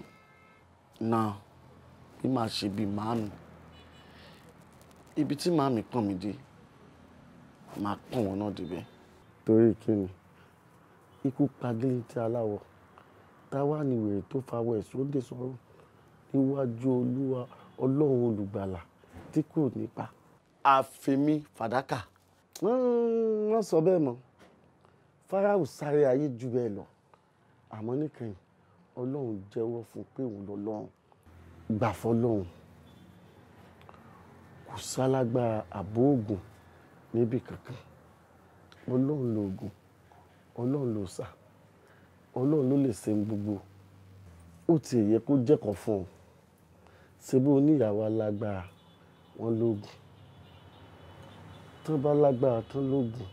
now bí màá ṣe bí màámi ibi tí màámi pọ̀n mi dé màá pọ̀n wọn náà débẹ̀. torí kí ni ikú pagilé tí aláwọ̀ táwa ni wèrè tó fawọ ẹ̀sùn lè sọ̀rọ̀ níwájú olúwa ọlọ́run olùgbàlà tí kò nípa àfẹ̀mí fàdákà. Hmm, wọ́n sọ bẹ́ẹ̀ mọ́ fáráò sáré ayé ju bẹ́ẹ̀ lọ àmọ́ níkẹyìn ọlọ́run jẹ́wọ́ fún pé òun lọ́lọ́run gbà fọlọ́run kò sálágbára àbó oògùn níbì kankan ọlọ́run lòògùn ọlọ́run lòòsà ọlọ́run ló lè ṣe gbogbo ó ti yẹ kó jẹ́kọ̀ọ́ fún un ṣe oníyàwó alágbára wọn lóògùn tán bá lágbára tán lóògùn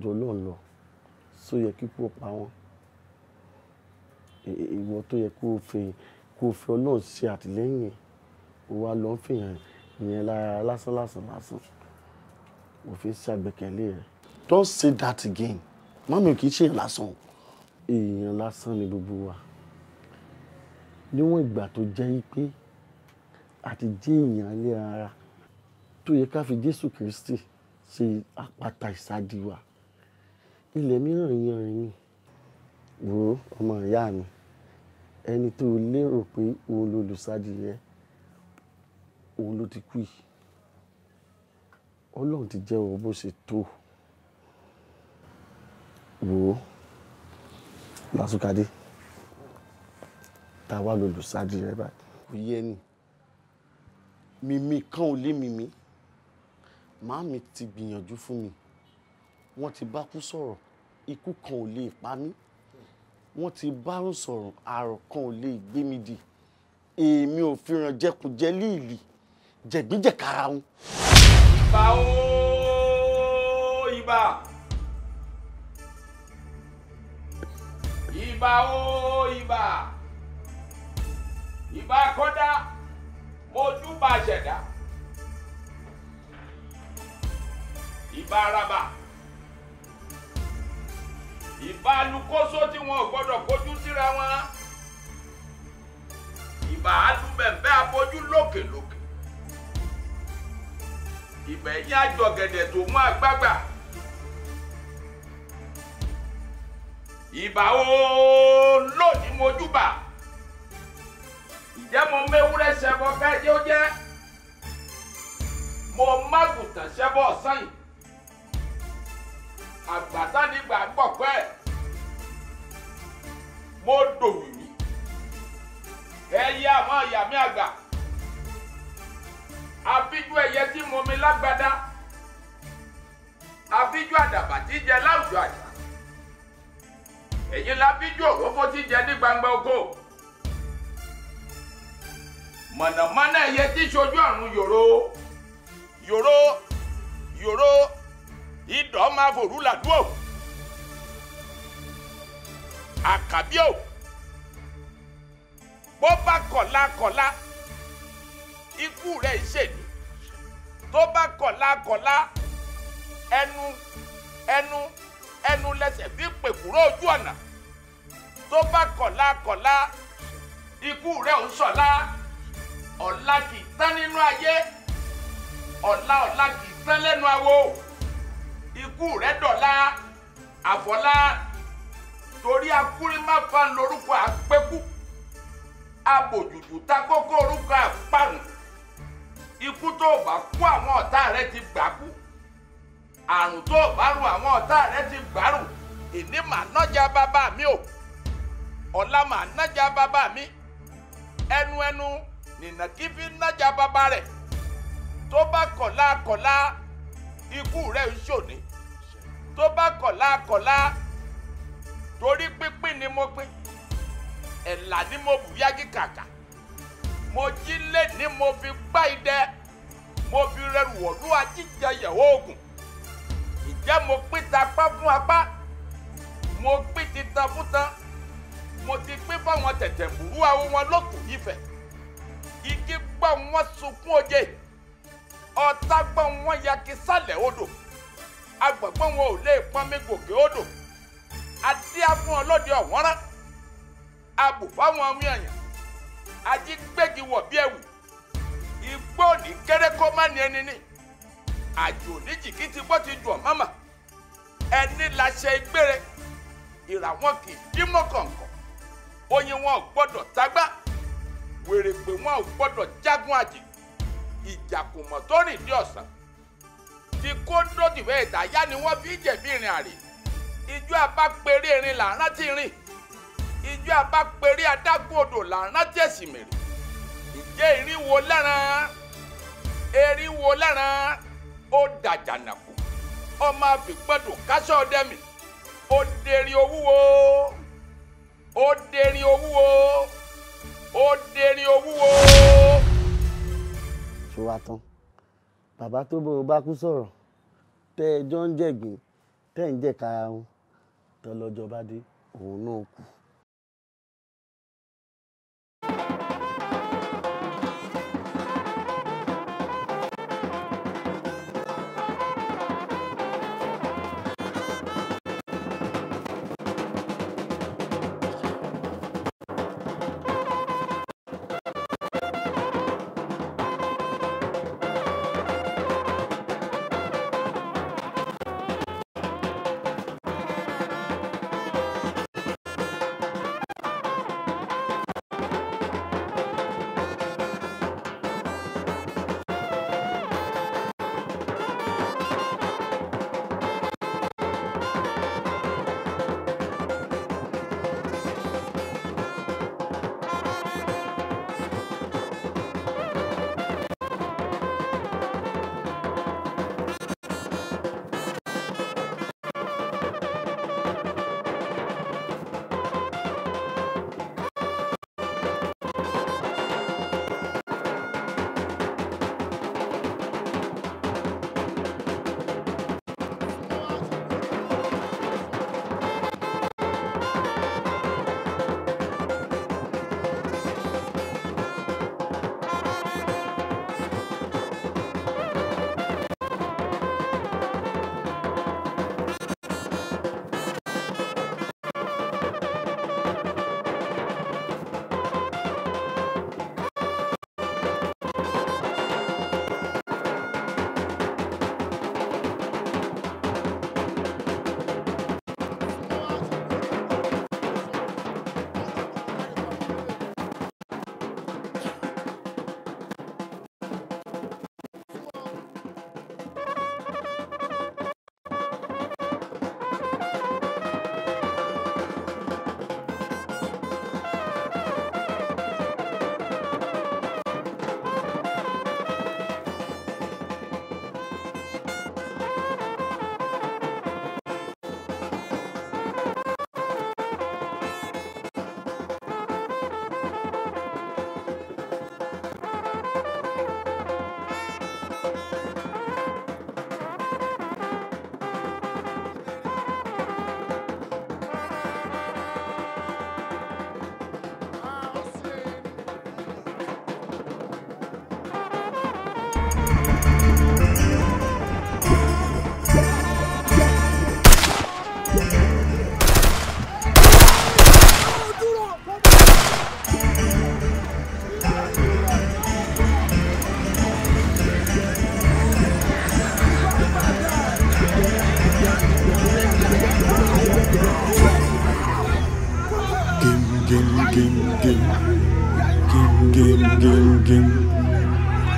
jọ lọ́n lọ só yẹ kí kú pa wọn ìwọ tó yẹ kó fi kó fi ọlọ́run ṣe àtìlẹ́yìn wa lọ ń fìyàn ìyẹn lára lásán lásán lásán òfin ṣàgbékalẹ̀ rẹ̀ don't say that again mọ́mí kì í ṣe èèyàn lásán o èèyàn lásán ni gbogbo wa níwọ̀n ìgbà tó jẹ́ pé àti jẹ́ èèyàn alẹ́ ara tó yẹ ká fi Jésù Kristi ṣe àpáta ìsádi wa ilẹ̀ mìíràn yan ẹ̀yìn wò ó ọmọ ìyá mi ẹni tó lérò pé òun lolùsádi yẹ òun ló ti kú yìí Ọlọ́run ti jẹ́wọ́ bó ṣe tó wo lásùkadé tá wá lò sáájú rẹ báyìí. kò yẹ ni mímí kan ò lé mímí màámi ti gbìyànjú fún mi wọ́n ti bá kú sọ̀rọ̀ ikú kan ò lè pa mí wọ́n ti bárùn sọ̀rọ̀ àrò kan ò lè gbé mi dì èmi ò fìràn jẹkùjẹ líìlì jẹ̀gbíjẹ̀kara wọn. ìbà ooo ìbà. ìbà o ìbà ìbà kọ́dá mo júbà ṣẹ̀dá ìbà araba ìbà alukoso tí wọn ò gbọdọ̀ kojú síra wọn ìbà alúbẹ̀m̀bẹ̀ abojú lókèlókè ìbà ẹ̀yìn àjọgẹ̀dẹ̀ tó mú àgbàgbà. ìbà o lónìí mojúbà ìjẹ́ mo méwúrẹ́ ṣẹbọ fẹ́ tí ó jẹ́ mo mágùntàn ṣẹbọ ọ̀sán àgbàsánigbà gbọ̀pẹ́ mo dòwìwì ẹyẹ àwọn ìyá mi àgbà àbíjú ẹyẹ tí mo mi lágbádá àbíjú àdàbà tí jẹ láwùjọ àjà èyí la bí jò ó fó ti jẹ ní gbangba oko mọ̀nàmọ́ná ẹyẹ tí ṣojú ọ̀run yòró yòró yòró ìdọ̀ máa fòrú làdúrò àkàbíò bó bá kọ̀la kọ̀la ikú rẹ̀ ṣèlú tó bá kọ̀la kọ̀la ẹnu ẹnu ẹnu lẹsẹ̀ fi pè kúrò ojú ọ̀nà tó bá kọ̀lá kọ̀lá ikú rẹ̀ ò sọ̀lá ọ̀la kì í tán nínú ayé ọ̀la ọ̀la kì í tán lẹ́nu awo ikú rẹ̀ dọ̀la àfọ̀lá torí akúrímáfà lórúkọ àpẹ́kù abòjùjù takókó orúkọ àparùn ikú tó bá kú àwọn ọ̀tá rẹ̀ ti gbà kú àrùn tó bá rùn àwọn ọ̀tá rẹ̀ ti gbàrùn èmi mà nájà bàbá mi ò ọ̀la mà nájà bàbá mi ẹnu ẹnu nìna kí fi nájà bàbá rẹ̀ tó bá kọ̀lá kọ̀lá ikú rẹ̀ ń ṣòní tó bá kọ̀lá kọ̀lá torí pínpín ni mo pín ẹ̀là ni mo bù yági kàkà mo jí lé ní mo fi gbá idẹ mo fi rẹrù wọ̀lú ajíjẹ yẹ̀wò oògùn ìjẹ́ mo pín tapá fún apá mo pín titan fún tan mo ti pín fáwọn tẹ̀tẹ̀ burú àwọn wọn lọ́tún ìfẹ́ igi gbọ́ wọn sunkún oje ọ̀tá gbọ́ wọn yaki sálẹ̀ odò agbẹ̀gbọ́n wọn ò lè pọ́n mi gòkè odò adé afún ọlọ́dẹ ọ̀wọ́n rán abò fáwọn ọmọ èèyàn ajígbégi wọ̀ bí ẹ̀wù igbó ní kéré má ní ẹni ní àjò ní jìkìtì bó ti dùn mọ́mọ́ ẹni láṣẹ ìgbére ìràwọ̀n kì í dímọ̀ kọ̀ọ̀kan oyin wọn ò gbọ́dọ̀ tágbá wèrè pé wọn ò gbọ́dọ̀ jágun àjè ìjàkùmọ̀ tó rìn dé ọ̀sán ti kó dódìwé ìdáyà ni wọ́n fi jẹ̀bi ìrìn àrè ijó abápẹ̀rẹ̀ ìrìn là ń rántí rìn ijó abápẹ̀rẹ̀ adágún odò là ń rántí ẹ̀sìn mèrè ìjẹ́ ìrìn wo lẹ́ran erin wo lẹ́ran ó dàjànàkù ọmọ àfìgbọ́dọ̀ káṣọ́ ọdẹ mi ó dèrè owó wo ó derin owúwo ó derin owúwo. ṣùwà tán bàbá tó bọ̀ bá kú sọ̀rọ̀ tẹ́ ẹ jọ ń jẹ̀gbìn tẹ́ ń jẹ̀ka ara tọ́lọ́jọba dé òun náà kù.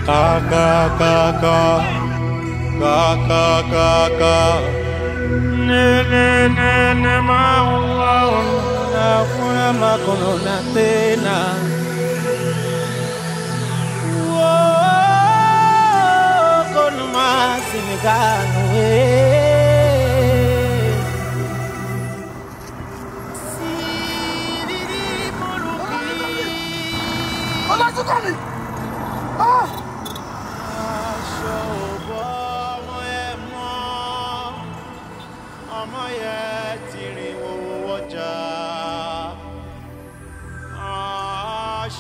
Ka ka ka ka Ka ka ka ka Ne ne ne ne maulon Na kuna makulona tena Kon masinigano Olá, Zucani!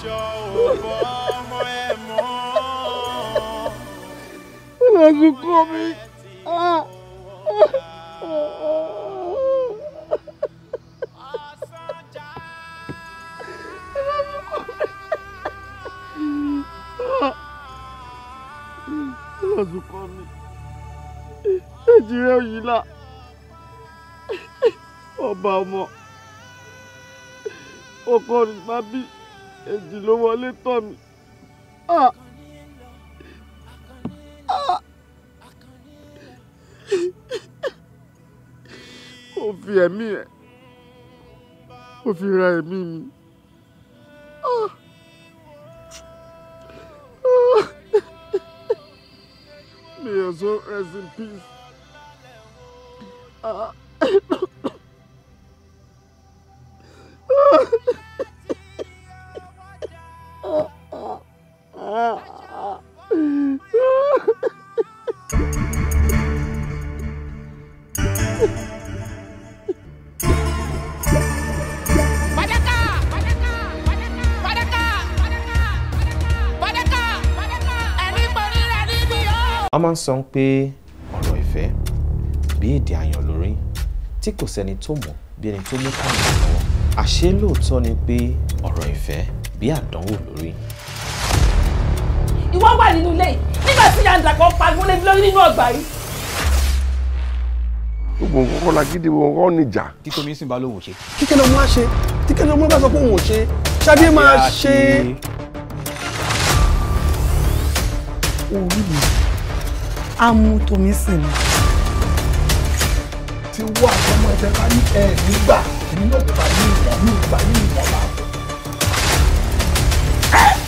aṣọ òbọ ọmọ ẹ mọ́. ẹ̀sùn kọ́ mi. Ẹ̀sùn kọ́ mi. Ẹ̀jìrẹ́ òyìnbó là ọba ọmọ ọkọ rẹ̀ má bí èjì ló wọlé tọ̀ mí. Ah. Ah. ó fi ẹ̀mí ẹ̀ ó fi ra ẹ̀mí mi. Ah. May your soul rest in peace. Ah a máa ń sọ pé ọ̀rọ̀ ìfẹ́ bí èdè àyàn lórí tí kò sẹ́ni tó mọ̀ bí ẹni tó mú káàmù lọ́wọ́ àṣé lóòótọ́ ni pé ọ̀rọ̀ ìfẹ́ bí àdánwò lórí. ìwọ wà nínú ilé yìí nígbà tí yàǹdà kan pariwo lé lórí nínú ọgbà yìí. gbogbo nǹkan kọ́ la gidi wọn kọ́ níjà. kíkọ́ mi sìn bá lóun ò ṣe. kíkẹ́ ló mú wá ṣe kíkẹ́ ló mú wá sọ pé òun ò ṣe ṣábíyé máa ṣe. orí mi amútomisìn ni. ti wá ọmọ ẹ̀fẹ̀ bá ní ẹ̀ẹ́dígbà èmi náà bá ní ìyá ní ìgbà ní ìyá máa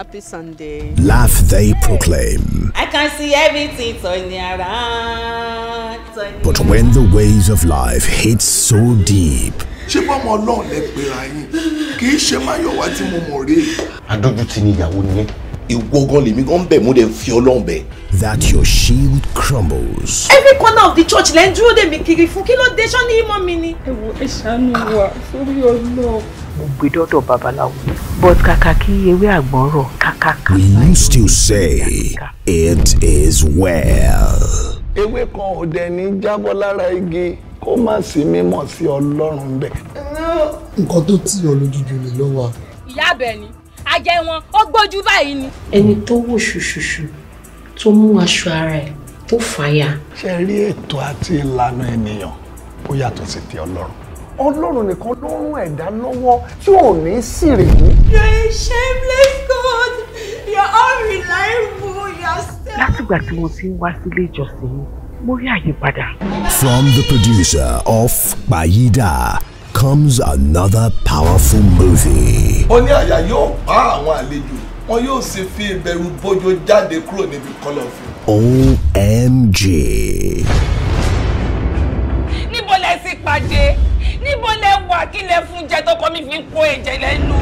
Happy Sunday. Laugh, they proclaim. I can see everything turning around. Turning but when the waves of life hit so deep. ṣé bọ́mọ ọlọ́run lẹ pera yín kì í ṣe máyọ̀wá tí mo mọ̀ rí. adójútì ni ìyàwó nìyẹn ìwọ́gán lèmi gan bẹ̀ mo dẹ̀ fi ọlọ́run bẹ̀. that your shield crumbles. every corner of the church lẹ́ ń dúró dèmi kiri fún kí ló dé sọ́ni ìmọ̀ mi ni. ẹ wo ẹ ṣàánú wa sórí ọlọ́ọ̀. mo gbé dọ́dọ̀ babaláwo but kàkà kí ewé àgbọn kàkà kàkà. we used to say it is well. ewé kan ò dẹ̀ ní jábọ́ lára igi kó má sí mímọ̀ sí ọlọ́run bẹ́ẹ̀. nǹkan tó tì ọ lè lọ wa. ìyá abẹ ni ajẹ wọn ó gbójú báyìí ni. ẹni tó wò ṣùṣùṣù tó mú aṣọ ara ẹ̀ tó fàya. ṣe rí ètò àti ìlànà ènìyàn ó yàtọ̀ sí ti ọlọ́run ọlọ́run nìkan ló rún ẹ̀dá lọ́wọ́ tí ò ní sírè mú. you are a shameless god you are unreliable you are still. látìgbà tí mo ti ń wá sílé ìjọsìn mi mo rí àyípadà. from the producer of Pàyídà comes another powerful movie. ó àyà yóò pa àwọn àlejò wọn yóò sì fi ìbẹ̀rù bójú jáde kúrò níbi kọ̀lọ̀fín. OMG. níbo lẹ ti pàdé. fún jẹ mi fi ẹ̀jẹ̀ lẹ́nu.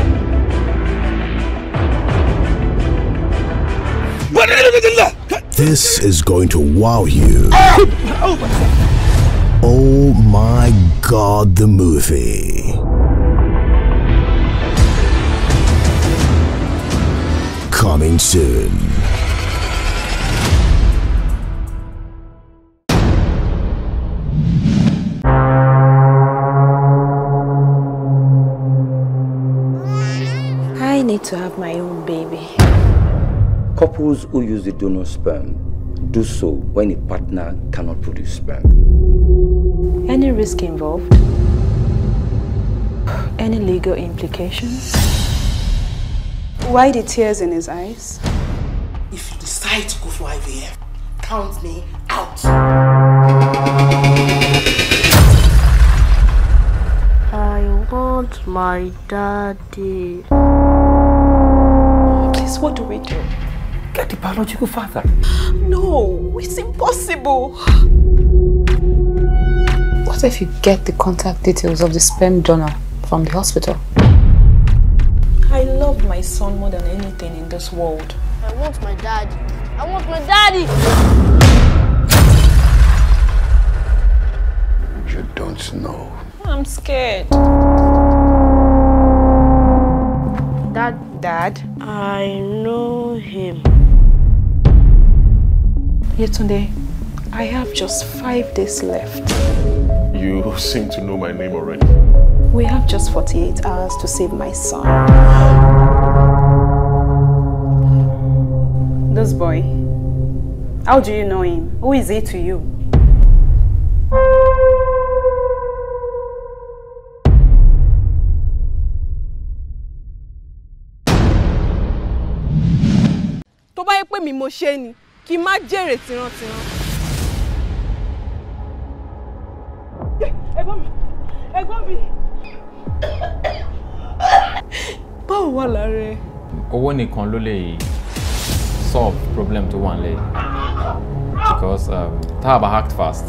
This is going to wow you. Oh my god, the movie. Coming soon. need to have my own baby. Couples who use the donor sperm do so when a partner cannot produce sperm. Any risk involved? Any legal implications? Why the tears in his eyes? If you decide to go for IVF, count me out. I want my daddy this, what do we do? Get the biological father. No, it's impossible. What if you get the contact details of the sperm donor from the hospital? I love my son more than anything in this world. I want my daddy. I want my daddy! You don't know. I'm scared. That dad? I know him. Yetunde, I have just five days left. You seem to know my name already. We have just 48 hours to save my son. This boy, how do you know him? Who is he to you? pé mi mo ṣe ni kí n má jèrè tirantiran. ẹ̀gbọ́n mi ẹ̀gbọ́n mi. báwo wà lára ẹ. owó nìkan ló lè solve problem tó wà nílẹ̀ because um, tá a bá act fast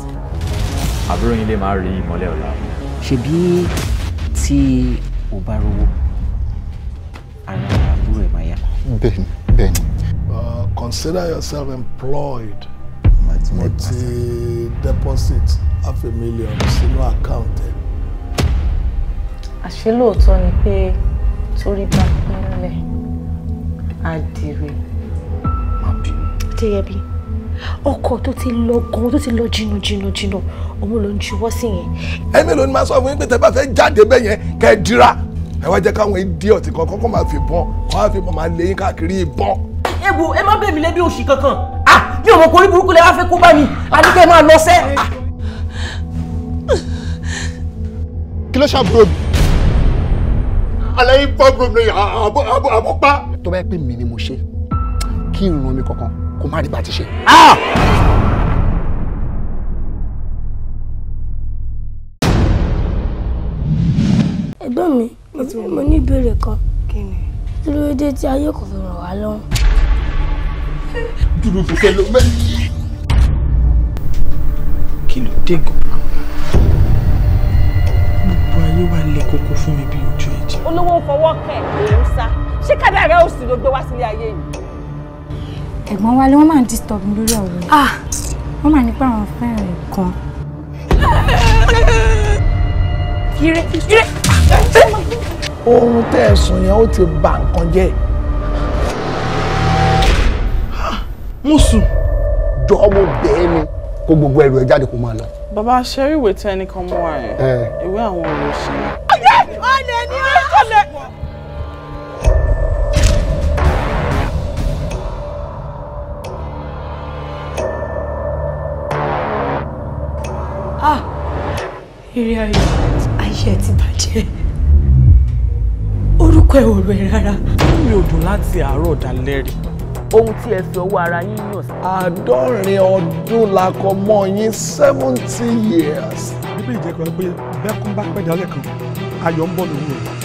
àbúrò yín lè máa rí ìmọ́lẹ̀ ọ̀la. ṣebí tí o bá rówó ara àbúrò ẹ̀ máa yá. bẹ́ẹ̀ni bẹ́ẹ̀ni consider yourself employed mo deposit half a million sínú account ẹ. àṣé lóòótọ́ ni pé torí bá pínlẹ̀ àdìrẹ. má bínú. jẹ́yẹ̀bí ọkọ̀ tó ti lọ gan tó ti lọ jìnnà jìnnà jìnnà òun ló ń juwọ́ sí yẹn. ẹ mélòó ni màá sọ fún yín pé tẹ bá fẹ́ jáde bẹ́ẹ̀ yẹn kẹ́ ẹ dira ẹ wá jẹ́ káwọn idiot kan kọ́kọ́ máa fi bọ́n kọ́ máa fi bọ́n máa lé yín káàkiri ìbọn ẹ wo ẹ má bẹ̀ mí lẹ́bí òṣì kankan ah bí ọmọ kò rí burúkú lẹ wá fẹ́ kó bá mi àdúgbò ẹ máa lọ sẹ́. kí ló ṣàbúrò mi aláyé fọ́ọ̀bù mi àbọ̀ àbọ̀ àbọ̀ pa. tó bá yẹ pé mi ni mo ṣe kí n ràn mí kankan kó má rí bá ti ṣe. ẹ̀gbọ́n mi mo ní ìbéèrè kan kí ni kí ló dé tí ayé kò fi ràn wá lọ́rùn dúró mo fẹ́ lọ mẹ́rin. kí ló dé gan-an gbogbo ayé wa lè kókó fún mi bí ojú ẹ̀jẹ̀. olówó ń fọwọ́ kẹ̀ èèyàn sá ṣé kádà rẹ ò sì ló gbé wá sílé ayé yìí. ẹ̀gbọ́n wa lé wọ́n máa ń disturb mi lórí ọ̀rọ̀ yìí ah! wọ́n máa ní pé àwọn fẹ́ràn rẹ̀ gan. ire ire. oorun tẹ̀sùn yẹn ó ti bà nǹkan jẹ́. Musu, sùn. jọ ọmọ bẹ́ẹ̀ ni kó gbogbo ẹrù ẹ jáde kó máa lọ. bàbá ṣẹ́rí ìwé tẹ́ ẹnì kan mú wa ìwé àwọn ọ̀rọ̀ ṣe. ọ̀lẹ́ ọ̀lẹ́ ni ọ̀lẹ́. ah eré ayé ayé ẹ ti bàjẹ́ orúkọ ẹ ò rẹ̀ rárá. mi ò dùn láti àárọ̀ dalẹ́ rí ohun tí ẹ fi ọwọ́ ara yín yàn àádọ́rin ọdún la kọ mọ́ yín seventy years. bíbélì jẹ́ pé bẹ́ẹ̀ kún bá pẹ́ kan ayọ̀ ń bọ̀ lóhùn rẹ̀.